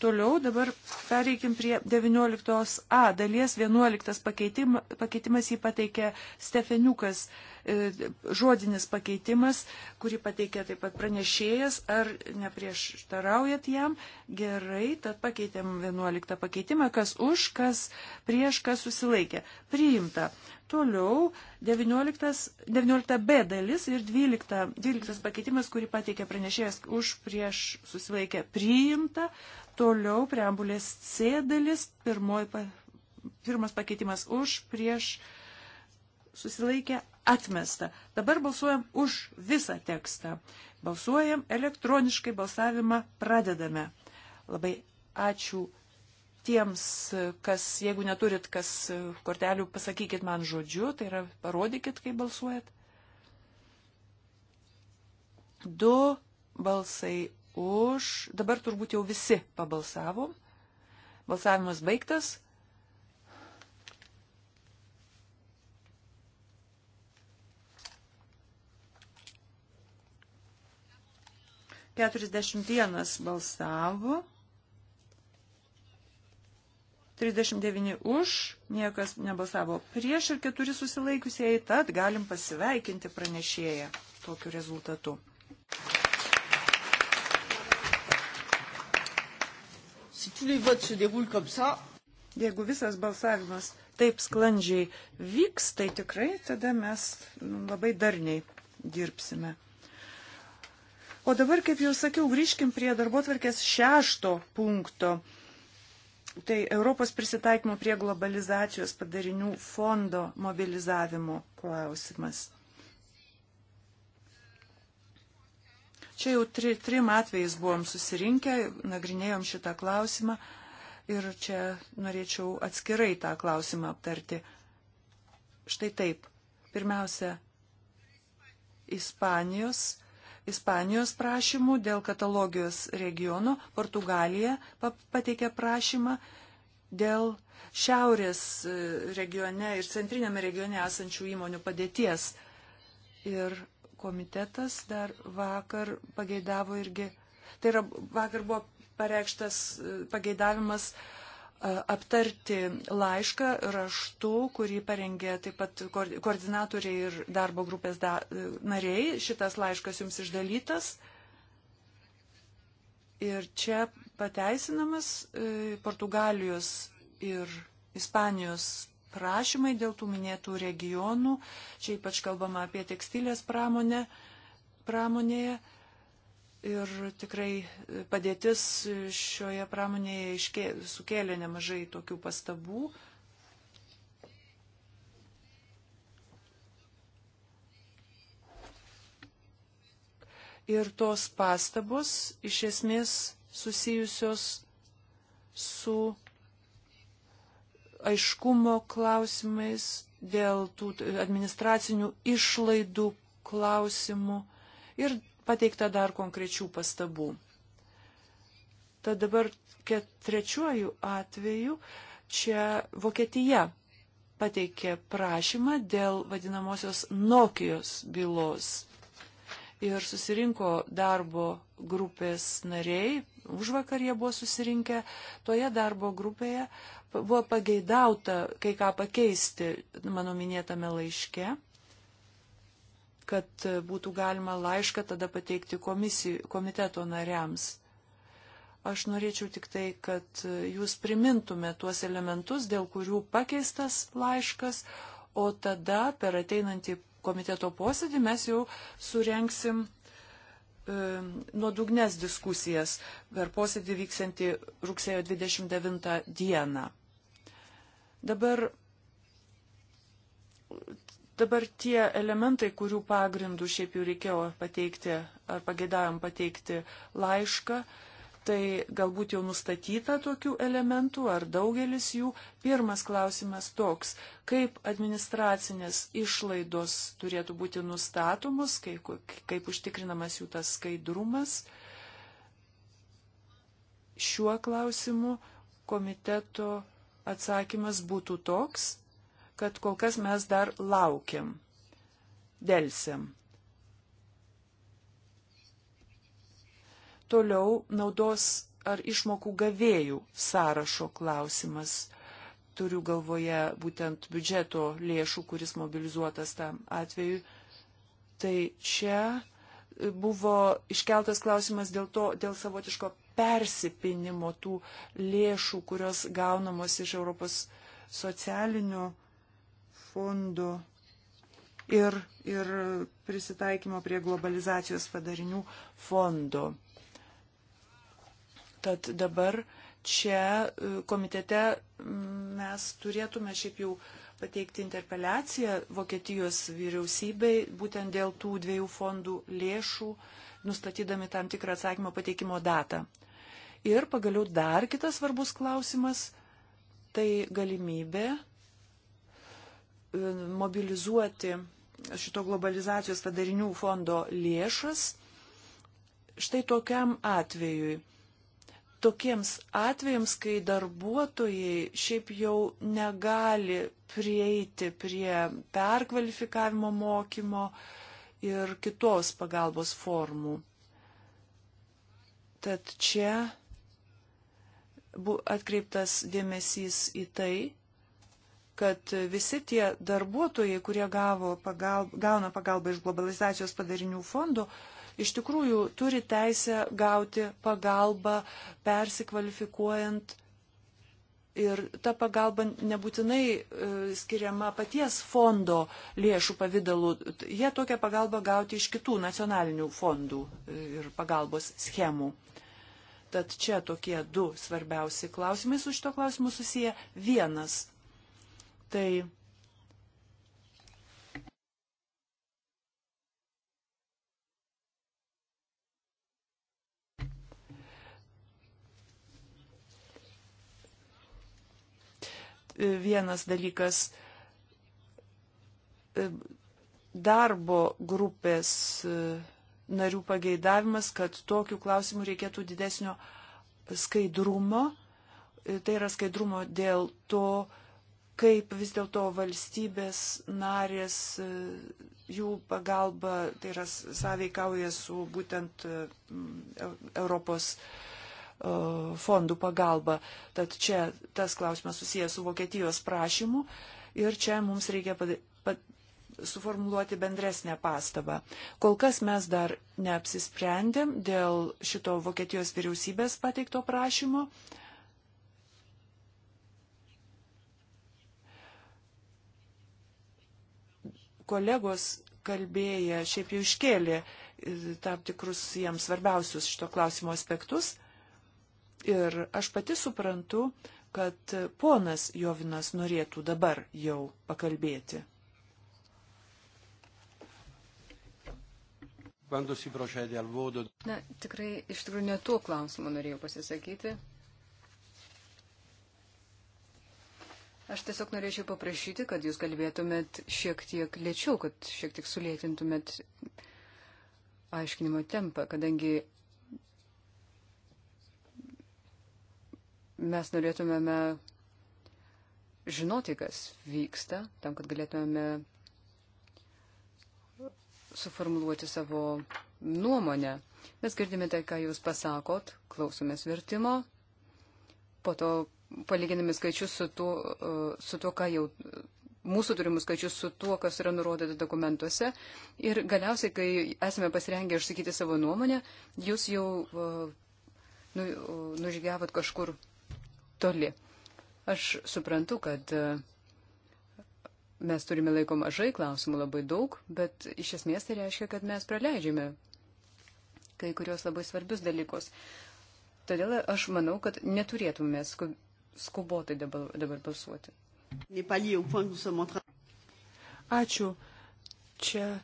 Toliau dabar pereikim prie 19a dalies 11 pakeitim, pakeitimas jį pateikė Stefeniukas. Uh, E, žodinis pakeitimas, kurį pateikė taip pat pranešėjas, ar neprieštaraujat jam. Gerai, tad pakeitėm 11 pakeitimą, kas už, kas prieš, kas susilaikė. Priimta. Toliau 19, 19b dalis ir 12, 12 pakeitimas, kurį pateikė pranešėjas už prieš susilaikę priimta. Toliau preambulės C dalis, pirmoj, pirmas pakeitimas už prieš susilaikę atmesta. Dabar balsuojam už visą tekstą. Balsuojam elektroniškai, balsavimą pradedame. Labai ačiū tiems, kas, jeigu neturit kas kortelių, pasakykit man žodžiu, tai yra parodykit, kaip balsuojat. Du balsai už, dabar turbūt jau visi pabalsavom. Balsavimas baigtas, 41 balsavo, 39 už, niekas nebalsavo prieš ir 4 susilaikusieji, tad galim pasiveikinti pranešėją tokiu rezultatu. Jeigu visas balsavimas taip sklandžiai vyks, tai tikrai tada mes labai darniai dirbsime. O dabar, kaip jau sakiau, grįžkim prie darbo tvarkės šešto punkto. Tai Europos prisitaikymo prie globalizacijos padarinių fondo mobilizavimo klausimas. Čia jau tri, trim atvejais buvom susirinkę, nagrinėjom šitą klausimą ir čia norėčiau atskirai tą klausimą aptarti. Štai taip. Pirmiausia, Ispanijos Ispanijos prašymų dėl Katalogijos regiono, Portugalija pateikė prašymą dėl šiaurės e, regione ir centrinėme regione esančių įmonių padėties. Ir komitetas dar vakar pageidavo irgi, tai yra vakar buvo pareikštas e, pageidavimas uh, aptarti laišką raštu, kurį parengė taip pat koordinatoriai ir darbo grupės da, e, nariai. Šitas laiškas jums išdalytas. Ir čia pateisinamas e, Portugalijos ir Ispanijos prašymai dėl tų minėtų regionų. Čia ypač kalbama apie tekstilės pramonę, pramonėje. Ir tikrai padėtis šioje pramonėje iškė, sukėlė nemažai tokių pastabų. Ir tos pastabos iš esmės susijusios su aiškumo klausimais dėl tų administracinių išlaidų klausimų ir pateikta dar konkrečių pastabų. Tad dabar trečiuoju atveju čia Vokietija pateikė prašymą dėl vadinamosios Nokijos bylos. Ir susirinko darbo grupės nariai, už vakar jie buvo susirinkę, toje darbo grupėje buvo pageidauta kai ką pakeisti mano minėtame laiške kad būtų galima laišką tada pateikti komisijų, komiteto nariams. Aš norėčiau tik tai, kad jūs primintume tuos elementus, dėl kurių pakeistas laiškas, o tada per ateinantį komiteto posėdį mes jau surenksim um, nuodugnes diskusijas per posėdį vyksianti rugsėjo 29 dieną. Dabar Dabar tie elementai, kurių pagrindų šiaip jau reikėjo pateikti ar pagėdavom pateikti laišką, tai galbūt jau nustatyta tokių elementų ar daugelis jų. Pirmas klausimas toks, kaip administracinės išlaidos turėtų būti nustatomos, kaip, kaip užtikrinamas jų tas skaidrumas. Šiuo klausimu komiteto atsakymas būtų toks, kad kol kas mes dar laukiam, dėlsiam. Toliau naudos ar išmokų gavėjų sąrašo klausimas. Turiu galvoje būtent biudžeto lėšų, kuris mobilizuotas tam atveju. Tai čia buvo iškeltas klausimas dėl, to, dėl savotiško persipinimo tų lėšų, kurios gaunamos iš Europos socialinio fondų ir, ir prisitaikymo prie globalizacijos padarinių fondo. Tad dabar čia e, komitete mes turėtume šiaip jau pateikti interpeliaciją Vokietijos vyriausybei būtent dėl tų dviejų fondų lėšų, nustatydami tam tikrą atsakymo pateikimo datą. Ir pagaliau dar kitas svarbus klausimas - tai galimybė mobilizuoti šito globalizacijos padarinių fondo lėšas štai tokiam atvejui. Tokiems atvejams, kai darbuotojai šiaip jau negali prieiti prie perkvalifikavimo mokymo ir kitos pagalbos formų. Tad čia atkreiptas dėmesys į tai, kad visi tie darbuotojai, kurie gavo pagalb, gauna pagalbą iš globalizacijos padarinių fondo, iš tikrųjų turi teisę gauti pagalbą persikvalifikuojant. Ir ta pagalba nebūtinai e, skiriama paties fondo lėšų pavydalu. Jie tokią pagalbą gauti iš kitų nacionalinių fondų e, ir pagalbos schemų. Tad čia tokie du svarbiausi klausimai su šito klausimu susiję. Vienas tai vienas dalykas e, darbo grupės e, narių pageidavimas, kad tokių klausimų reikėtų didesnio skaidrumo. E, tai yra skaidrumo dėl to, kaip vis dėlto valstybės narės, e, jų pagalba, tai yra sąveikauja su būtent e, Europos e, fondų pagalba. Tad čia tas klausimas susijęs su Vokietijos prašymu ir čia mums reikia suformuluoti bendresnę pastabą. Kol kas mes dar neapsisprendėm dėl šito Vokietijos vyriausybės pateikto prašymo. Uh, kolegos kalbėję šiaip jau iškėlė e, tam tikrus jiems svarbiausius šito klausimo aspektus. Ir aš pati suprantu, kad ponas Jovinas norėtų dabar jau pakalbėti. Na, tikrai iš tikrųjų ne tuo klausimu norėjau pasisakyti. Aš tiesiog norėčiau paprašyti, kad jūs kalbėtumėt šiek tiek lėčiau, kad šiek tiek sulėtintumėt aiškinimo tempą, kadangi mes norėtumėme žinoti, kas vyksta, tam, kad galėtumėme suformuluoti savo nuomonę. Mes girdime tai, ką jūs pasakot, klausomės vertimo, po to palyginami skaičius su tuo, e, su tuo ką jau mūsų turimus skaičius su tuo, kas yra nurodyta dokumentuose. Ir galiausiai, kai esame pasirengę išsakyti savo nuomonę, jūs jau e, nu, e, nužygiavot kažkur toli. Aš suprantu, kad mes turime laiko mažai, klausimų labai daug, bet iš esmės tai reiškia, kad mes praleidžiame kai kurios labai svarbius dalykus. Todėl aš manau, kad neturėtume skubėti skubotai dabar, dabar balsuoti. Ačiū. Čia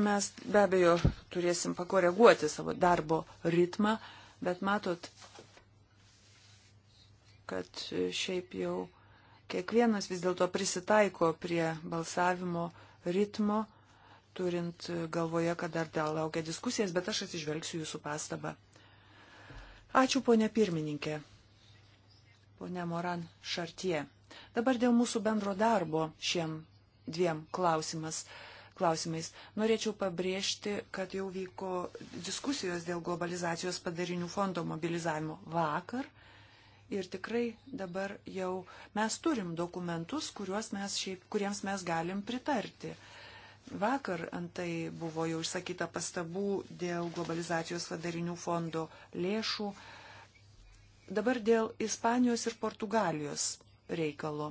mes be abejo turėsim pakoreguoti savo darbo ritmą, bet matot, kad šiaip jau kiekvienas vis dėlto prisitaiko prie balsavimo ritmo, turint galvoje, kad dar dar laukia diskusijas, bet aš atsižvelgsiu jūsų pastabą. Ačiū, ponė pirmininkė ponia Moran Šartie. Dabar dėl mūsų bendro darbo šiem dviem klausimas klausimais. Norėčiau pabrėžti, kad jau vyko diskusijos dėl globalizacijos padarinių fondo mobilizavimo vakar. Ir tikrai dabar jau mes turim dokumentus, mes šiaip, kuriems mes galim pritarti. Vakar antai buvo jau išsakyta pastabų dėl globalizacijos padarinių fondo lėšų Dabar dėl Ispanijos ir Portugalijos reikalo.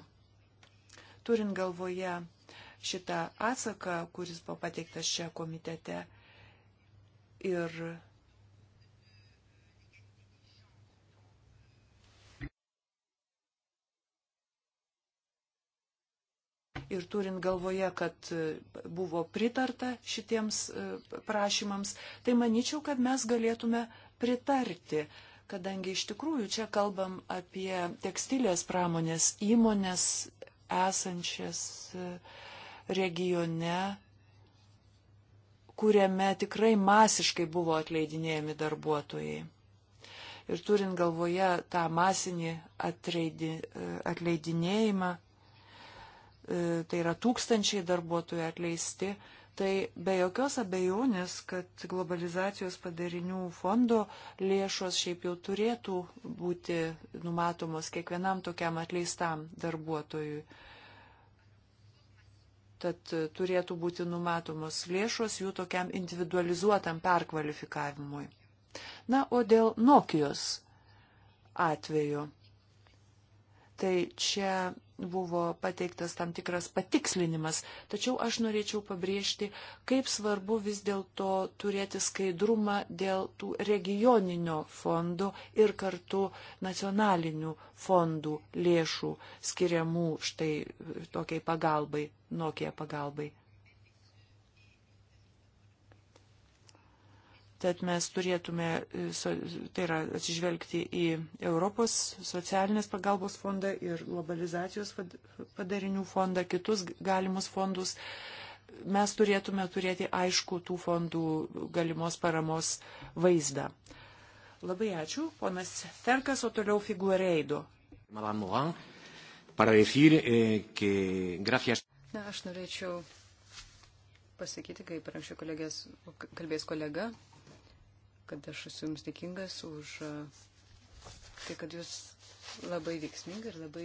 Turint galvoje šitą atsaką, kuris buvo pateiktas čia komitete ir ir turint galvoje, kad e, buvo pritarta šitiems e, prašymams, tai manyčiau, kad mes galėtume pritarti kadangi iš tikrųjų čia kalbam apie tekstilės pramonės įmonės esančias e, regione, kuriame tikrai masiškai buvo atleidinėjami darbuotojai. Ir turint galvoje tą masinį atreidi, e, atleidinėjimą, e, tai yra tūkstančiai darbuotojų atleisti, tai be jokios abejonės, kad globalizacijos padarinių fondo lėšos šiaip jau turėtų būti numatomos kiekvienam tokiam atleistam darbuotojui. Tad turėtų būti numatomos lėšos jų tokiam individualizuotam perkvalifikavimui. Na, o dėl Nokijos atveju. Tai čia buvo pateiktas tam tikras patikslinimas, tačiau aš norėčiau pabrėžti, kaip svarbu vis dėlto turėti skaidrumą dėl tų regioninio fondo ir kartu nacionalinių fondų lėšų skiriamų štai tokiai pagalbai, nokie pagalbai. Tad mes turėtume, e, tai yra atsižvelgti į Europos socialinės pagalbos fondą ir globalizacijos padarinių fondą, kitus galimus fondus. Mes turėtume turėti aišku tų fondų galimos paramos vaizdą. Labai ačiū, ponas Terkas, o toliau figureido. Eh, Na, aš norėčiau pasakyti, kaip ir anksčiau kalbės kolega, kad aš esu jums dėkingas už e, tai, kad jūs labai veiksmingai ir labai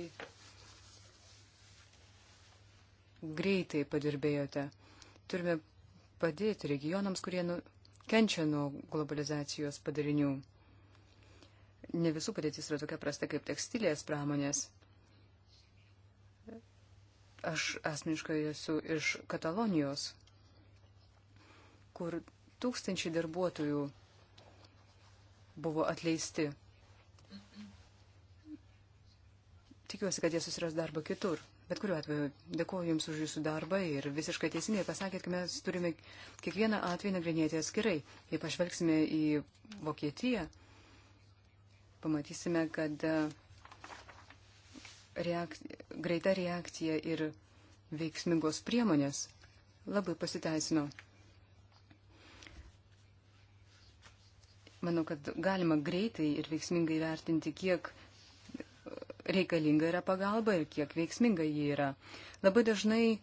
greitai padirbėjote. Turime padėti regionams, kurie nu, kenčia nuo globalizacijos padarinių. Ne visų padėtis yra tokia prasta kaip tekstilės pramonės. Aš asmeniškai esu iš Katalonijos, kur tūkstančiai darbuotojų buvo atleisti. Tikiuosi, kad jie susiras darbą kitur. Bet kuriuo atveju dėkuoju Jums už Jūsų darbą ir visiškai teisingai pasakėt, kad mes turime kiekvieną atvejį nagrinėti atskirai. Jei pažvelgsime į Vokietiją, pamatysime, kad e, reak... greita reakcija ir veiksmingos priemonės labai pasiteisino. Manau, kad galima greitai ir veiksmingai vertinti, kiek reikalinga yra pagalba ir kiek veiksminga ji yra. Labai dažnai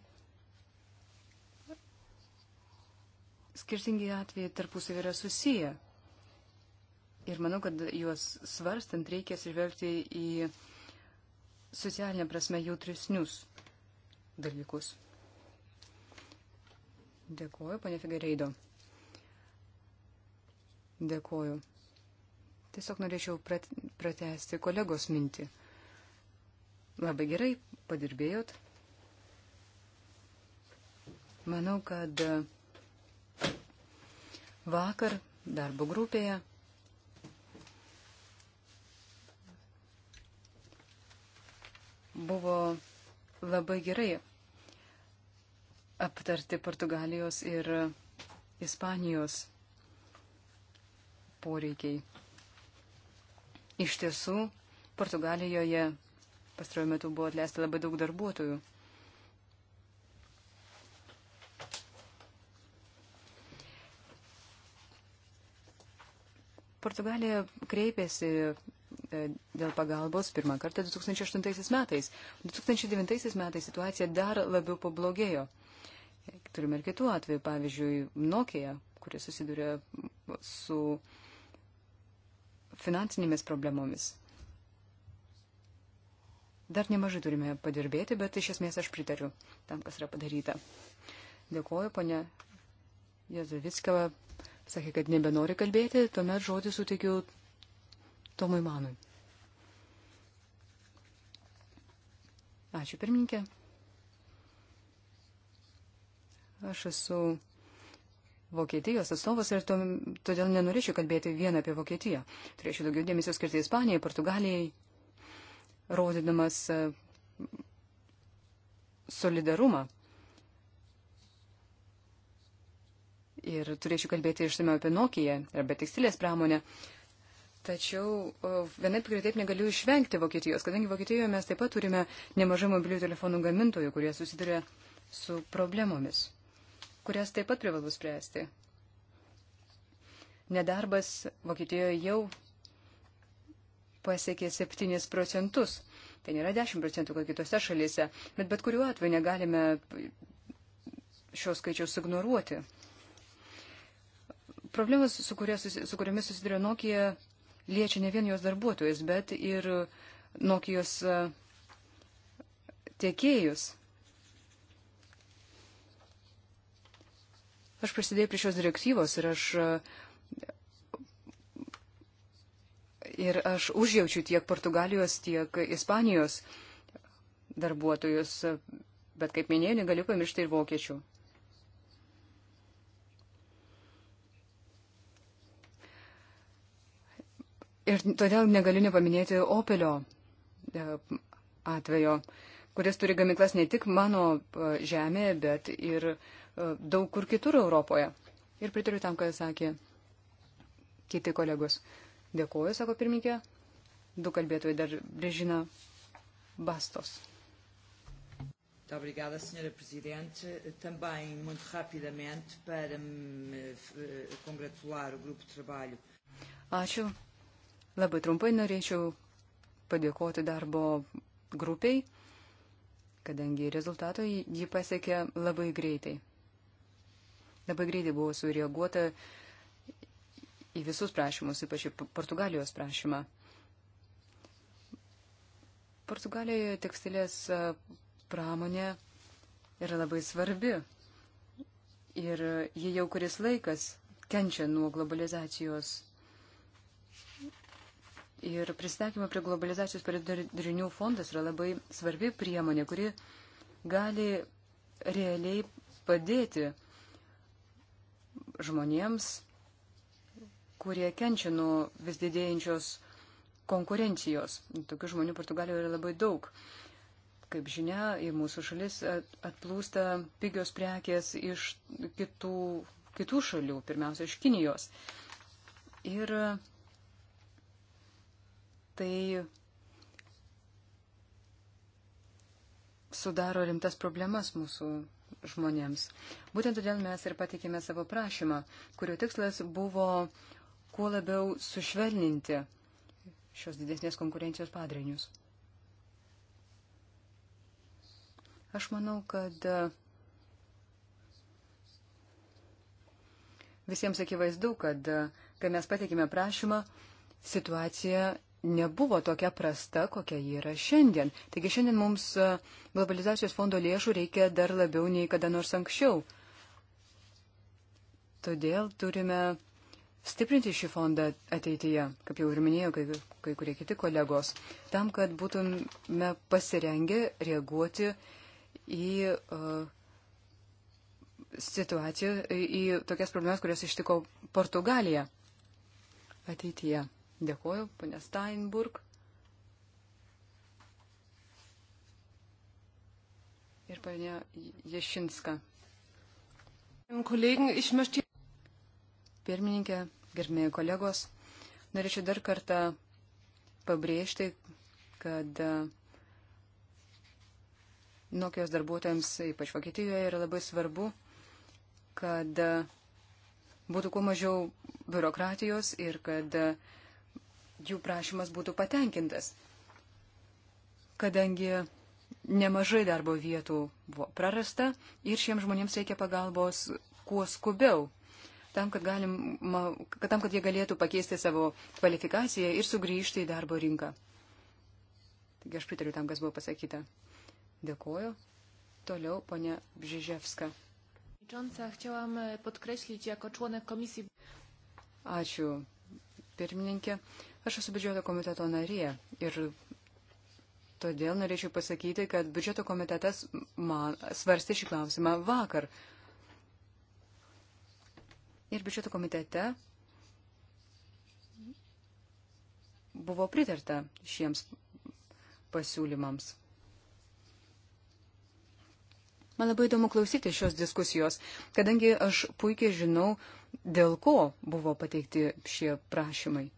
skirtingi atvejai tarpusavį yra susiję. Ir manau, kad juos svarstant reikia atsižvelgti į socialinę prasme jautresnius dalykus. Dėkuoju, ponė Figareido. Dėkoju. Tiesiog norėčiau pratesti kolegos mintį. Labai gerai padirbėjot. Manau, kad vakar darbo grupėje buvo labai gerai aptarti Portugalijos ir Ispanijos poreikiai. Iš tiesų, Portugalijoje pastaruoju metu buvo atleista labai daug darbuotojų. Portugalija kreipėsi e, dėl pagalbos pirmą kartą 2008 metais. 2009 metais situacija dar labiau pablogėjo. Turime ir kitų atvejų, pavyzdžiui, Nokia, kuris susidūrė su uh, finansinėmis problemomis. Dar nemažai turime padirbėti, bet iš esmės aš pritariu tam, kas yra padaryta. Dėkuoju, ponė Jazaviskava, sakė, kad nebenori kalbėti, tuomet žodį suteikiu Tomui Manui. Ačiū pirmininkė. Aš esu Vokietijos atstovas ir to, todėl nenorėčiau kalbėti vien apie Vokietiją. Turėčiau daugiau dėmesio skirti Ispanijai, Portugalijai, rodydamas e, solidarumą. Ir turėčiau kalbėti išsamiau apie Nokiją arba tekstilės pramonę. Tačiau e, vienaip ir taip negaliu išvengti Vokietijos, kadangi Vokietijoje mes taip pat turime nemažai mobilių telefonų gamintojų, kurie susiduria su problemomis kurias taip pat privalu spręsti. Nedarbas Vokietijoje jau pasiekė 7 procentus. Tai nėra 10 procentų, kaip kitose šalyse. Bet bet kuriuo atveju negalime šios skaičiaus ignoruoti. Problemas, su, kuria, su kuriamis susiduria Nokia, liečia ne vien jos darbuotojus, bet ir Nokijos e, tiekėjus. Aš prasidėjau prie šios direktyvos ir aš. Ir aš užjaučiu tiek Portugalijos, tiek Ispanijos darbuotojus, bet kaip minėjau, negaliu pamiršti ir vokiečių. Ir todėl negaliu nepaminėti Opelio e, atvejo, kuris turi gamiklas ne tik mano e, žemėje, bet ir daug kur kitur Europoje. Ir pritariu tam, ką sakė kiti kolegos. Dėkuoju, sako pirmininkė. Du kalbėtojai dar Brežina Bastos. Muito obrigada, Sra. Presidente. Também, muito rapidamente, para me eh, congratular o grupo de trabalho. Ačiū. Labai trumpai norėčiau padėkoti darbo grupiai, kadangi rezultato jį pasiekė labai greitai. Labai greitai buvo sureaguota į visus prašymus, ypač į Portugalijos prašymą. Portugalijoje tekstilės pramonė yra labai svarbi ir jie jau kuris laikas kenčia nuo globalizacijos. Ir pristatymo prie globalizacijos padarinių fondas yra labai svarbi priemonė, kuri gali realiai padėti žmonėms, kurie kenčia nuo vis didėjančios konkurencijos. Tokių žmonių Portugalijoje yra labai daug. Kaip žinia, į mūsų šalis atplūsta pigios prekės iš kitų, kitų šalių, pirmiausia, iš Kinijos. Ir tai sudaro rimtas problemas mūsų žmonėms. Būtent todėl mes ir patikėme savo prašymą, kurio tikslas buvo kuo labiau sušvelninti šios didesnės konkurencijos padarinius. Aš manau, kad e, visiems akivaizdu, kad e, kai mes patikime prašymą, situacija nebuvo tokia prasta, kokia ji yra šiandien. Taigi šiandien mums e, globalizacijos fondo lėšų reikia dar labiau nei kada nors anksčiau. Todėl turime stiprinti šį fondą ateityje, kaip jau ir minėjo kai, kai kurie kiti kolegos, tam, kad būtume pasirengę reaguoti į uh, situaciją, į tokias problemas, kurias ištiko Portugalija ateityje. Dėkuoju, ponė Steinburg. Ir ponė Ješinska. Pirmininkė, gerbėjai kolegos, norėčiau dar kartą pabrėžti, kad e, Nokijos darbuotojams, ypač Vokietijoje, yra labai svarbu, kad e, būtų kuo mažiau biurokratijos ir kad uh, jų prašymas būtų patenkintas, kadangi nemažai darbo vietų buvo prarasta ir šiems žmonėms reikia pagalbos kuo skubiau, tam, kad, galim, kad, tam, kad jie galėtų pakeisti savo kvalifikaciją ir sugrįžti į darbo rinką. Taigi aš pritariu tam, kas buvo pasakyta. Dėkuoju. Toliau ponia Bžiževska. E, Ačiū, pirmininkė. Aš esu biudžeto komiteto narė ir todėl norėčiau pasakyti, kad biudžeto komitetas man svarstė šį klausimą vakar. Ir biudžeto komitete buvo pritarta šiems pasiūlymams. Man labai įdomu klausyti šios diskusijos, kadangi aš puikiai žinau, dėl ko buvo pateikti šie prašymai.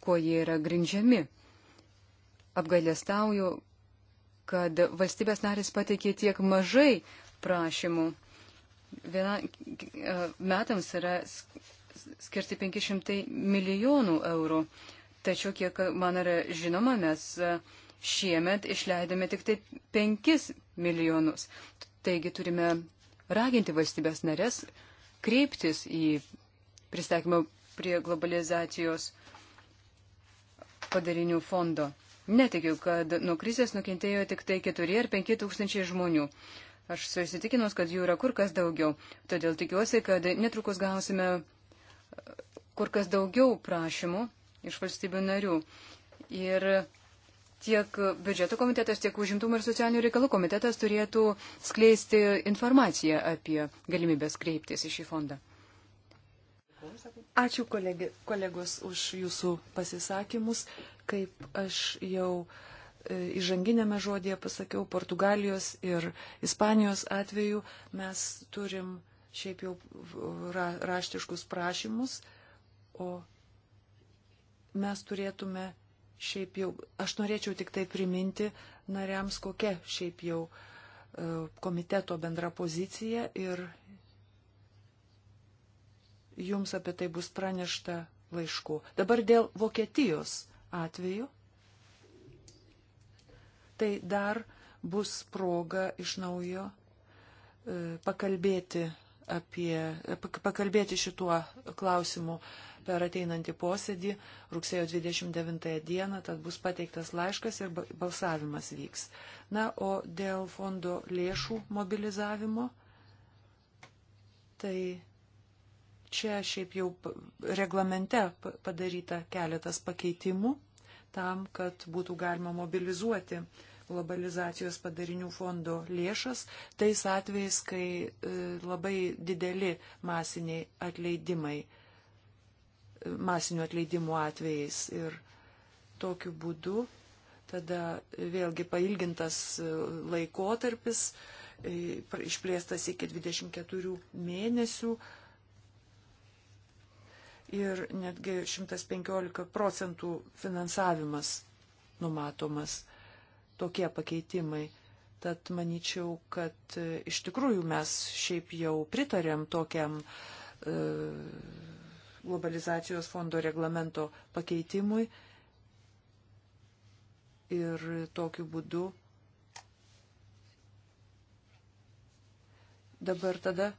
kuo jie yra grindžiami. Apgailestauju, kad valstybės narės pateikė tiek mažai prašymų. Viena, metams yra skirti 500 milijonų eurų. Tačiau, kiek man yra žinoma, mes šiemet išleidome tik tai 5 milijonus. Taigi turime raginti valstybės narės kreiptis į pristatymą prie globalizacijos padarinių fondo. Netikiu, kad nuo krizės nukentėjo tik tai 4 ar 5 tūkstančiai žmonių. Aš susitikinus, kad jų yra kur kas daugiau. Todėl tikiuosi, kad netrukus gausime e, kur kas daugiau prašymų iš valstybių narių. Ir tiek biudžeto komitetas, tiek užimtumo ir socialinių reikalų komitetas turėtų skleisti informaciją apie galimybės kreiptis į šį fondą. Ačiū kolegi, kolegos už jūsų pasisakymus. Kaip aš jau e, įžanginėme žodėje pasakiau, Portugalijos ir Ispanijos atveju mes turim šiaip jau ra, raštiškus prašymus, o mes turėtume šiaip jau, aš norėčiau tik tai priminti nariams, kokia šiaip jau e, komiteto bendra pozicija ir jums apie tai bus pranešta laišku. Dabar dėl Vokietijos atveju. Tai dar bus proga iš naujo e, pakalbėti apie, pakalbėti šituo klausimu per ateinantį posėdį rugsėjo 29 dieną, tad bus pateiktas laiškas ir balsavimas vyks. Na, o dėl fondo lėšų mobilizavimo, tai Čia šiaip jau reglamente padaryta keletas pakeitimų tam, kad būtų galima mobilizuoti globalizacijos padarinių fondo lėšas tais atvejais, kai e, labai dideli masiniai atleidimai, e, masinių atleidimų atvejais. Ir tokiu būdu tada vėlgi pailgintas e, laikotarpis, išplėstas iki 24 mėnesių ir netgi 115 procentų finansavimas numatomas tokie pakeitimai. Tad manyčiau, kad e, iš tikrųjų mes šiaip jau pritarėm tokiam e, globalizacijos fondo reglamento pakeitimui ir tokiu būdu dabar tada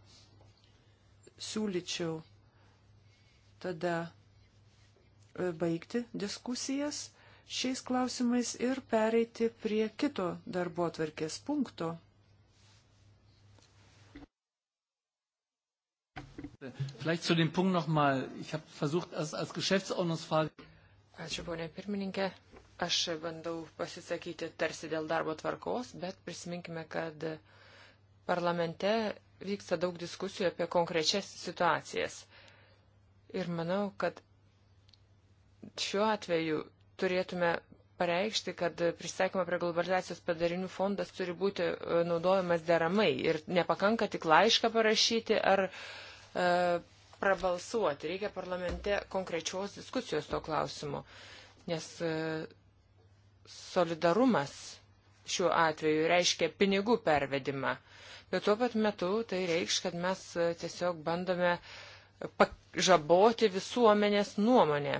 siūlyčiau tada e, baigti diskusijas šiais klausimais ir pereiti prie kito darbo atvarkės punkto. Vielleicht zu dem Punkt nochmal. Ich habe versucht, als, als Geschäftsordnungsfrage. Ačiū, ponė pirmininkė. Aš bandau pasisakyti tarsi dėl darbo tvarkos, bet prisiminkime, kad parlamente vyksta daug diskusijų apie konkrečias situacijas. Ir manau, kad šiuo atveju turėtume pareikšti, kad pristaikymą prie globalizacijos padarinių fondas turi būti e, naudojamas deramai ir nepakanka tik laišką parašyti ar e, prabalsuoti. Reikia parlamente konkrečios diskusijos to klausimu, nes e, solidarumas šiuo atveju reiškia pinigų pervedimą. Bet tuo pat metu tai reikš, kad mes e, tiesiog bandome e, žaboti visuomenės nuomonę.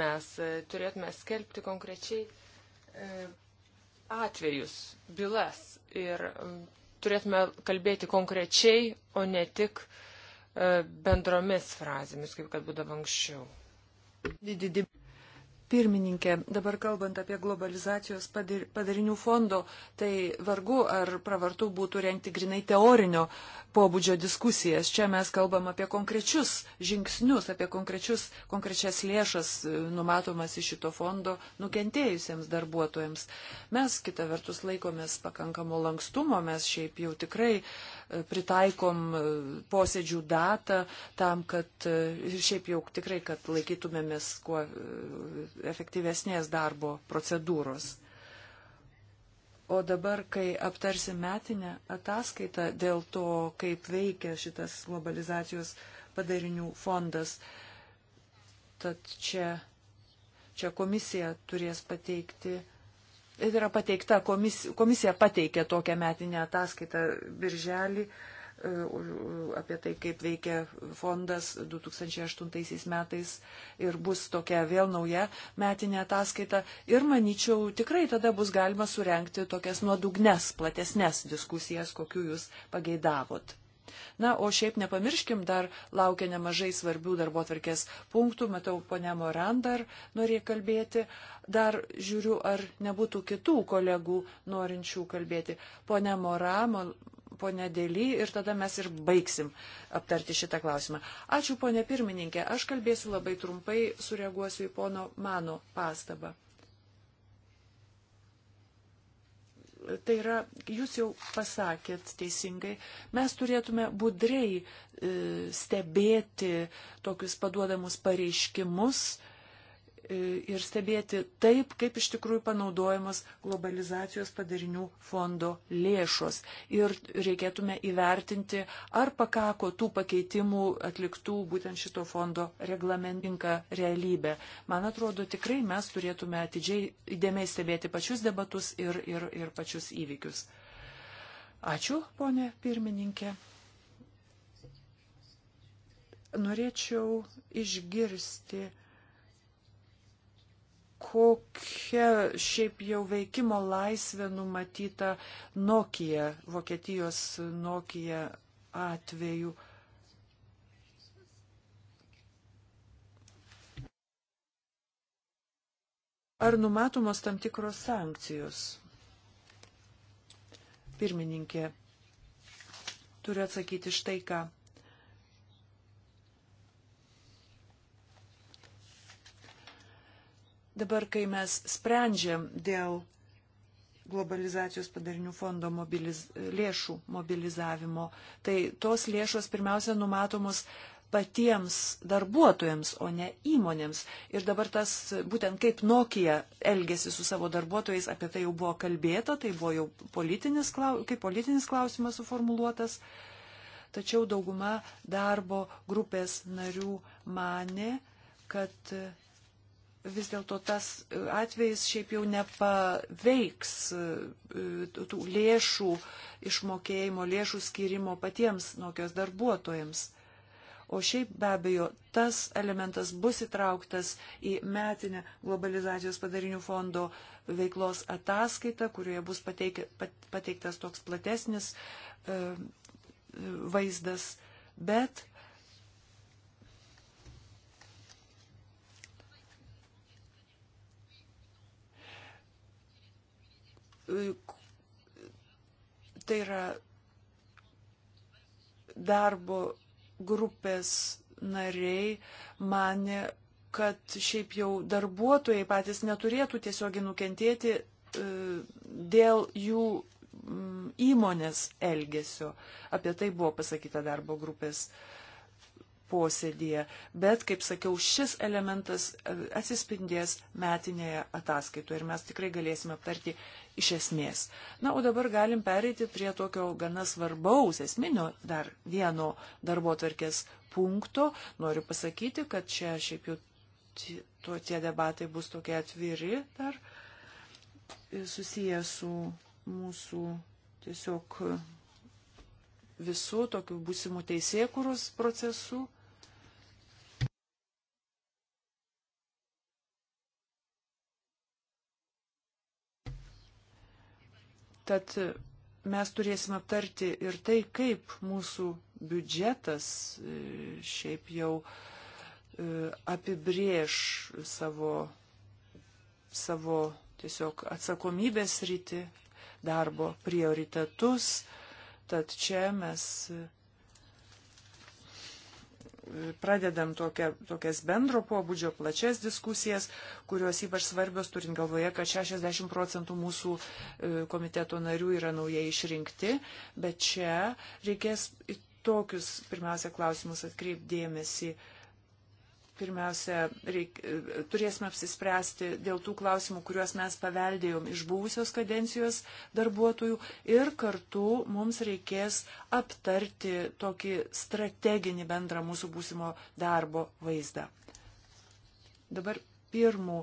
Mes e, turėtume skelbti konkrečiai e, atvejus, bylas ir turėtume kalbėti konkrečiai, o ne tik e, bendromis frazėmis, kaip kad būdavo anksčiau pirmininkė, dabar kalbant apie globalizacijos padarinių fondo, tai vargu ar pravartu būtų renkti grinai teorinio pobūdžio diskusijas. Čia mes kalbam apie konkrečius žingsnius, apie konkrečius, konkrečias lėšas e, numatomas iš šito fondo nukentėjusiems darbuotojams. Mes kitą vertus laikomės pakankamo lankstumo, mes šiaip jau tikrai e, pritaikom e, posėdžių datą tam, kad ir šiaip jau tikrai, kad laikytumėmės kuo efektyvesnės darbo procedūros. O dabar, kai aptarsim metinę ataskaitą dėl to, kaip veikia šitas globalizacijos padarinių fondas, tad čia, čia komisija turės pateikti. Tai yra pateikta, komisija, komisija pateikė tokią metinę ataskaitą birželį E, apie tai, kaip veikia fondas 2008 metais ir bus tokia vėl nauja metinė ataskaita. Ir manyčiau, tikrai tada bus galima surenkti tokias nuodugnes, platesnes diskusijas, kokiu jūs pageidavot. Na, o šiaip nepamirškim, dar laukia nemažai svarbių darbo atvarkės punktų. Matau, ponia Moran dar norėjo kalbėti. Dar žiūriu, ar nebūtų kitų kolegų norinčių kalbėti. Pone Mora, ponė Dėly ir tada mes ir baigsim aptarti šitą klausimą. Ačiū, ponė pirmininkė. Aš kalbėsiu labai trumpai, sureaguosiu į pono mano pastabą. Tai yra, jūs jau pasakėt teisingai, mes turėtume budriai e, stebėti tokius paduodamus pareiškimus, E, ir stebėti taip, kaip iš tikrųjų panaudojamos globalizacijos padarinių fondo lėšos. Ir reikėtume įvertinti, ar pakako tų pakeitimų atliktų būtent šito fondo reglamentinką realybę. Man atrodo, tikrai mes turėtume atidžiai įdėmiai stebėti pačius debatus ir, ir, ir pačius įvykius. Ačiū, ponė pirmininkė norėčiau išgirsti kokia šiaip jau veikimo laisvė numatyta Nokia, Vokietijos Nokia atveju. Ar numatomos tam tikros sankcijos? Pirmininkė, turiu atsakyti štai ką. Dabar, kai mes sprendžiam dėl globalizacijos padarinių fondo mobiliz, lėšų mobilizavimo, tai tos lėšos pirmiausia numatomos patiems darbuotojams, o ne įmonėms. Ir dabar tas, būtent kaip Nokia elgėsi su savo darbuotojais, apie tai jau buvo kalbėta, tai buvo jau politinis, kaip politinis klausimas suformuluotas. Tačiau dauguma darbo grupės narių mane, kad vis dėlto tas e, atvejis šiaip jau nepaveiks e, e, tų lėšų išmokėjimo, lėšų skirimo patiems Nokios darbuotojams. O šiaip be abejo, tas elementas bus įtrauktas į metinę globalizacijos padarinių fondo veiklos ataskaitą, kurioje bus pateik, pateiktas toks platesnis vaizdas, bet tai yra darbo grupės nariai mane, kad šiaip jau darbuotojai patys neturėtų tiesiogiai nukentėti e, dėl jų įmonės elgesio. Apie tai buvo pasakyta darbo grupės uh, posėdėje. Bet, kaip sakiau, šis elementas e, atsispindės metinėje ataskaitoje ir mes tikrai galėsime aptarti iš esmės. Na, o dabar galim pereiti prie tokio gana svarbaus, esminio dar vieno darbo tvarkės punkto. Noriu pasakyti, kad čia šiaip jau to, tie debatai bus tokie atviri dar e, susiję su mūsų tiesiog visų tokių būsimų teisėkurus procesų. Tad mes turėsim aptarti ir tai, kaip mūsų biudžetas e, šiaip jau e, apibrieš savo, savo tiesiog atsakomybės rytį, darbo prioritetus. Tad čia mes pradedam tokia, tokias bendro pobūdžio plačias diskusijas, kurios ypač svarbios, turint galvoje, kad 60 procentų mūsų e, komiteto narių yra naujai išrinkti, bet čia reikės į tokius pirmiausia klausimus atkreipdėmėsi. dėmesį pirmiausia, reik, turėsime apsispręsti dėl tų klausimų, kuriuos mes paveldėjom iš buvusios kadencijos darbuotojų ir kartu mums reikės aptarti tokį strateginį bendrą mūsų būsimo darbo vaizdą. Dabar pirmų,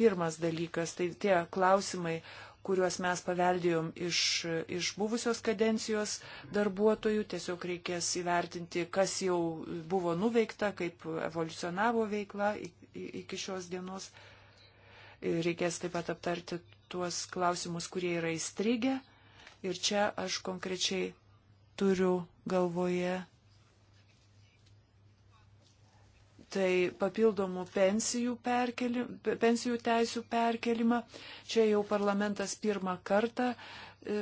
pirmas dalykas, tai tie klausimai, kuriuos mes paveldėjom iš, iš buvusios kadencijos darbuotojų. Tiesiog reikės įvertinti, kas jau buvo nuveikta, kaip evoliucionavo veikla iki šios dienos. Reikės taip pat aptarti tuos klausimus, kurie yra įstrigę. Ir čia aš konkrečiai turiu galvoje tai papildomų pensijų, perkeli, pensijų teisų perkelimą. Čia jau parlamentas pirmą kartą 2007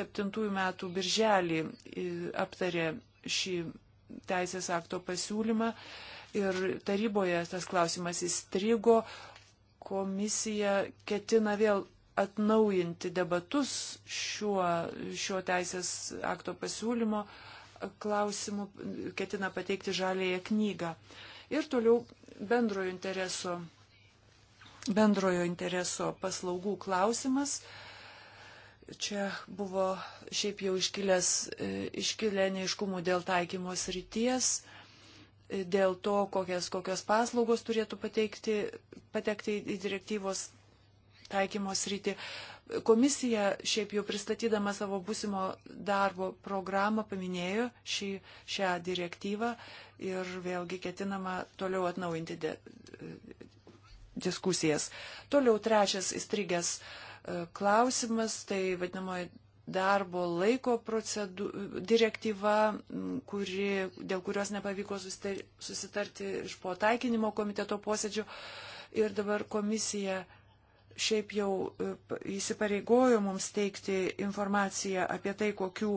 e, e, m. birželį e, aptarė šį teisės akto pasiūlymą ir taryboje tas klausimas įstrigo, komisija ketina vėl atnaujinti debatus šiuo, šiuo teisės akto pasiūlymo uh, klausimų ketina pateikti žalėje knygą. Ir toliau bendrojo intereso, bendrojo intereso paslaugų klausimas. Čia buvo šiaip jau iškilęs, e, iškilę neiškumų dėl taikymos ryties, e, dėl to, kokias, kokios paslaugos turėtų pateikti, patekti į direktyvos taikymos rytį. Komisija šiaip jau pristatydama savo būsimo darbo programą paminėjo šį, šią direktyvą ir vėlgi ketinama toliau atnaujinti de, e, diskusijas. Toliau trečias įstrigęs e, klausimas, tai vadinamoji darbo laiko procedu, direktyva, kuri, dėl kurios nepavyko susitarti iš po taikinimo komiteto posėdžio. Ir dabar komisija šiaip jau e, įsipareigojo mums teikti informaciją apie tai, kokių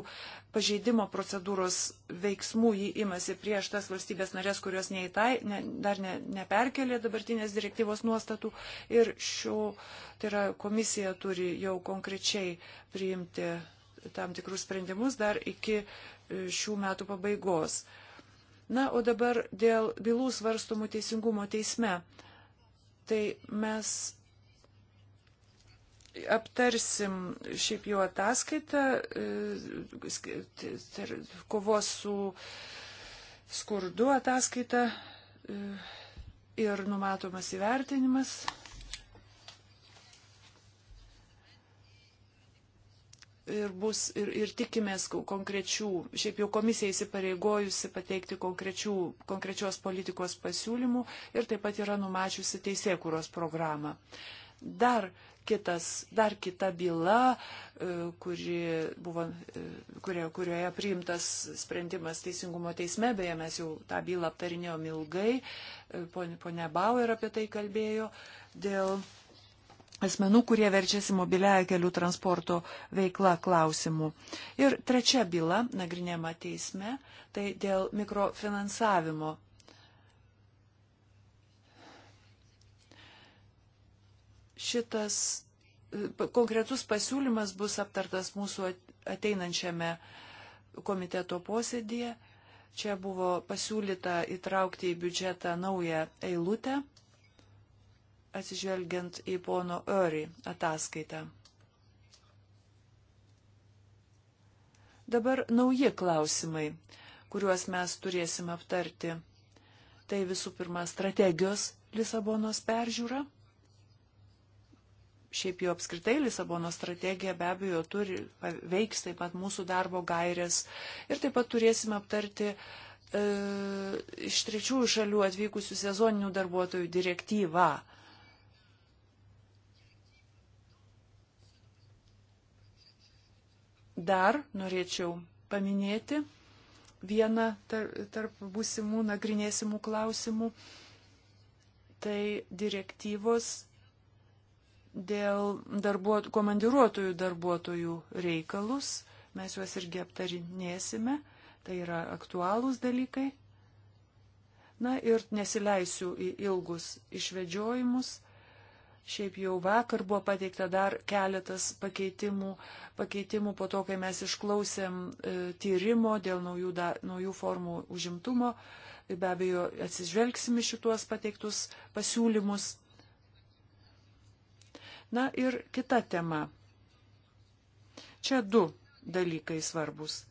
pažeidimo procedūros veiksmų jį imasi prieš tas valstybės narės, kurios neįtai, ne, dar ne, neperkelė dabartinės direktyvos nuostatų. Ir šių, tai yra komisija turi jau konkrečiai priimti tam tikrus sprendimus dar iki e, šių metų pabaigos. Na, o dabar dėl bylų svarstomų teisingumo teisme. Tai mes aptarsim šiaip jau ataskaitą e, kovos su skurdu ataskaitą e, ir numatomas įvertinimas. ir bus ir, ir tikimės konkrečių, šiaip jau komisija įsipareigojusi pateikti konkrečios politikos pasiūlymų ir taip pat yra numačiusi teisėkuros programą. Dar kitas, dar kita byla, e, kuri buvo, e, kurioje, kurioje priimtas sprendimas Teisingumo teisme, beje, mes jau tą bylą aptarinėjom ilgai, e, ponia Bauer apie tai kalbėjo, dėl asmenų, kurie verčiasi mobiliaja kelių transporto veikla klausimų. Ir trečia byla, nagrinėjama teisme, tai dėl mikrofinansavimo šitas e, konkretus pasiūlymas bus aptartas mūsų ateinančiame komiteto posėdėje. Čia buvo pasiūlyta įtraukti į biudžetą naują eilutę, atsižvelgiant į pono Öri ataskaitą. Dabar nauji klausimai, kuriuos mes turėsim aptarti. Tai visų pirma strategijos Lisabonos peržiūra šiaip jau apskritai Lisabono strategija be abejo turi, veiks taip pat mūsų darbo gairės ir taip pat turėsime aptarti e, iš trečiųjų šalių atvykusių sezoninių darbuotojų direktyvą. Dar norėčiau paminėti vieną tarp būsimų nagrinėsimų klausimų. Tai direktyvos dėl darbuot, komandiruotojų darbuotojų reikalus. Mes juos irgi aptarinėsime. Tai yra aktualūs dalykai. Na ir nesileisiu į ilgus išvedžiojimus. Šiaip jau vakar buvo pateikta dar keletas pakeitimų, pakeitimų po to, kai mes išklausėm e, tyrimo dėl naujų, da, naujų formų užimtumo. Be abejo, atsižvelgsime šituos pateiktus pasiūlymus. Na ir kita tema. Čia du dalykai svarbus.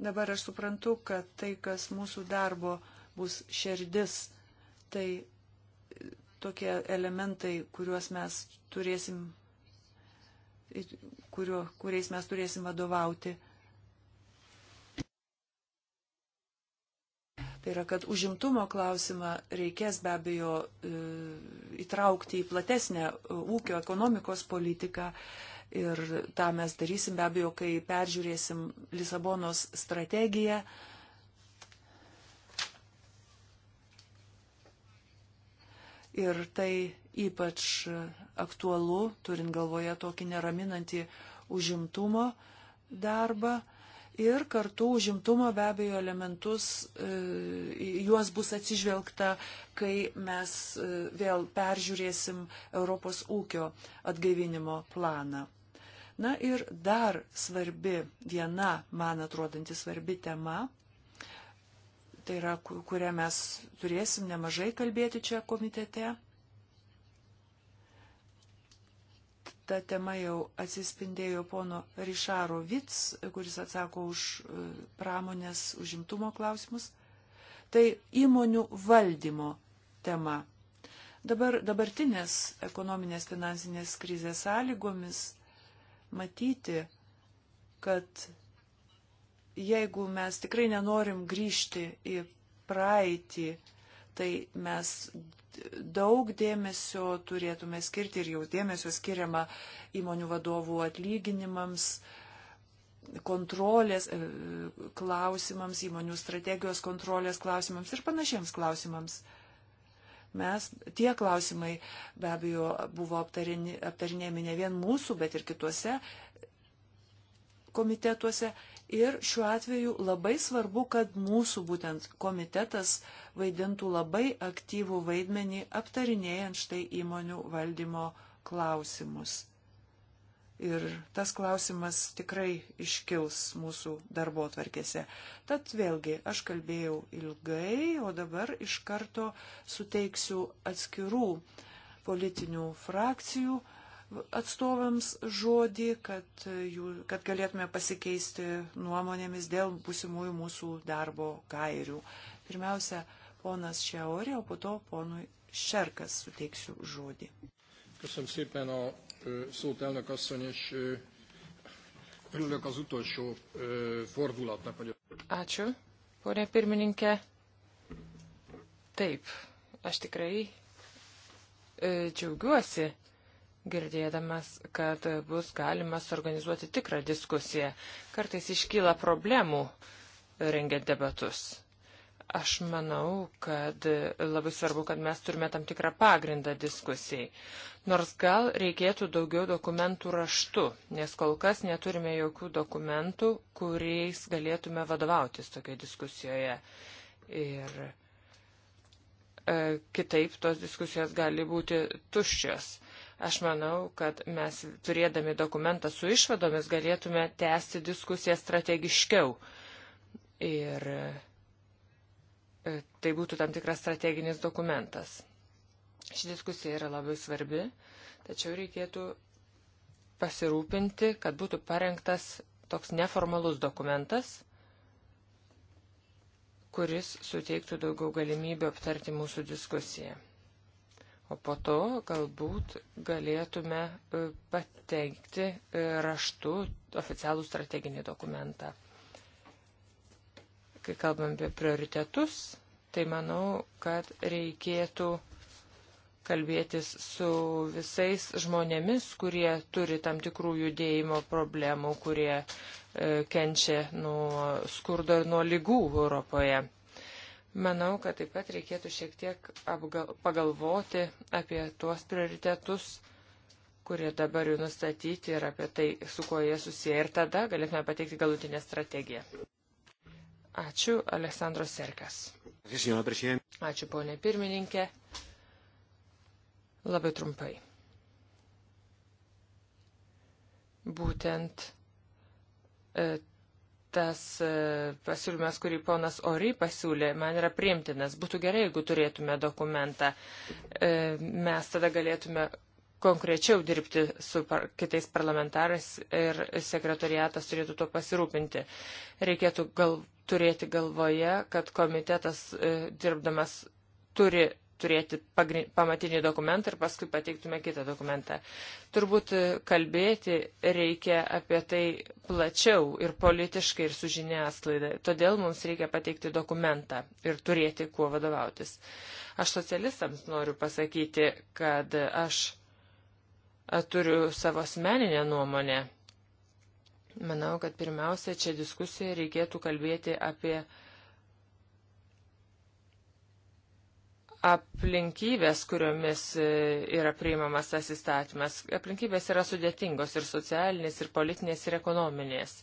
Dabar aš suprantu, kad tai, kas mūsų darbo bus šerdis, tai tokie elementai, kuriuos mes turėsim, kuriuo, kuriais mes turėsim vadovauti Tai yra, kad užimtumo klausimą reikės be abejo e, įtraukti į platesnę e, ūkio ekonomikos politiką. Ir tą mes darysim be abejo, kai peržiūrėsim Lisabonos strategiją. Ir tai ypač aktualu, turint galvoje tokį neraminantį užimtumo darbą ir kartu užimtumo be abejo elementus, e, juos bus atsižvelgta, kai mes e, vėl peržiūrėsim Europos ūkio atgaivinimo planą. Na ir dar svarbi viena, man atrodanti svarbi tema, tai yra, kurią mes turėsim nemažai kalbėti čia komitete ta tema jau atsispindėjo pono Rišaro Vits, kuris atsako už e, pramonės užimtumo klausimus. Tai įmonių valdymo tema. Dabar dabartinės ekonominės finansinės krizės sąlygomis matyti, kad jeigu mes tikrai nenorim grįžti į praeitį, tai mes daug dėmesio turėtume skirti ir jau dėmesio skiriama įmonių vadovų atlyginimams, kontrolės e, klausimams, įmonių strategijos kontrolės klausimams ir panašiems klausimams. Mes tie klausimai be abejo buvo aptarinėmi ne vien mūsų, bet ir kituose komitetuose Ir šiuo atveju labai svarbu, kad mūsų būtent komitetas vaidintų labai aktyvų vaidmenį aptarinėjant štai įmonių valdymo klausimus. Ir tas klausimas tikrai iškils mūsų darbo tvarkėse. Tad vėlgi, aš kalbėjau ilgai, o dabar iš karto suteiksiu atskirų politinių frakcijų atstovams žodį, kad, jų, kad galėtume pasikeisti nuomonėmis dėl būsimųjų mūsų darbo gairių. Pirmiausia, ponas Šiaurė, o po to ponui Šerkas suteiksiu žodį. Köszönöm szépen a szót, elnök asszony, és örülök az utolsó fordulatnak. Hogy... Ačiū, ponė pirmininkė. Taip, aš tikrai džiaugiuosi girdėdamas, kad bus galima suorganizuoti tikrą diskusiją. Kartais iškyla problemų rengiant debatus. Aš manau, kad labai svarbu, kad mes turime tam tikrą pagrindą diskusijai. Nors gal reikėtų daugiau dokumentų raštu, nes kol kas neturime jokių dokumentų, kuriais galėtume vadovautis tokioje diskusijoje. Ir e, kitaip tos diskusijos gali būti tuščios. Aš manau, kad mes turėdami dokumentą su išvadomis galėtume tęsti diskusiją strategiškiau. Ir e, tai būtų tam tikras strateginis dokumentas. Ši diskusija yra labai svarbi, tačiau reikėtų pasirūpinti, kad būtų parengtas toks neformalus dokumentas, kuris suteiktų daugiau galimybių aptarti mūsų diskusiją. O po to galbūt galėtume e, pateikti e, raštu oficialų strateginį dokumentą. Kai kalbam apie prioritetus, tai manau, kad reikėtų kalbėtis su visais žmonėmis, kurie turi tam tikrų judėjimo problemų, kurie e, kenčia nuo skurdo ir nuo lygų Europoje. Manau, kad taip pat reikėtų šiek tiek apgal, pagalvoti apie tuos prioritetus, kurie dabar jau nustatyti ir apie tai, su kuo jie susiję. Ir tada galėtume pateikti galutinę strategiją. Ačiū, Aleksandro Serkas. Ačiū, ponė pirmininkė. Labai trumpai. Būtent e, tas e, pasiūlymas, kurį ponas Ori pasiūlė, man yra priimtinas. Būtų gerai, jeigu turėtume dokumentą. E, mes tada galėtume konkrečiau dirbti su par kitais parlamentarais ir sekretariatas turėtų to pasirūpinti. Reikėtų gal turėti galvoje, kad komitetas e, dirbdamas turi turėti pamatinį dokumentą ir paskui pateiktume kitą dokumentą. Turbūt e, kalbėti reikia apie tai plačiau ir politiškai ir su žiniasklaida. Todėl mums reikia pateikti dokumentą ir turėti kuo vadovautis. Aš socialistams noriu pasakyti, kad aš e, turiu savo asmeninę nuomonę. Manau, kad pirmiausia, čia diskusijoje reikėtų kalbėti apie uh, aplinkybės, kuriomis e, yra priimamas tas įstatymas. Aplinkybės yra sudėtingos ir socialinės, ir politinės, ir ekonominės.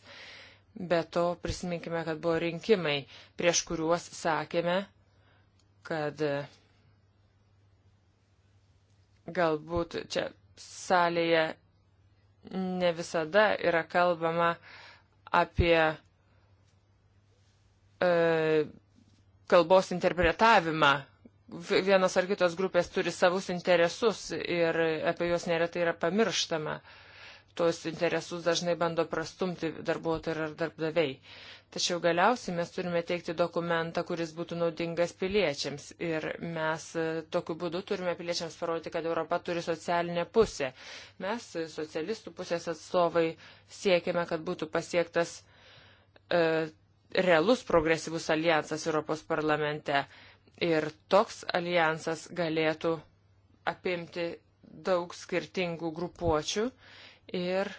Be to prisiminkime, kad buvo rinkimai, prieš kuriuos sakėme, kad e, galbūt čia salėje ne visada yra kalbama apie e, kalbos interpretavimą vienos ar kitos grupės turi savus interesus ir apie juos neretai yra pamirštama. Tuos interesus dažnai bando prastumti darbuotojai ar darbdaviai. Tačiau galiausiai mes turime teikti dokumentą, kuris būtų naudingas piliečiams. Ir mes e, tokiu būdu turime piliečiams parodyti, kad Europa turi socialinę pusę. Mes, e, socialistų pusės atstovai, siekime, kad būtų pasiektas. E, realus progresyvus alijansas Europos parlamente. Ir toks alijansas galėtų apimti daug skirtingų grupuočių ir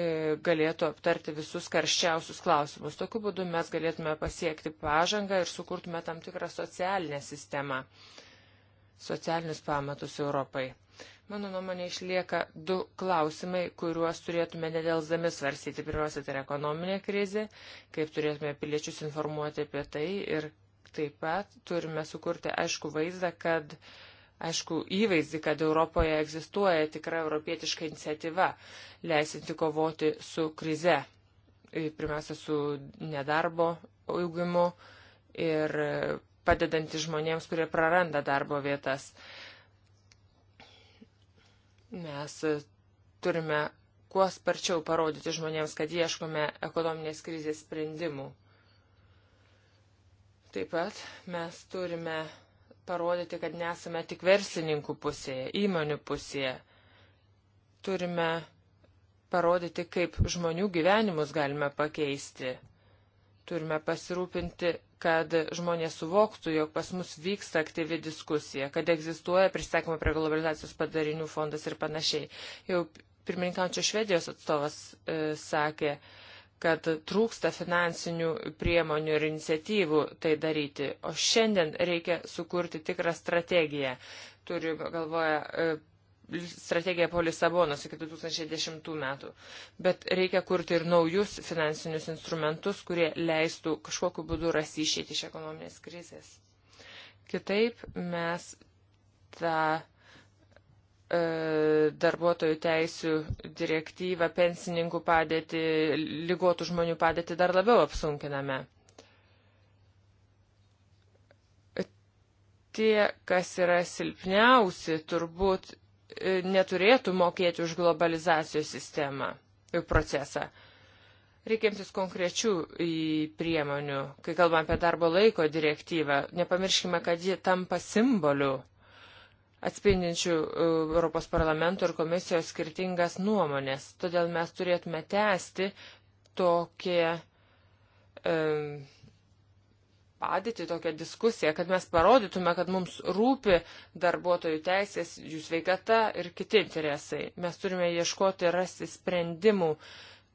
e, galėtų aptarti visus karščiausius klausimus. Tokiu būdu mes galėtume pasiekti pažangą ir sukurtume tam tikrą socialinę sistemą, socialinius pamatus Europai. Mano nuomonė išlieka du klausimai, kuriuos turėtume nedelsdami svarstyti. Pirmiausia, tai yra ekonominė krizė, kaip turėtume piliečius informuoti apie tai ir Taip pat turime sukurti aišku vaizdą, kad aišku įvaizdį, kad Europoje egzistuoja tikra europietiška iniciatyva, leisinti kovoti su krize, e, pirmiausia, su nedarbo augimu ir padedanti žmonėms, kurie praranda darbo vietas. Mes turime kuo sparčiau parodyti žmonėms, kad ieškome ekonominės krizės sprendimų. Taip pat mes turime parodyti, kad nesame tik versininkų pusėje, įmonių pusėje. Turime parodyti, kaip žmonių gyvenimus galime pakeisti. Turime pasirūpinti, kad žmonės suvoktų, jog pas mus vyksta aktyvi diskusija, kad egzistuoja pristatymo prie globalizacijos padarinių fondas ir panašiai. Jau pirmininkančio Švedijos atstovas e, sakė, e, kad trūksta finansinių priemonių ir iniciatyvų tai daryti. O šiandien reikia sukurti tikrą strategiją. Turiu galvoje e, strategiją po Lisabonos iki 2010 metų. Bet reikia kurti ir naujus finansinius instrumentus, kurie leistų kažkokiu būdu rasti išėti iš ekonominės krizės. Kitaip mes tą E, darbuotojų teisių direktyvą, pensininkų padėtį, lygotų žmonių padėtį dar labiau apsunkiname. Tie, kas yra silpniausi, turbūt e, neturėtų mokėti už globalizacijos sistemą ir e, procesą. Reikėmtis konkrečių priemonių, kai kalbam apie darbo laiko direktyvą, nepamirškime, kad ji tampa simboliu atspindinčių uh, Europos parlamento ir komisijos skirtingas nuomonės. Todėl mes turėtume tęsti tokią um, padėtį, tokią diskusiją, kad mes parodytume, kad mums rūpi darbuotojų teisės, jų sveikata ir kiti interesai. Mes turime ieškoti rasti sprendimų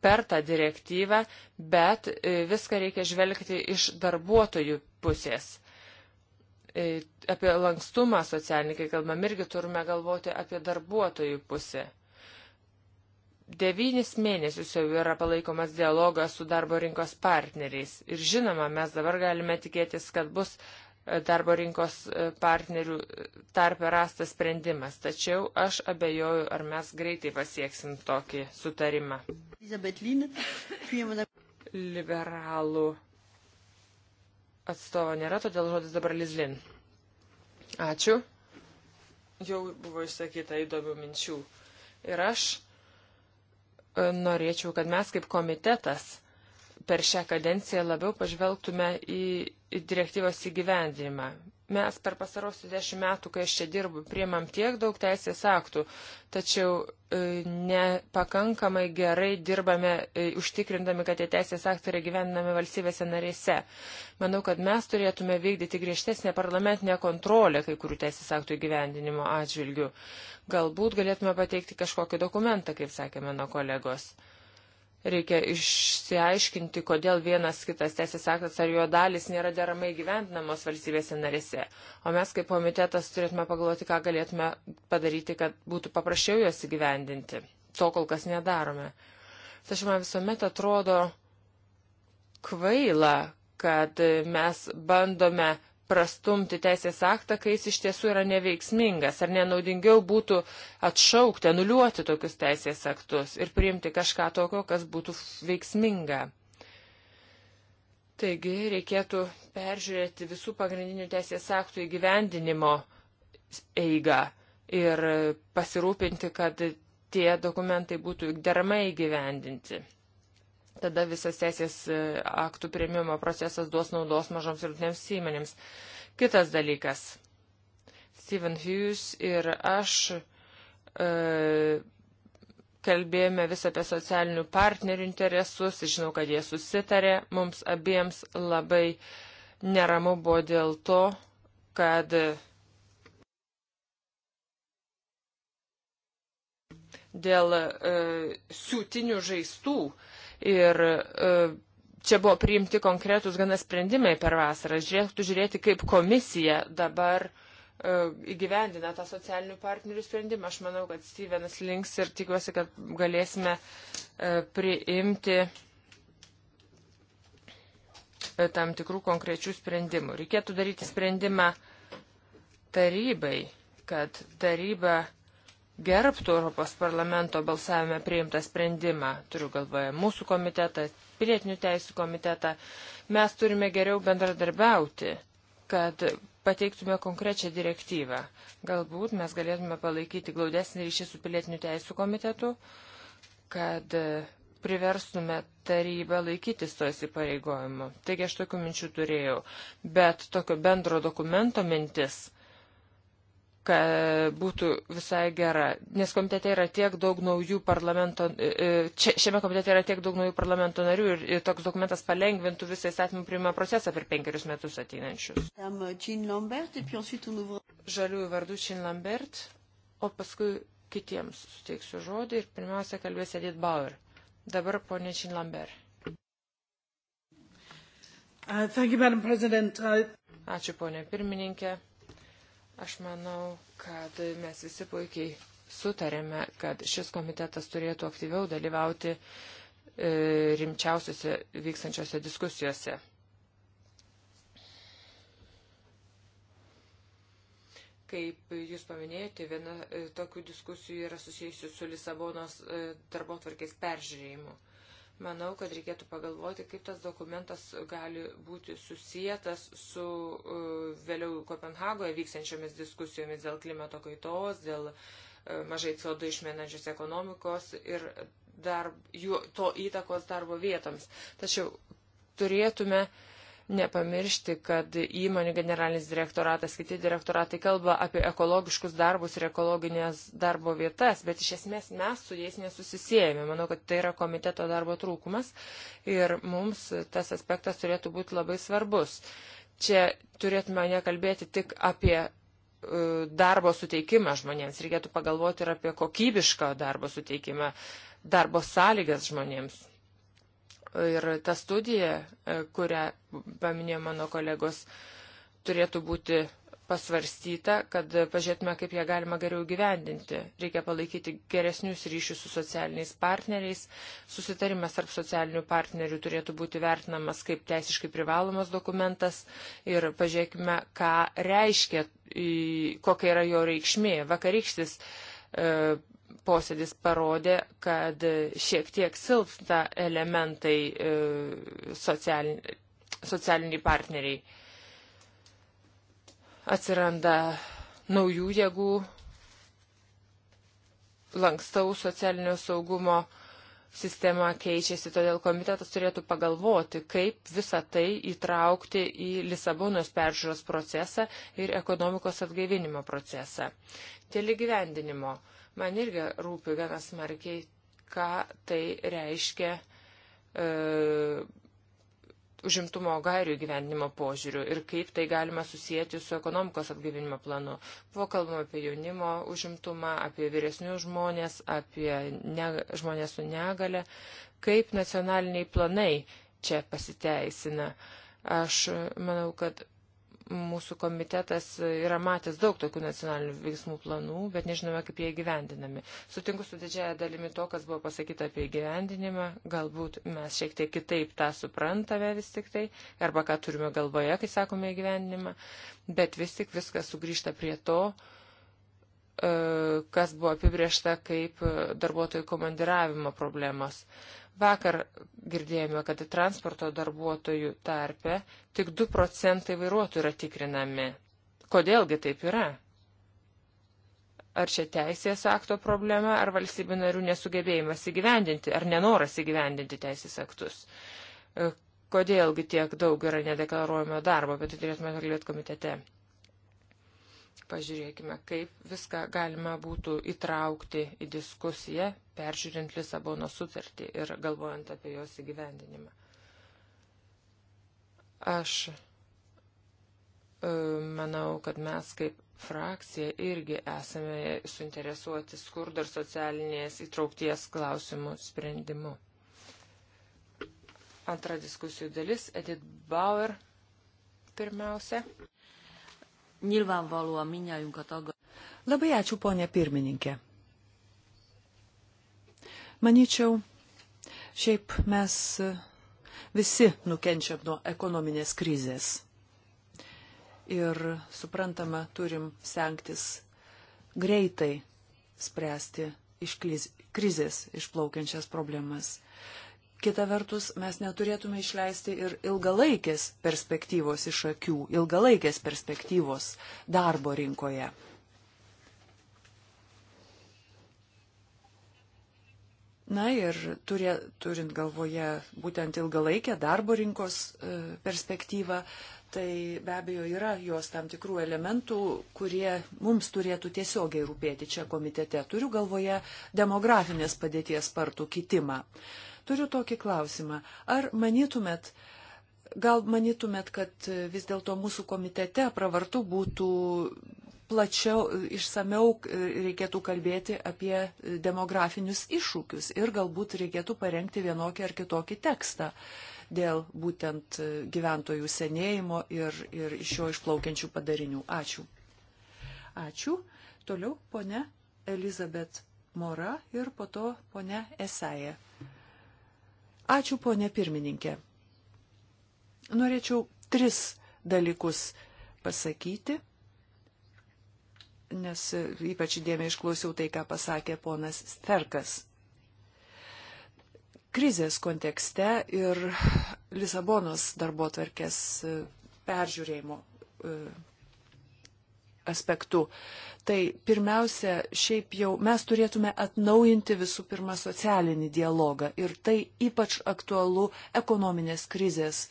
per tą direktyvą, bet uh, viską reikia žvelgti iš darbuotojų pusės E, apie lankstumą socialinį, kai kalbam, irgi turime galvoti apie darbuotojų pusę. Devynis mėnesius jau yra palaikomas dialogas su darbo rinkos partneriais. Ir žinoma, mes dabar galime tikėtis, kad bus e, darbo rinkos e, partnerių tarpe rastas sprendimas. Tačiau aš abejoju, ar mes greitai pasieksim tokį sutarimą. Liberalų atstovo nėra, todėl žodis dabar Lizlin. Ačiū. Jau buvo išsakyta įdomių minčių. Ir aš e, norėčiau, kad mes kaip komitetas per šią kadenciją labiau pažvelgtume į direktyvos įgyvendinimą. Mes per pasarosius dešimt metų, kai aš čia dirbu, priemam tiek daug teisės aktų, tačiau e, nepakankamai gerai dirbame e, užtikrindami, kad tie teisės aktai yra gyvenami valstybėse narėse. Manau, kad mes turėtume vykdyti griežtesnę parlamentinę kontrolę kai kurių teisės aktų įgyvendinimo atžvilgių. Galbūt galėtume pateikti kažkokį dokumentą, kaip sakė mano kolegos. Reikia išsiaiškinti, kodėl vienas kitas teisės aktas ar jo dalis nėra deramai gyventinamos valstybėse narėse. O mes kaip komitetas turėtume pagalvoti, ką galėtume padaryti, kad būtų paprasčiau juos įgyvendinti. To kol kas nedarome. Tačiau man visuomet atrodo kvaila, kad mes bandome prastumti teisės aktą, kai jis iš tiesų yra neveiksmingas, ar nenaudingiau būtų atšaukti, anuliuoti tokius teisės aktus ir priimti kažką tokio, kas būtų veiksminga. Taigi reikėtų peržiūrėti visų pagrindinių teisės aktų įgyvendinimo eigą ir pasirūpinti, kad tie dokumentai būtų deramai įgyvendinti tada visas teisės e, aktų prieimimo procesas duos naudos mažoms ir vidutinėms įmonėms. Kitas dalykas. Steven Hughes ir aš e, kalbėjome vis apie socialinių partnerių interesus, žinau, kad jie susitarė, mums abiems labai neramu buvo dėl to, kad dėl e, siūtinių žaistų e, Ir e, čia buvo priimti konkretus gana sprendimai per vasarą. Žiūrėtų žiūrėti, kaip komisija dabar e, įgyvendina tą socialinių partnerių sprendimą. Aš manau, kad Stevenas links ir tikiuosi, kad galėsime e, priimti tam tikrų konkrečių sprendimų. Reikėtų daryti sprendimą tarybai, kad taryba gerbtų Europos parlamento balsavime priimtą sprendimą, turiu galvoje mūsų komitetą, pilietinių teisų komitetą, mes turime geriau bendradarbiauti, kad pateiktume konkrečią direktyvą. Galbūt mes galėtume palaikyti glaudesnį ryšį su pilietinių teisų komitetu, kad priverstume tarybą laikytis to įsipareigojimo. Taigi aš tokių minčių turėjau, bet tokio bendro dokumento mintis kad būtų visai gera, nes komitete yra tiek daug naujų parlamento, e, e, čia, šiame komitete yra tiek daug naujų parlamento narių ir, ir toks dokumentas palengvintų visą įstatymų priimimo procesą per penkerius metus ateinančius. E, Žaliųjų vardų Čin Lambert, o paskui kitiems suteiksiu žodį ir pirmiausia kalbės Edith Bauer. Dabar ponė Čin Lambert. Uh, you, uh, Ačiū, ponė pirmininkė. Aš manau, kad mes visi puikiai sutarėme, kad šis komitetas turėtų aktyviau dalyvauti e, rimčiausiose vykstančiose diskusijose. Kaip jūs paminėjote, viena e, tokių diskusijų yra susijusi su Lisabonos e, darbo tvarkės peržiūrėjimu manau, kad reikėtų pagalvoti, kaip tas dokumentas gali būti susijęs su e, vėliau Kopenhagoje vyksiančiomis diskusijomis dėl klimato kaitos, dėl e, mažai CO2 išmenančios ekonomikos ir darb, jų, to įtakos darbo vietoms. Tačiau turėtume uh, nepamiršti, kad įmonių generalinis direktoratas, kiti direktoratai kalba apie ekologiškus darbus ir ekologinės darbo vietas, bet iš esmės mes su jais nesusisėjame. Manau, kad tai yra komiteto darbo trūkumas ir mums tas aspektas turėtų būti labai svarbus. Čia turėtume nekalbėti tik apie e, darbo suteikimą žmonėms, reikėtų pagalvoti ir apie kokybišką darbo suteikimą, darbo sąlygas žmonėms. Ir ta studija, e, kurią paminėjo mano kolegos, turėtų būti pasvarstyta, kad pažiūrėtume, kaip ją galima geriau gyvendinti. Reikia palaikyti geresnius ryšius su socialiniais partneriais. Susitarimas tarp socialinių partnerių turėtų būti vertinamas kaip teisiškai privalomas dokumentas ir pažiūrėkime, ką reiškia, kokia yra jo reikšmė. Vakarykštis e, posėdis parodė, kad šiek tiek silpsta elementai e, socialiniai, socialiniai partneriai. Atsiranda naujų jėgų, lankstaus socialinio saugumo sistema keičiasi, todėl komitetas turėtų pagalvoti, kaip visą tai įtraukti į Lisabonos peržiūros procesą ir ekonomikos atgaivinimo procesą. Dėl įgyvendinimo. Uh, Man irgi rūpi gana smarkiai, ką tai reiškia e, užimtumo gairių gyvenimo požiūrių ir kaip tai galima susijęti su ekonomikos atgyvinimo planu. Buvo kalbama apie jaunimo užimtumą, apie vyresnius žmonės, apie ne, žmonės su negale, kaip nacionaliniai planai čia pasiteisina. Aš manau, kad Mūsų komitetas yra matęs daug tokių nacionalinių veiksmų planų, bet nežinome, kaip jie įgyvendinami. Sutinku su didžiaja dalimi to, kas buvo pasakyta apie įgyvendinimą. Galbūt mes šiek tiek kitaip tą suprantame vis tik tai, arba ką turime galvoje, kai sakome įgyvendinimą. Bet vis tik viskas sugrįžta prie to, e, kas buvo apibriešta kaip e, darbuotojų komandiravimo problemos. Vakar girdėjome, kad transporto darbuotojų tarpe tik 2 procentai vairuotojų yra tikrinami. Kodėlgi taip yra? Ar čia teisės akto problema, ar valstybių narių nesugebėjimas įgyvendinti, ar nenoras įgyvendinti teisės aktus? E, kodėlgi tiek daug yra nedeklaruojamo darbo, bet tai turėtume kalbėti komitete. Pažiūrėkime, kaip viską galima būtų įtraukti į diskusiją, peržiūrint Lisabono sutartį ir galvojant apie jos įgyvendinimą. Aš e, manau, kad mes kaip frakcija irgi esame suinteresuoti skurdo ir socialinės įtraukties klausimų sprendimu. Antra diskusijų dalis - Edith Bauer pirmiausia. Nyilvánvalóan minnyájunkat aggat. Labai ačiū, ponė pirmininkė. Maničiau, šiaip mes visi nukenčiam nuo ekonominės krizės. Ir suprantama, turim stengtis greitai spręsti iš krizės išplaukiančias problemas. Kita vertus, mes neturėtume išleisti ir ilgalaikės perspektyvos iš akių, ilgalaikės perspektyvos darbo rinkoje. Na ir turė, turint galvoje būtent ilgalaikę darbo rinkos e, perspektyvą, tai be abejo yra jos tam tikrų elementų, kurie mums turėtų tiesiogiai rūpėti čia komitete. Turiu galvoje demografinės padėties spartų kitimą. Uh, Turiu tokį klausimą. Ar manytumėt, gal manytumėt, kad vis dėlto mūsų komitete pravartu būtų plačiau, išsameu e, reikėtų kalbėti apie demografinius iššūkius ir galbūt reikėtų parengti vienokį ar kitokį tekstą dėl būtent e, gyventojų senėjimo ir, ir iš jo išplaukiančių padarinių. Ačiū. Ačiū. Toliau ponia Elizabet Mora ir po to ponia Esaja. Ačiū, ponė pirmininkė. Norėčiau tris dalykus pasakyti, nes ypač įdėmiai išklausiau tai, ką pasakė ponas Sterkas. Krizės kontekste ir Lisabonos darbo tvarkės peržiūrėjimo e, aspektu. Tai pirmiausia, šiaip jau mes turėtume atnaujinti visų pirma socialinį dialogą ir tai ypač aktualu ekonominės krizės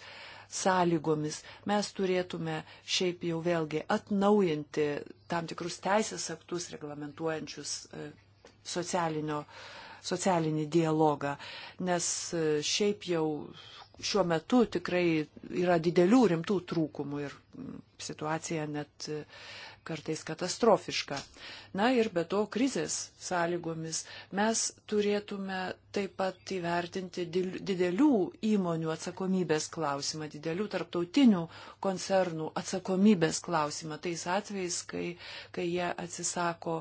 sąlygomis. Mes turėtume šiaip jau vėlgi atnaujinti tam tikrus teisės aktus reglamentuojančius e, socialinio, socialinį dialogą, nes e, šiaip jau šiuo metu tikrai yra didelių rimtų trūkumų ir situacija net e, kartais katastrofiška. Na ir be to krizės sąlygomis mes turėtume taip pat įvertinti didelių įmonių atsakomybės klausimą, didelių tarptautinių koncernų atsakomybės klausimą tais atvejais, kai, kai jie atsisako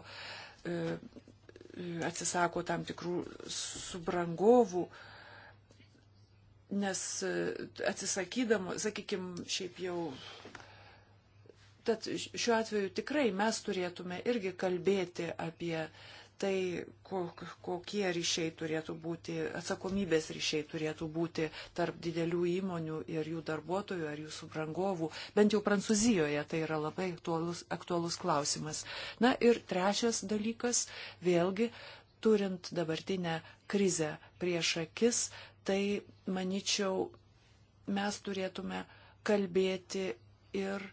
e, atsisako tam tikrų subrangovų, nes e, atsisakydama, sakykime, šiaip jau Tad šiuo atveju tikrai mes turėtume irgi kalbėti apie tai, kokie ryšiai turėtų būti, atsakomybės ryšiai turėtų būti tarp didelių įmonių ir jų darbuotojų ar jų subrangovų. Bent jau Prancūzijoje tai yra labai aktuolus, aktuolus klausimas. Na ir trečias dalykas, vėlgi, turint dabartinę krizę prieš akis, tai manyčiau, mes turėtume kalbėti ir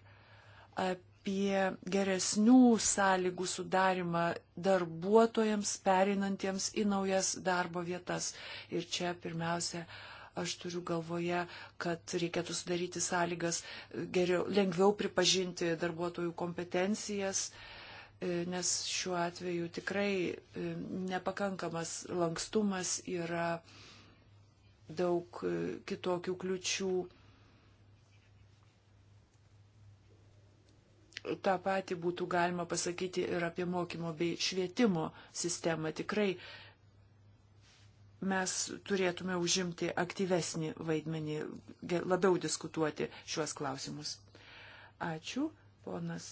apie geresnių sąlygų sudarimą darbuotojams pereinantiems į naujas darbo vietas. Ir čia pirmiausia, aš turiu galvoje, kad reikėtų sudaryti sąlygas geriau, lengviau pripažinti darbuotojų kompetencijas, e, nes šiuo atveju tikrai e, nepakankamas lankstumas yra daug e, kitokių kliučių tą patį būtų galima pasakyti ir apie mokymo bei švietimo sistemą. Tikrai mes turėtume užimti aktyvesnį vaidmenį, labiau diskutuoti šiuos klausimus. Ačiū, ponas.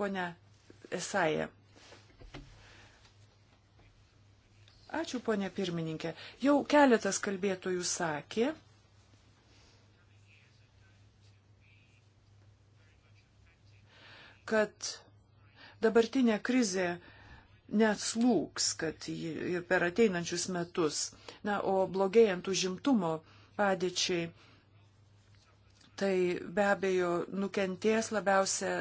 Pone Esaja. Ačiū, ponė pirmininkė. Jau keletas kalbėtojų sakė, kad dabartinė krizė neatslūks, kad ir per ateinančius metus. Na, o blogėjant užimtumo padėčiai, tai be abejo nukentės labiausia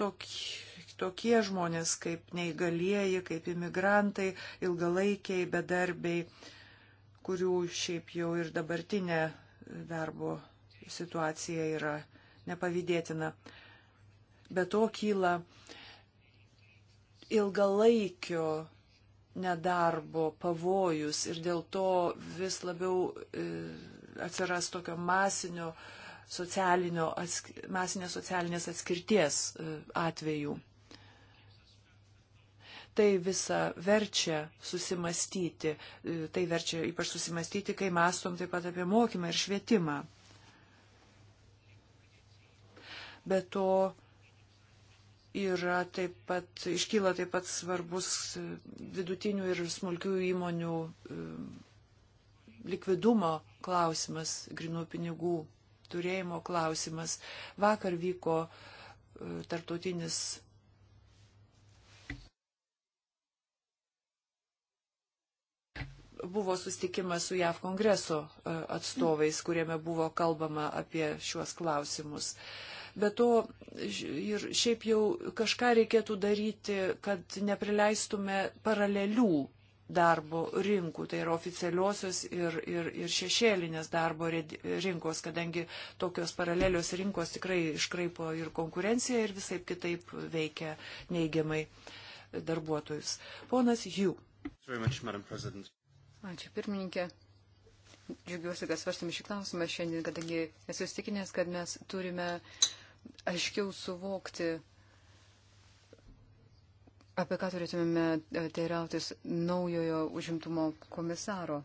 tokie tokie žmonės kaip neįgalieji, kaip imigrantai, ilgalaikiai bedarbiai, kurių šiaip jau ir dabartinė darbo situacija yra nepavydėtina. Be to kyla ilgalaikio nedarbo pavojus ir dėl to vis labiau e, atsiras tokio masinio socialinio, masinės socialinės atskirties e, atvejų. Tai visa verčia susimastyti, e, tai verčia ypač susimastyti, kai mastom taip pat apie mokymą ir švietimą. Be to, yra taip pat, iškyla taip pat svarbus vidutinių ir smulkių įmonių e, likvidumo klausimas, grinų pinigų turėjimo klausimas. Vakar vyko e, tartautinis buvo sustikimas su JAV kongreso e, atstovais, kuriame buvo kalbama apie šiuos klausimus. Uh, bet to ir šiaip jau kažką reikėtų daryti, kad neprileistume paralelių darbo rinkų, tai yra oficialiosios ir, ir, ir šešėlinės darbo rinkos, kadangi tokios paralelios rinkos tikrai iškraipo ir konkurenciją ir visai kitaip veikia neigiamai darbuotojus. Ponas Jų. Ačiū, pirmininkė. Džiugiuosi, kad svarstame šį klausimą šiandien, kadangi esu įstikinęs, kad mes turime uh, aiškiau suvokti, apie ką turėtumėme e, teirautis naujojo užimtumo komisaro.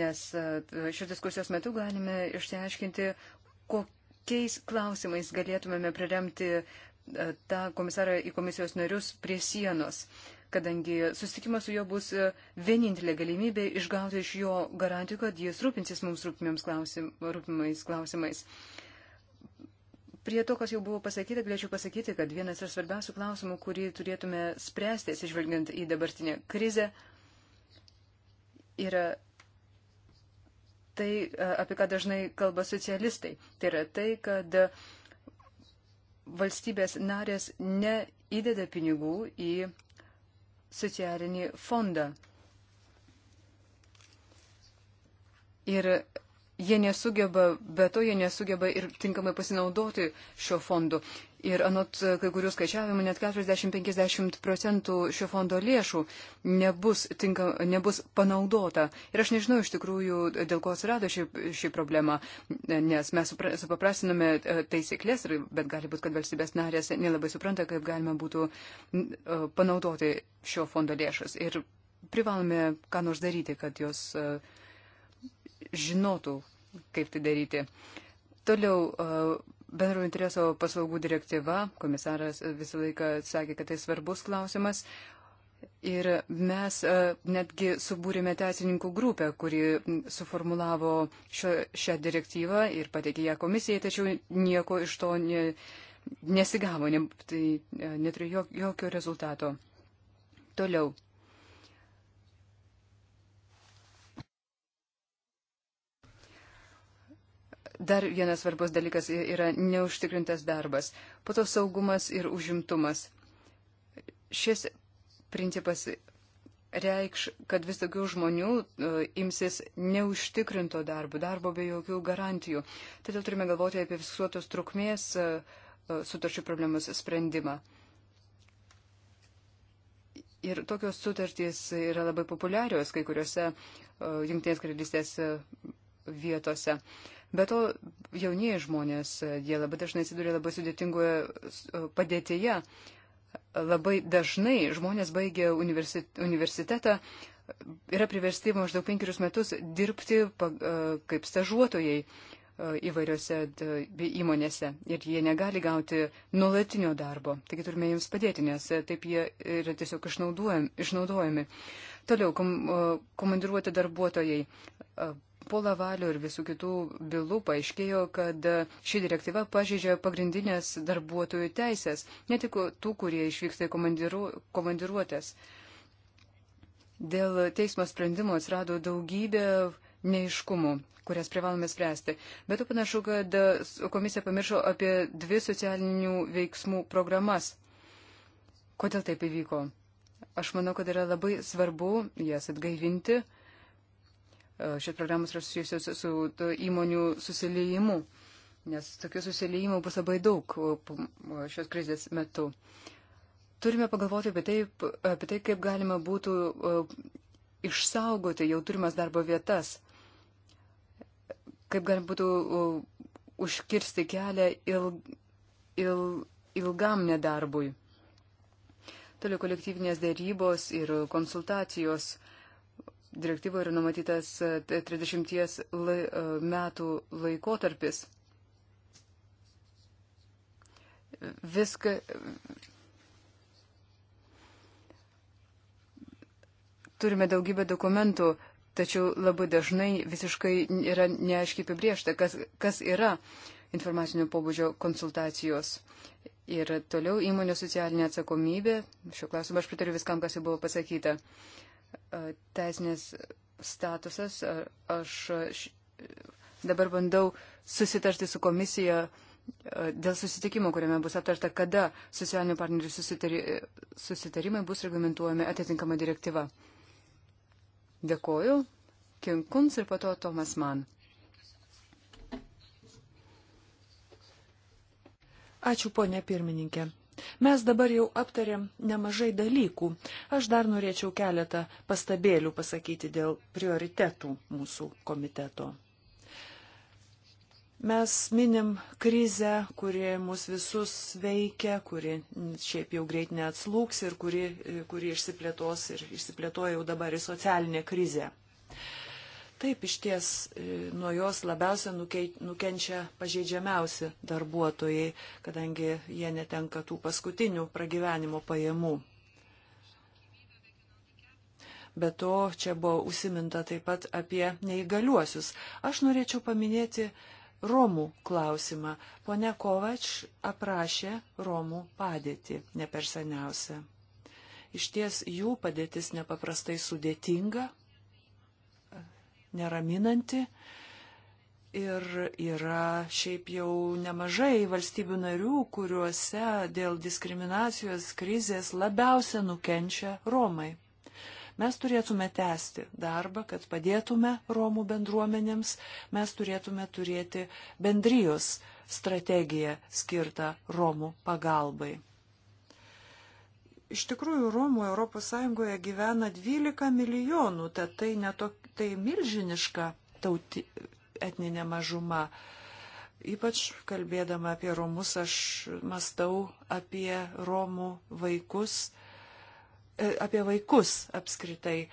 Nes e, šios diskusijos metu galime išsiaiškinti, kokiais klausimais galėtumėme priremti e, tą komisarą į komisijos narius prie sienos, kadangi susitikimas su juo bus vienintelė galimybė išgauti iš jo garantijų, kad jis rūpinsis mums rūpimais klausimais. Prie to, kas jau buvo pasakyta, galėčiau pasakyti, kad vienas iš svarbiausių klausimų, kurį turėtume spręsti, atsižvelgiant į dabartinę krizę, yra tai, apie ką dažnai kalba socialistai. Tai yra tai, kad valstybės narės neįdeda pinigų į socialinį fondą. Ir jie nesugeba, be to jie nesugeba ir tinkamai pasinaudoti šio fondu. Ir anot kai kurių skaičiavimų net 40-50 procentų šio fondo lėšų nebus, tinka, nebus panaudota. Ir aš nežinau iš tikrųjų, dėl ko atsirado ši, ši problema, nes mes supaprastiname e, taisyklės, bet gali būti, kad valstybės narės nelabai supranta, kaip galima būtų e, panaudoti šio fondo lėšas. Ir privalome ką nors daryti, kad jos uh, žinotų, kaip tai daryti. Toliau e, bendro intereso paslaugų direktyva, komisaras e, visą laiką sakė, kad tai svarbus klausimas. Ir mes e, netgi subūrėme teisininkų grupę, kuri suformulavo šio, šią direktyvą ir pateikė ją komisijai, tačiau nieko iš to ne, nesigavo, ne, tai neturiu jok, jokio rezultato. Toliau. Dar vienas svarbus dalykas yra neužtikrintas darbas, po to saugumas ir užimtumas. Šis principas reikš, kad vis daugiau žmonių e, imsis neužtikrinto darbo, darbo be jokių garantijų. Todėl turime galvoti apie visuotos trukmės e, e, sutarčių problemos sprendimą. Ir tokios sutartys yra labai populiarios kai kuriuose Junktinės karalystės vietose. Uh, Be to, jaunieji žmonės, jie labai dažnai atsiduria labai sudėtingoje e, padėtyje. Labai dažnai žmonės baigia universitetą, e, yra priversti maždaug penkerius metus dirbti e, kaip stažuotojai įvairiose įmonėse ir jie negali gauti nuolatinio darbo. Taigi turime jiems padėti, nes taip jie yra tiesiog išnaudojami. Toliau, kom, komandiruoti darbuotojai po Lavalio ir visų kitų bylų paaiškėjo, kad ši direktyva pažeidžia pagrindinės darbuotojų teisės, ne tik tų, kurie išvyksta į komandiru, komandiruotės. Dėl teismo sprendimo atsirado daugybė neiškumų kurias privalome spręsti. Bet to panašu, kad komisija pamiršo apie dvi socialinių veiksmų programas. Kodėl taip įvyko? Aš manau, kad yra labai svarbu jas atgaivinti E, šios programos yra susijusios su įmonių susiliejimu, nes tokių susiliejimų bus labai daug šios krizės metu. Turime pagalvoti apie tai, apie tai kaip galima būtų išsaugoti jau turimas darbo vietas, kaip galima būtų užkirsti kelią il, il, ilgam nedarbui. Toliau kolektyvinės dėrybos ir konsultacijos direktyvoje yra numatytas 30 e, lai, e, metų laikotarpis. Viską. Turime daugybę dokumentų, tačiau labai dažnai visiškai yra neaiškiai apibriešta, kas, kas yra informacinio pobūdžio konsultacijos. Ir toliau įmonių socialinė atsakomybė. Šiuo klausimu aš pritariu viskam, kas jau buvo pasakyta. Uh, E, teisinės statusas. E, aš dabar bandau susitarti su komisija e, dėl susitikimo, kuriame bus aptarta, kada socialinių partnerių susitari, susitarimai bus reglamentuojami atitinkama direktyva. Dėkoju. Kinkuns ir pato Tomas Mann. Ačiū, ponė pirmininkė. Mes dabar jau aptarėm nemažai dalykų. Aš dar norėčiau keletą pastabėlių pasakyti dėl prioritetų mūsų komiteto. Mes minim krizę, kuri mus visus veikia, kuri šiaip jau greit neatslūks ir kuri, kuri išsiplėtos ir išsiplėtoja jau dabar į socialinę krizę. Taip, iš ties e, nuo jos labiausia nukenčia pažeidžiamiausi darbuotojai, kadangi jie netenka tų paskutinių pragyvenimo pajamų. Be to, čia buvo užsiminta taip pat apie neįgaliuosius. Aš norėčiau paminėti Romų klausimą. Pone Kovač aprašė Romų padėtį ne per seniausią. Iš ties jų padėtis nepaprastai sudėtinga, neraminanti. Ir yra šiaip jau nemažai valstybių narių, kuriuose dėl diskriminacijos krizės labiausia nukenčia Romai. Mes turėtume tęsti darbą, kad padėtume Romų bendruomenėms, mes turėtume turėti bendrijos strategiją skirtą Romų pagalbai. Iš tikrųjų, Romų ES gyvena 12 milijonų, tad tai netok, tai milžiniška tauti, etninė mažuma. Ypač kalbėdama apie Romus, aš mastau apie Romų vaikus, e, apie vaikus apskritai.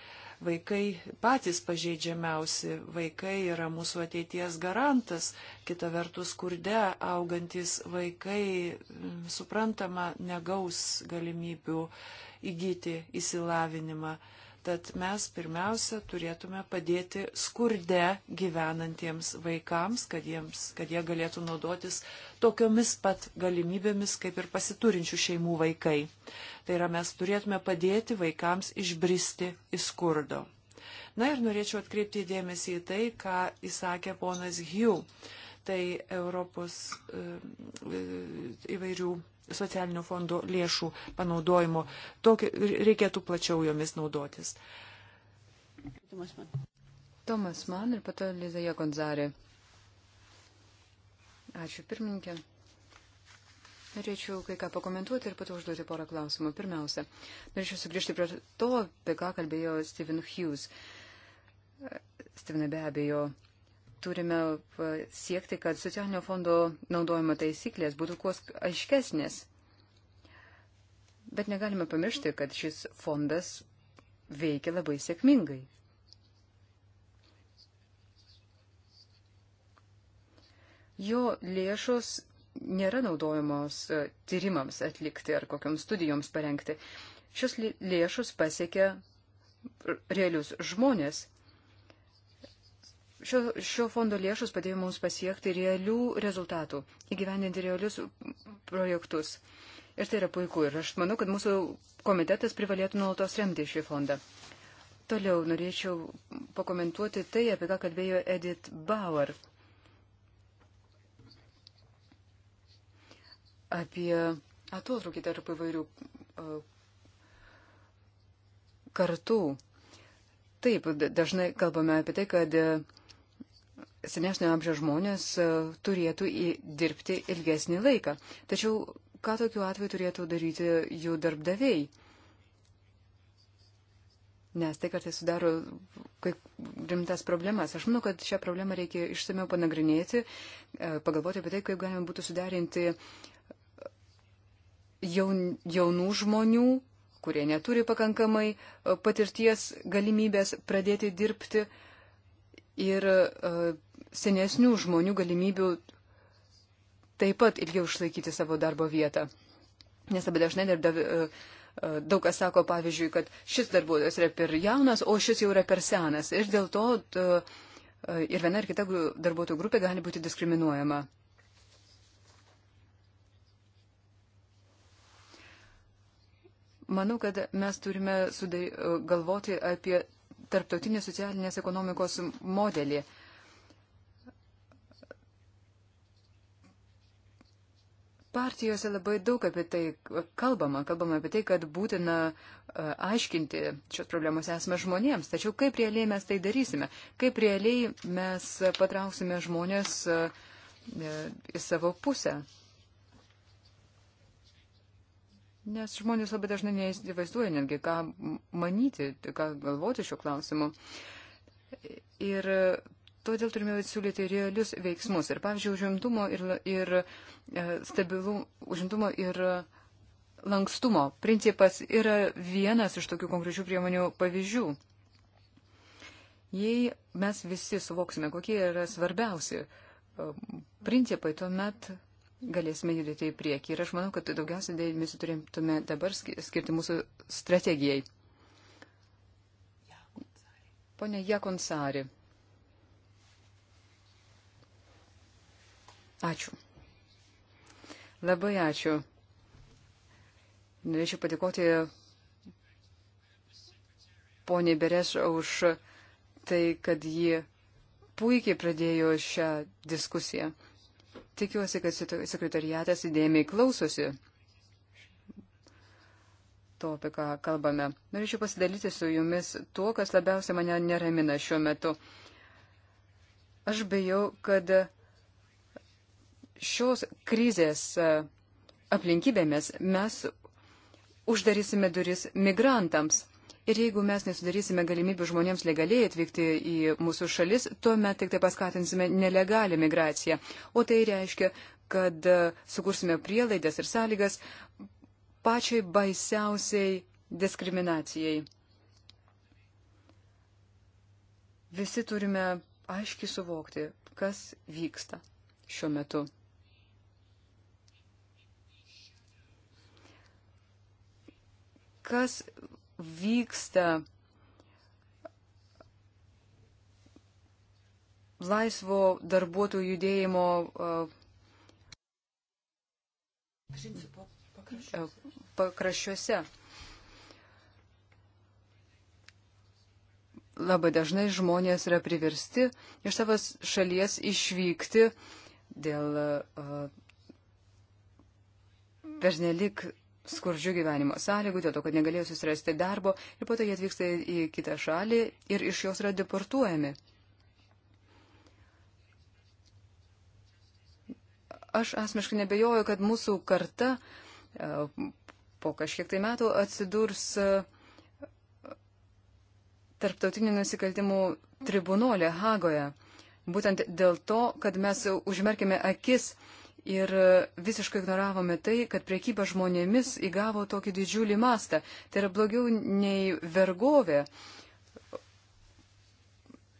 Vaikai patys pažeidžiamiausi, vaikai yra mūsų ateities garantas, kita vertus, kurde augantis vaikai, suprantama, negaus galimybių įgyti įsilavinimą. Tad mes pirmiausia turėtume padėti skurde gyvenantiems vaikams, kad, jiems, kad jie galėtų naudotis tokiomis pat galimybėmis, kaip ir pasiturinčių šeimų vaikai. Tai yra, mes turėtume padėti vaikams išbristi iš skurdo. Na ir norėčiau atkreipti dėmesį į tai, ką įsakė ponas Hugh tai Europos e, e, įvairių socialinio fondo lėšų panaudojimo. Tokio, reikėtų plačiau jomis naudotis. Tomas man. Tomas man ir pato Lizaja Gonzarė. Ačiū pirmininkė. Norėčiau kai ką pakomentuoti ir pato užduoti porą klausimų. Pirmiausia, norėčiau sugrįžti prie to, apie ką kalbėjo Steven Hughes. Stevenai be abejo turime siekti, kad socialinio fondo naudojimo taisyklės būtų kuo aiškesnės. Bet negalime pamiršti, kad šis fondas veikia labai sėkmingai. Jo lėšos nėra naudojamos e, tyrimams atlikti ar kokiams studijoms parengti. Šios lėšos pasiekia realius žmonės Šio, šio fondo lėšus padėjo mums pasiekti realių rezultatų, įgyvendinti realius projektus. Ir tai yra puiku. Ir aš manau, kad mūsų komitetas privalėtų nuolatos remti šį fondą. Toliau norėčiau pakomentuoti tai, apie ką kalbėjo Edith Bauer. Apie atotrukį tarp įvairių e, kartų. Taip, dažnai kalbame apie tai, kad senesnio amžiaus žmonės e, turėtų dirbti ilgesnį laiką. Tačiau ką tokiu atveju turėtų daryti jų darbdaviai? Nes tai kartais sudaro kaip rimtas problemas. Aš manau, kad šią problemą reikia išsameu panagrinėti, e, pagalvoti apie tai, kaip galima būtų suderinti jaun, jaunų žmonių, kurie neturi pakankamai e, patirties galimybės pradėti dirbti ir uh, senesnių žmonių galimybių taip pat ilgiau išlaikyti savo darbo vietą. Nes labai dažnai darbdavi, e, e, daug kas sako, pavyzdžiui, kad šis darbuotojas yra per jaunas, o šis jau yra per senas. Ir dėl to e, ir viena ir kita darbuotojų grupė gali būti diskriminuojama. Manau, kad mes turime sudai, galvoti apie tarptautinės socialinės ekonomikos modelį. Uh, partijose labai daug apie tai kalbama. Kalbama apie tai, kad būtina e, aiškinti šios problemos esmę žmonėms. Tačiau kaip realiai mes tai darysime? Kaip realiai mes patrauksime žmonės e, e, į savo pusę? Nes žmonės labai dažnai neįsivaizduoja netgi, ką manyti, ką galvoti šiuo klausimu. Ir Todėl turime siūlyti realius veiksmus. Ir pavyzdžiui, užimtumo ir, ir e, stabilų, užimtumo ir lankstumo principas yra vienas iš tokių konkrečių priemonių pavyzdžių. Jei mes visi suvoksime, kokie yra svarbiausi e, principai, tuomet galėsime judėti į priekį. Ir aš manau, kad daugiausiai dėmesio turėtume dabar skirti mūsų strategijai. Pone Jakonsari. Ačiū. Labai ačiū. Norėčiau patikoti poniai Beres už tai, kad ji puikiai pradėjo šią diskusiją. Tikiuosi, kad sekretariatas įdėmiai klausosi to, apie ką kalbame. Norėčiau pasidalyti su jumis tuo, kas labiausiai mane neramina šiuo metu. Aš bejau, kad šios krizės e, aplinkybėmis mes uždarysime duris migrantams. Ir jeigu mes nesudarysime galimybių žmonėms legaliai atvykti į mūsų šalis, tuomet tik tai paskatinsime nelegalią migraciją. O tai reiškia, kad e, sukursime prielaidas ir sąlygas pačiai baisiausiai diskriminacijai. Visi turime aiškiai suvokti, kas vyksta šiuo metu. kas vyksta laisvo darbuotojų judėjimo pakraščiuose. Labai dažnai žmonės yra priversti iš savo šalies išvykti dėl pernelik skurdžių gyvenimo sąlygų, dėl to, kad negalėjo susirasti darbo ir po to jie atvyksta į kitą šalį ir iš jos yra deportuojami. Aš asmeškai nebejoju, kad mūsų karta e, po kažkiek tai metų atsidurs e, tarptautinių nusikaltimų tribunolė Hagoje. Būtent dėl to, kad mes užmerkime akis uh, Ir e, visiškai ignoravome tai, kad priekyba žmonėmis įgavo tokį didžiulį mastą. Tai yra blogiau nei vergovė,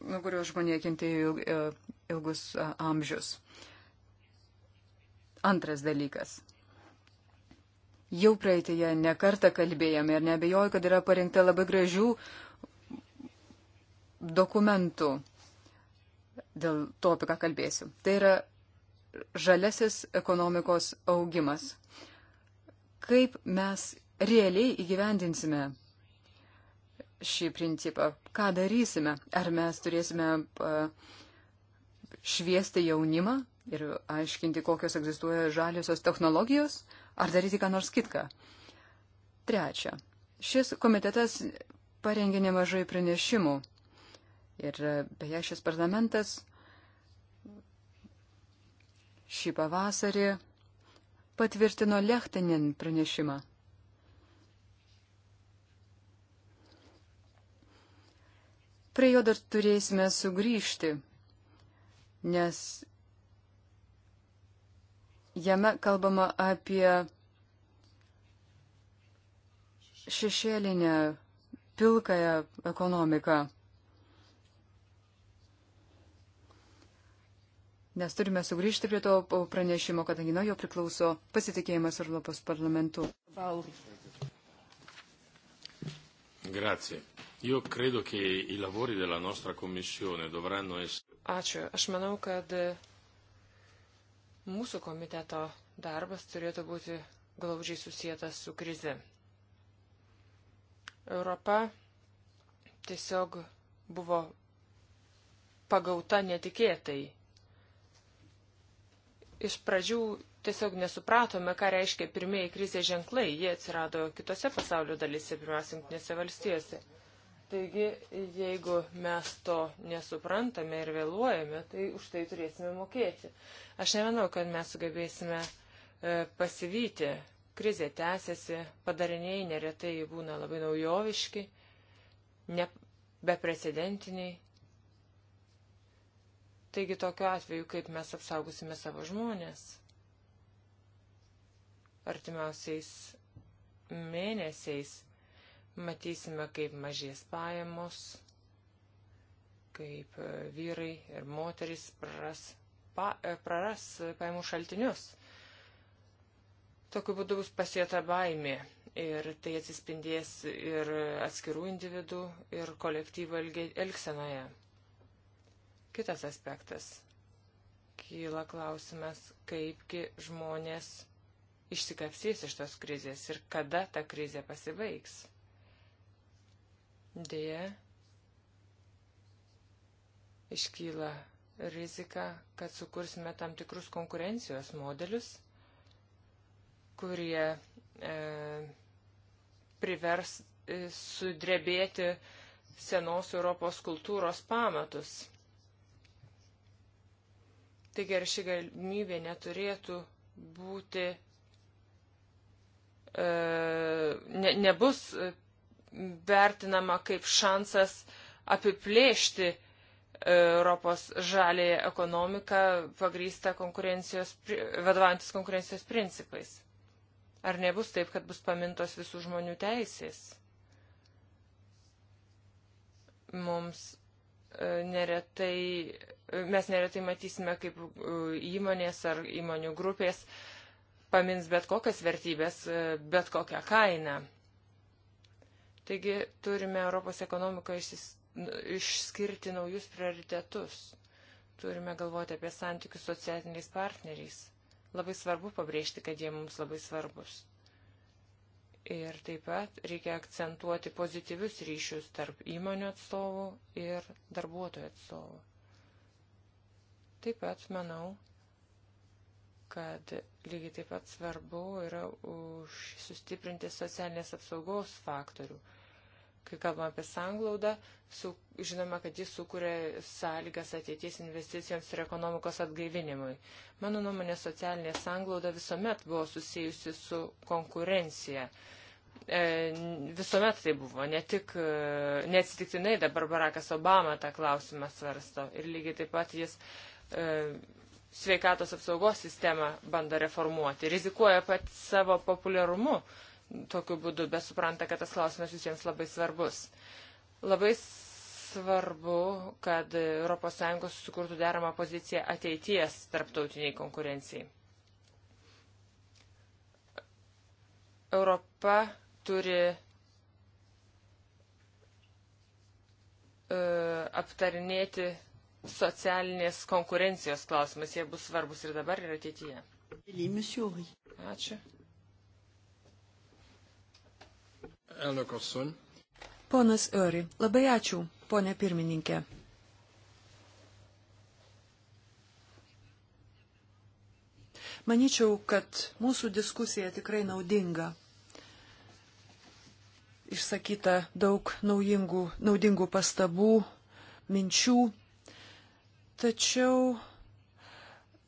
nuo kurio žmonė kentėjo e, ilgus amžius. Antras dalykas. Jau praeitėje nekartą kalbėjome ir nebejoju, kad yra parinkta labai gražių dokumentų dėl to, apie ką kalbėsiu. Tai yra žalesis ekonomikos augimas. Kaip mes realiai įgyvendinsime šį principą? Ką darysime? Ar mes turėsime šviesti jaunimą ir aiškinti, kokios egzistuoja žaliosios technologijos, ar daryti ką nors kitką? Trečia. Šis komitetas parengė nemažai pranešimų. Ir beje, šis parlamentas šį pavasarį patvirtino Lechtinin pranešimą. Prie jo dar turėsime sugrįžti, nes jame kalbama apie šešėlinę pilkąją ekonomiką. nes turime sugrįžti prie to pranešimo, kadangi nuo jo priklauso pasitikėjimas Europos parlamentu. Grazie. Io credo che i lavori della nostra commissione dovranno essere. Ačiū. Aš manau, kad mūsų komiteto darbas turėtų būti glaudžiai susijęs su krize. Europa tiesiog buvo pagauta netikėtai iš pradžių tiesiog nesupratome, ką reiškia pirmieji krizės ženklai. Jie atsirado kitose pasaulio dalyse, pirmiausia, jungtinėse valstijose. Taigi, jeigu mes to nesuprantame ir vėluojame, tai už tai turėsime mokėti. Aš nemanau, kad mes sugebėsime e, pasivyti. Krizė tęsiasi, padariniai neretai būna labai naujoviški, ne, beprecedentiniai. Taigi tokiu atveju, kaip mes apsaugosime savo žmonės? Artimiausiais mėnesiais matysime, kaip mažės pajamos, kaip e, vyrai ir moteris praras, pa, e, praras pajamų šaltinius. Tokiu būdu bus pasėta baimė ir tai atsispindės ir atskirų individų, ir kolektyvo elgsenoje. Kitas aspektas. Kyla klausimas, kaipgi žmonės išsikapsys iš tos krizės ir kada ta krizė pasibaigs. Deja, iškyla rizika, kad sukursime tam tikrus konkurencijos modelius, kurie e, privers e, sudrebėti senos Europos kultūros pamatus. Taigi ar ši galimybė neturėtų būti, e, ne, nebus e, vertinama kaip šansas apiplėšti e, Europos žalėje ekonomiką pagrįsta konkurencijos, vadovantis konkurencijos principais. Ar nebus taip, kad bus pamintos visų žmonių teisės? Mums neretai, mes neretai matysime, kaip e, įmonės ar įmonių grupės pamins bet kokias vertybės, e, bet kokią kainą. Taigi turime Europos ekonomiką išsis, išskirti naujus prioritetus. Turime galvoti apie santykius socialiniais partneriais. Labai svarbu pabrėžti, kad jie mums labai svarbus. Ir taip pat reikia akcentuoti pozityvius ryšius tarp įmonių atstovų ir darbuotojų atstovų. Taip pat manau, kad lygiai taip pat svarbu yra sustiprinti socialinės apsaugos faktorių. Kai kalbame apie sanglaudą, su, žinome, kad jis sukuria sąlygas ateities investicijoms ir ekonomikos atgaivinimui. Mano nuomonė, socialinė sanglauda visuomet buvo susijusi su konkurencija. E, visuomet tai buvo, ne tik, e, neatsitiktinai dabar Barakas Obama tą klausimą svarsto ir lygiai taip pat jis e, sveikatos apsaugos sistemą bando reformuoti, rizikuoja pat savo populiarumu, tokiu būdu, bet supranta, kad tas klausimas visiems labai svarbus. Labai svarbu, kad ES susikurtų deramą poziciją ateities tarptautiniai konkurencijai. Europa turi e, aptarinėti socialinės konkurencijos klausimas. Jie bus svarbus ir dabar, ir ateityje. Ačiū. Elnök asszony. Ponas Öri, labai ačiū, ponė pirmininkė. Maničiau, kad mūsų diskusija tikrai naudinga. Išsakyta daug naujingų, naudingų pastabų, minčių. Tačiau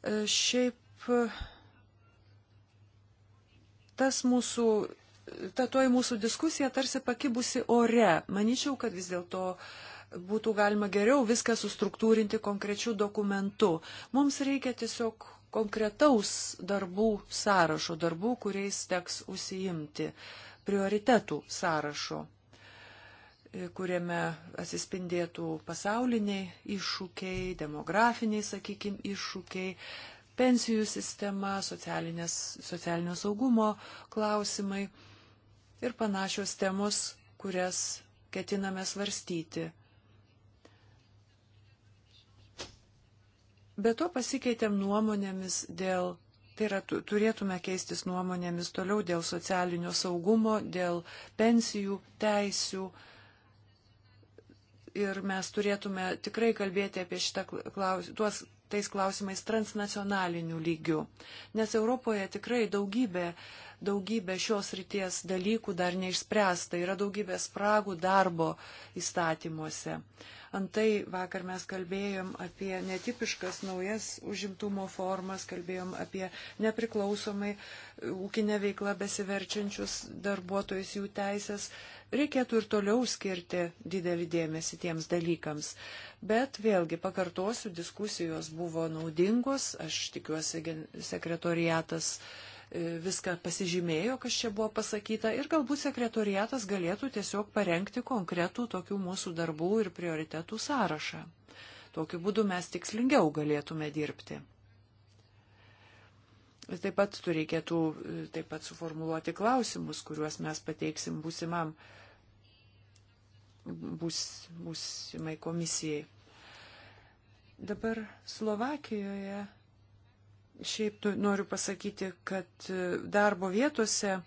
e, šiaip tas mūsų ta toji mūsų diskusija tarsi pakibusi ore. Maničiau, kad vis dėlto būtų galima geriau viską sustruktūrinti konkrečių dokumentų. Mums reikia tiesiog konkretaus darbų sąrašo, darbų, kuriais teks užsiimti, prioritetų sąrašo, kuriame atsispindėtų pasauliniai iššūkiai, demografiniai, sakykime, iššūkiai, pensijų sistema, socialinio saugumo klausimai ir panašios temos, kurias ketiname svarstyti. Be to pasikeitėm nuomonėmis dėl, tai yra, turėtume keistis nuomonėmis toliau dėl socialinio saugumo, dėl pensijų, teisių. Ir mes turėtume tikrai kalbėti apie šitą klaus, tuos tais klausimais transnacionaliniu lygiu. Nes Europoje tikrai daugybė daugybė šios ryties dalykų dar neišspręsta, yra daugybė spragų darbo įstatymuose. Antai vakar mes kalbėjom apie netipiškas naujas užimtumo formas, kalbėjom apie nepriklausomai ūkinę veiklą besiverčiančius darbuotojus jų teisės. Reikėtų ir toliau skirti didelį dėmesį tiems dalykams. Bet vėlgi, pakartosiu, diskusijos buvo naudingos, aš tikiuosi, sekretoriatas uh, E, viską pasižymėjo, kas čia buvo pasakyta ir galbūt sekretoriatas galėtų tiesiog parengti konkretų tokių mūsų darbų ir prioritetų sąrašą. Tokiu būdu mes tikslingiau galėtume dirbti. Taip pat turėtų e, taip pat suformuluoti klausimus, kuriuos mes pateiksim būsimam, būs, būsimai komisijai. Dabar Slovakijoje Šiaip noriu pasakyti, kad e, darbo vietose e,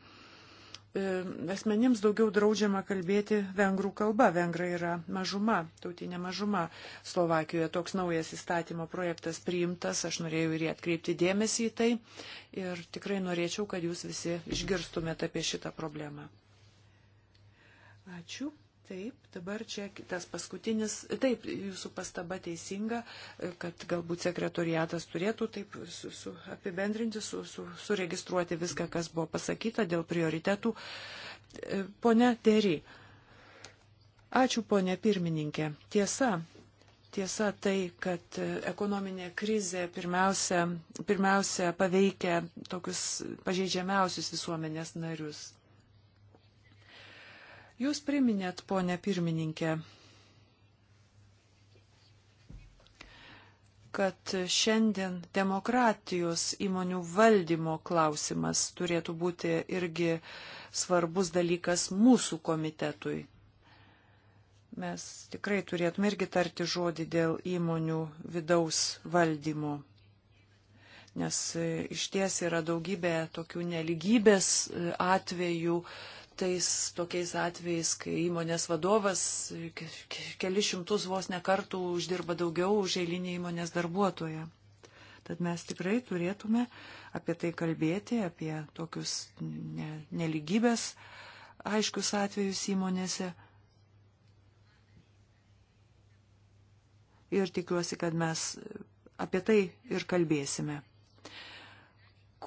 asmenims daugiau draudžiama kalbėti vengrų kalba. Vengrai yra mažuma, tautinė mažuma. Slovakijoje toks naujas įstatymo projektas priimtas, aš norėjau ir atkreipti dėmesį į tai ir tikrai norėčiau, kad jūs visi išgirstumėte apie šitą problemą. Ačiū. Taip, dabar čia tas paskutinis, taip, jūsų pastaba teisinga, kad galbūt sekretoriatas turėtų taip su, su, apibendrinti, su, su, suregistruoti viską, kas buvo pasakyta dėl prioritetų. E, pone Terry, ačiū ponė pirmininkė. Tiesa, tiesa tai, kad ekonominė krizė pirmiausia, pirmiausia paveikia tokius pažeidžiamiausius visuomenės narius Jūs priminėt, ponė pirmininkė, kad šiandien demokratijos įmonių valdymo klausimas turėtų būti irgi svarbus dalykas mūsų komitetui. Mes tikrai turėtume irgi tarti žodį dėl įmonių vidaus valdymo nes iš ties yra daugybė tokių neligybės e, atvejų tais tokiais atvejais, kai įmonės vadovas keli šimtus vos nekartų uždirba daugiau už eilinį įmonės darbuotoją. Tad mes tikrai turėtume apie tai kalbėti, apie tokius ne, neligybės aiškius atvejus įmonėse. Ir tikiuosi, kad mes apie tai ir kalbėsime.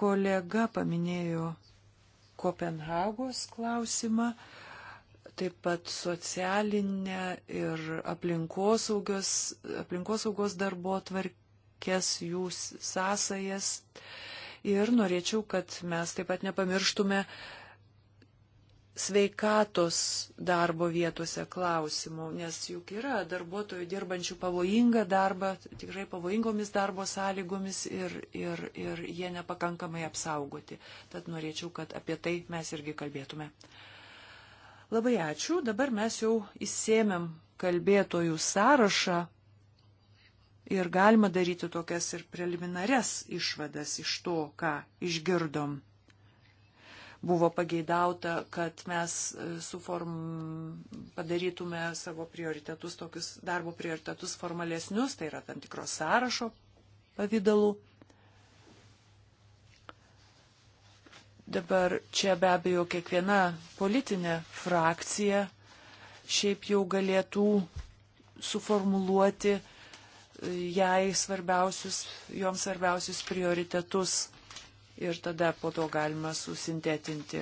Kolega paminėjo Kopenhagos klausimą, taip pat socialinę ir aplinkosaugos, aplinkosaugos darbo tvarkės jų sąsajas. Ir norėčiau, kad mes taip pat nepamirštume uh, sveikatos darbo vietose klausimų, nes juk yra darbuotojų dirbančių pavojingą darbą, tikrai pavojingomis darbo sąlygomis ir, ir, ir jie nepakankamai apsaugoti. Tad norėčiau, kad apie tai mes irgi kalbėtume. Labai ačiū, dabar mes jau įsėmėm kalbėtojų sąrašą ir galima daryti tokias ir preliminarias išvadas iš to, ką išgirdom buvo pageidauta, kad mes e, suform, padarytume savo prioritetus, tokius darbo prioritetus formalesnius, tai yra tam tikros sąrašo pavydalu. Dabar čia be abejo kiekviena politinė frakcija šiaip jau galėtų suformuluoti e, jai svarbiausius, joms svarbiausius prioritetus ir tada po to galima susintetinti.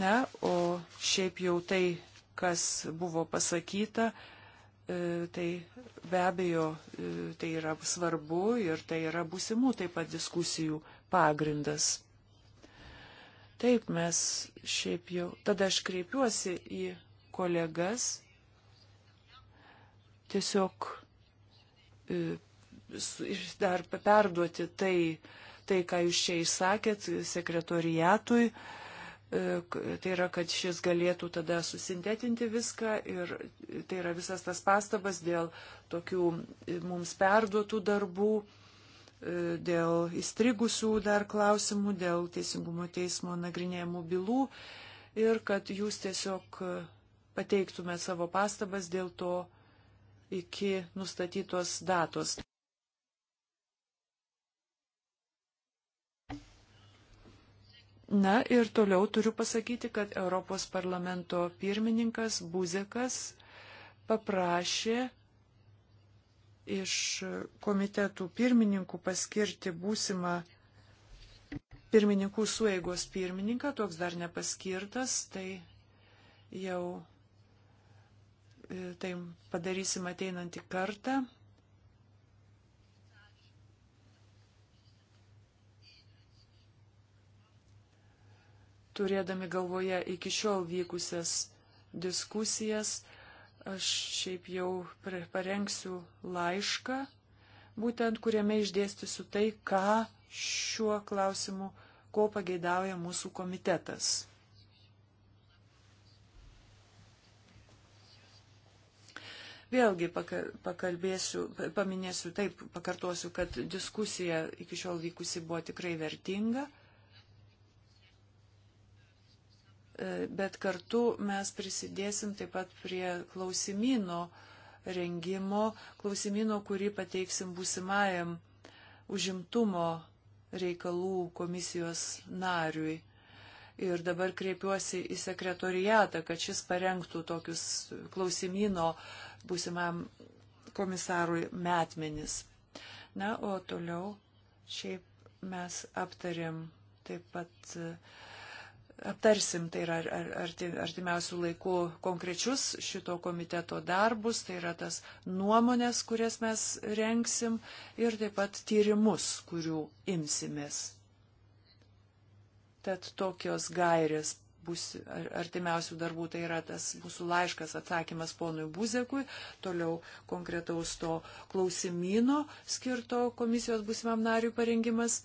Na, o šiaip jau tai, kas buvo pasakyta, e, tai be abejo e, tai yra svarbu ir tai yra būsimų taip pat diskusijų pagrindas. Taip mes šiaip jau. Tada aš kreipiuosi į kolegas tiesiog e, dar perduoti tai, tai, ką jūs čia išsakėt sekretoriatui. E, tai yra, kad šis galėtų tada susintetinti viską ir tai yra visas tas pastabas dėl tokių e, mums perduotų darbų, e, dėl įstrigusių dar klausimų, dėl teisingumo teismo nagrinėjimų bylų ir kad jūs tiesiog pateiktumėt savo pastabas dėl to iki nustatytos datos. Na ir toliau turiu pasakyti, kad Europos parlamento pirmininkas Buzekas paprašė iš komitetų pirmininkų paskirti būsimą pirmininkų sueigos pirmininką, toks dar nepaskirtas, tai jau e, tai padarysim ateinantį kartą. turėdami galvoje iki šiol vykusias diskusijas, aš šiaip jau parengsiu laišką, būtent kuriame išdėstysiu tai, ką šiuo klausimu, ko pageidauja mūsų komitetas. Vėlgi pakalbėsiu, paminėsiu taip, pakartosiu, kad diskusija iki šiol vykusi buvo tikrai vertinga E, bet kartu mes prisidėsim taip pat prie klausimino rengimo, klausimino, kurį pateiksim būsimajam užimtumo reikalų komisijos nariui. Ir dabar kreipiuosi į sekretoriatą, kad šis parengtų tokius klausimino būsimam komisarui metmenis. Na, o toliau šiaip mes aptarėm taip pat uh, aptarsim, tai yra artimiausių laikų konkrečius šito komiteto darbus, tai yra tas nuomonės, kurias mes renksim ir taip pat tyrimus, kurių imsimės. Tad tokios gairės bus artimiausių darbų, tai yra tas mūsų laiškas atsakymas ponui Buzekui, toliau konkretaus to klausimino skirto komisijos būsimam nariui parengimas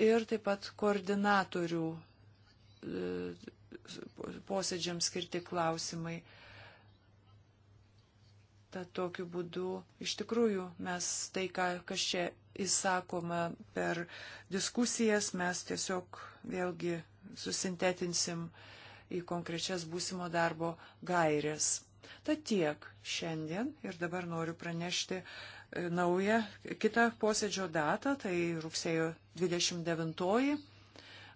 ir taip pat koordinatorių posėdžiams skirti klausimai. Tad tokiu būdu iš tikrųjų mes tai, ką, kas čia įsakoma per diskusijas, mes tiesiog vėlgi susintetinsim į konkrečias būsimo darbo gairės. Tad tiek šiandien ir dabar noriu pranešti e, naują kitą posėdžio datą, tai rugsėjo 29.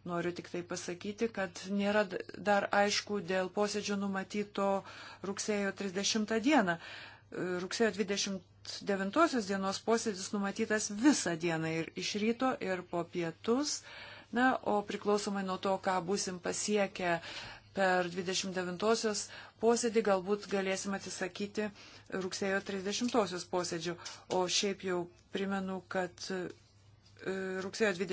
Noriu tik tai pasakyti, kad nėra dar aišku dėl posėdžio numatyto rugsėjo 30 dieną. Rugsėjo 29 dienos posėdis numatytas visą dieną ir iš ryto, ir po pietus. Na, o priklausomai nuo to, ką busim pasiekę per 29-osios posėdį galbūt galėsim atsisakyti rugsėjo 30-osios posėdžių. O šiaip jau primenu, kad e, rugsėjo 20.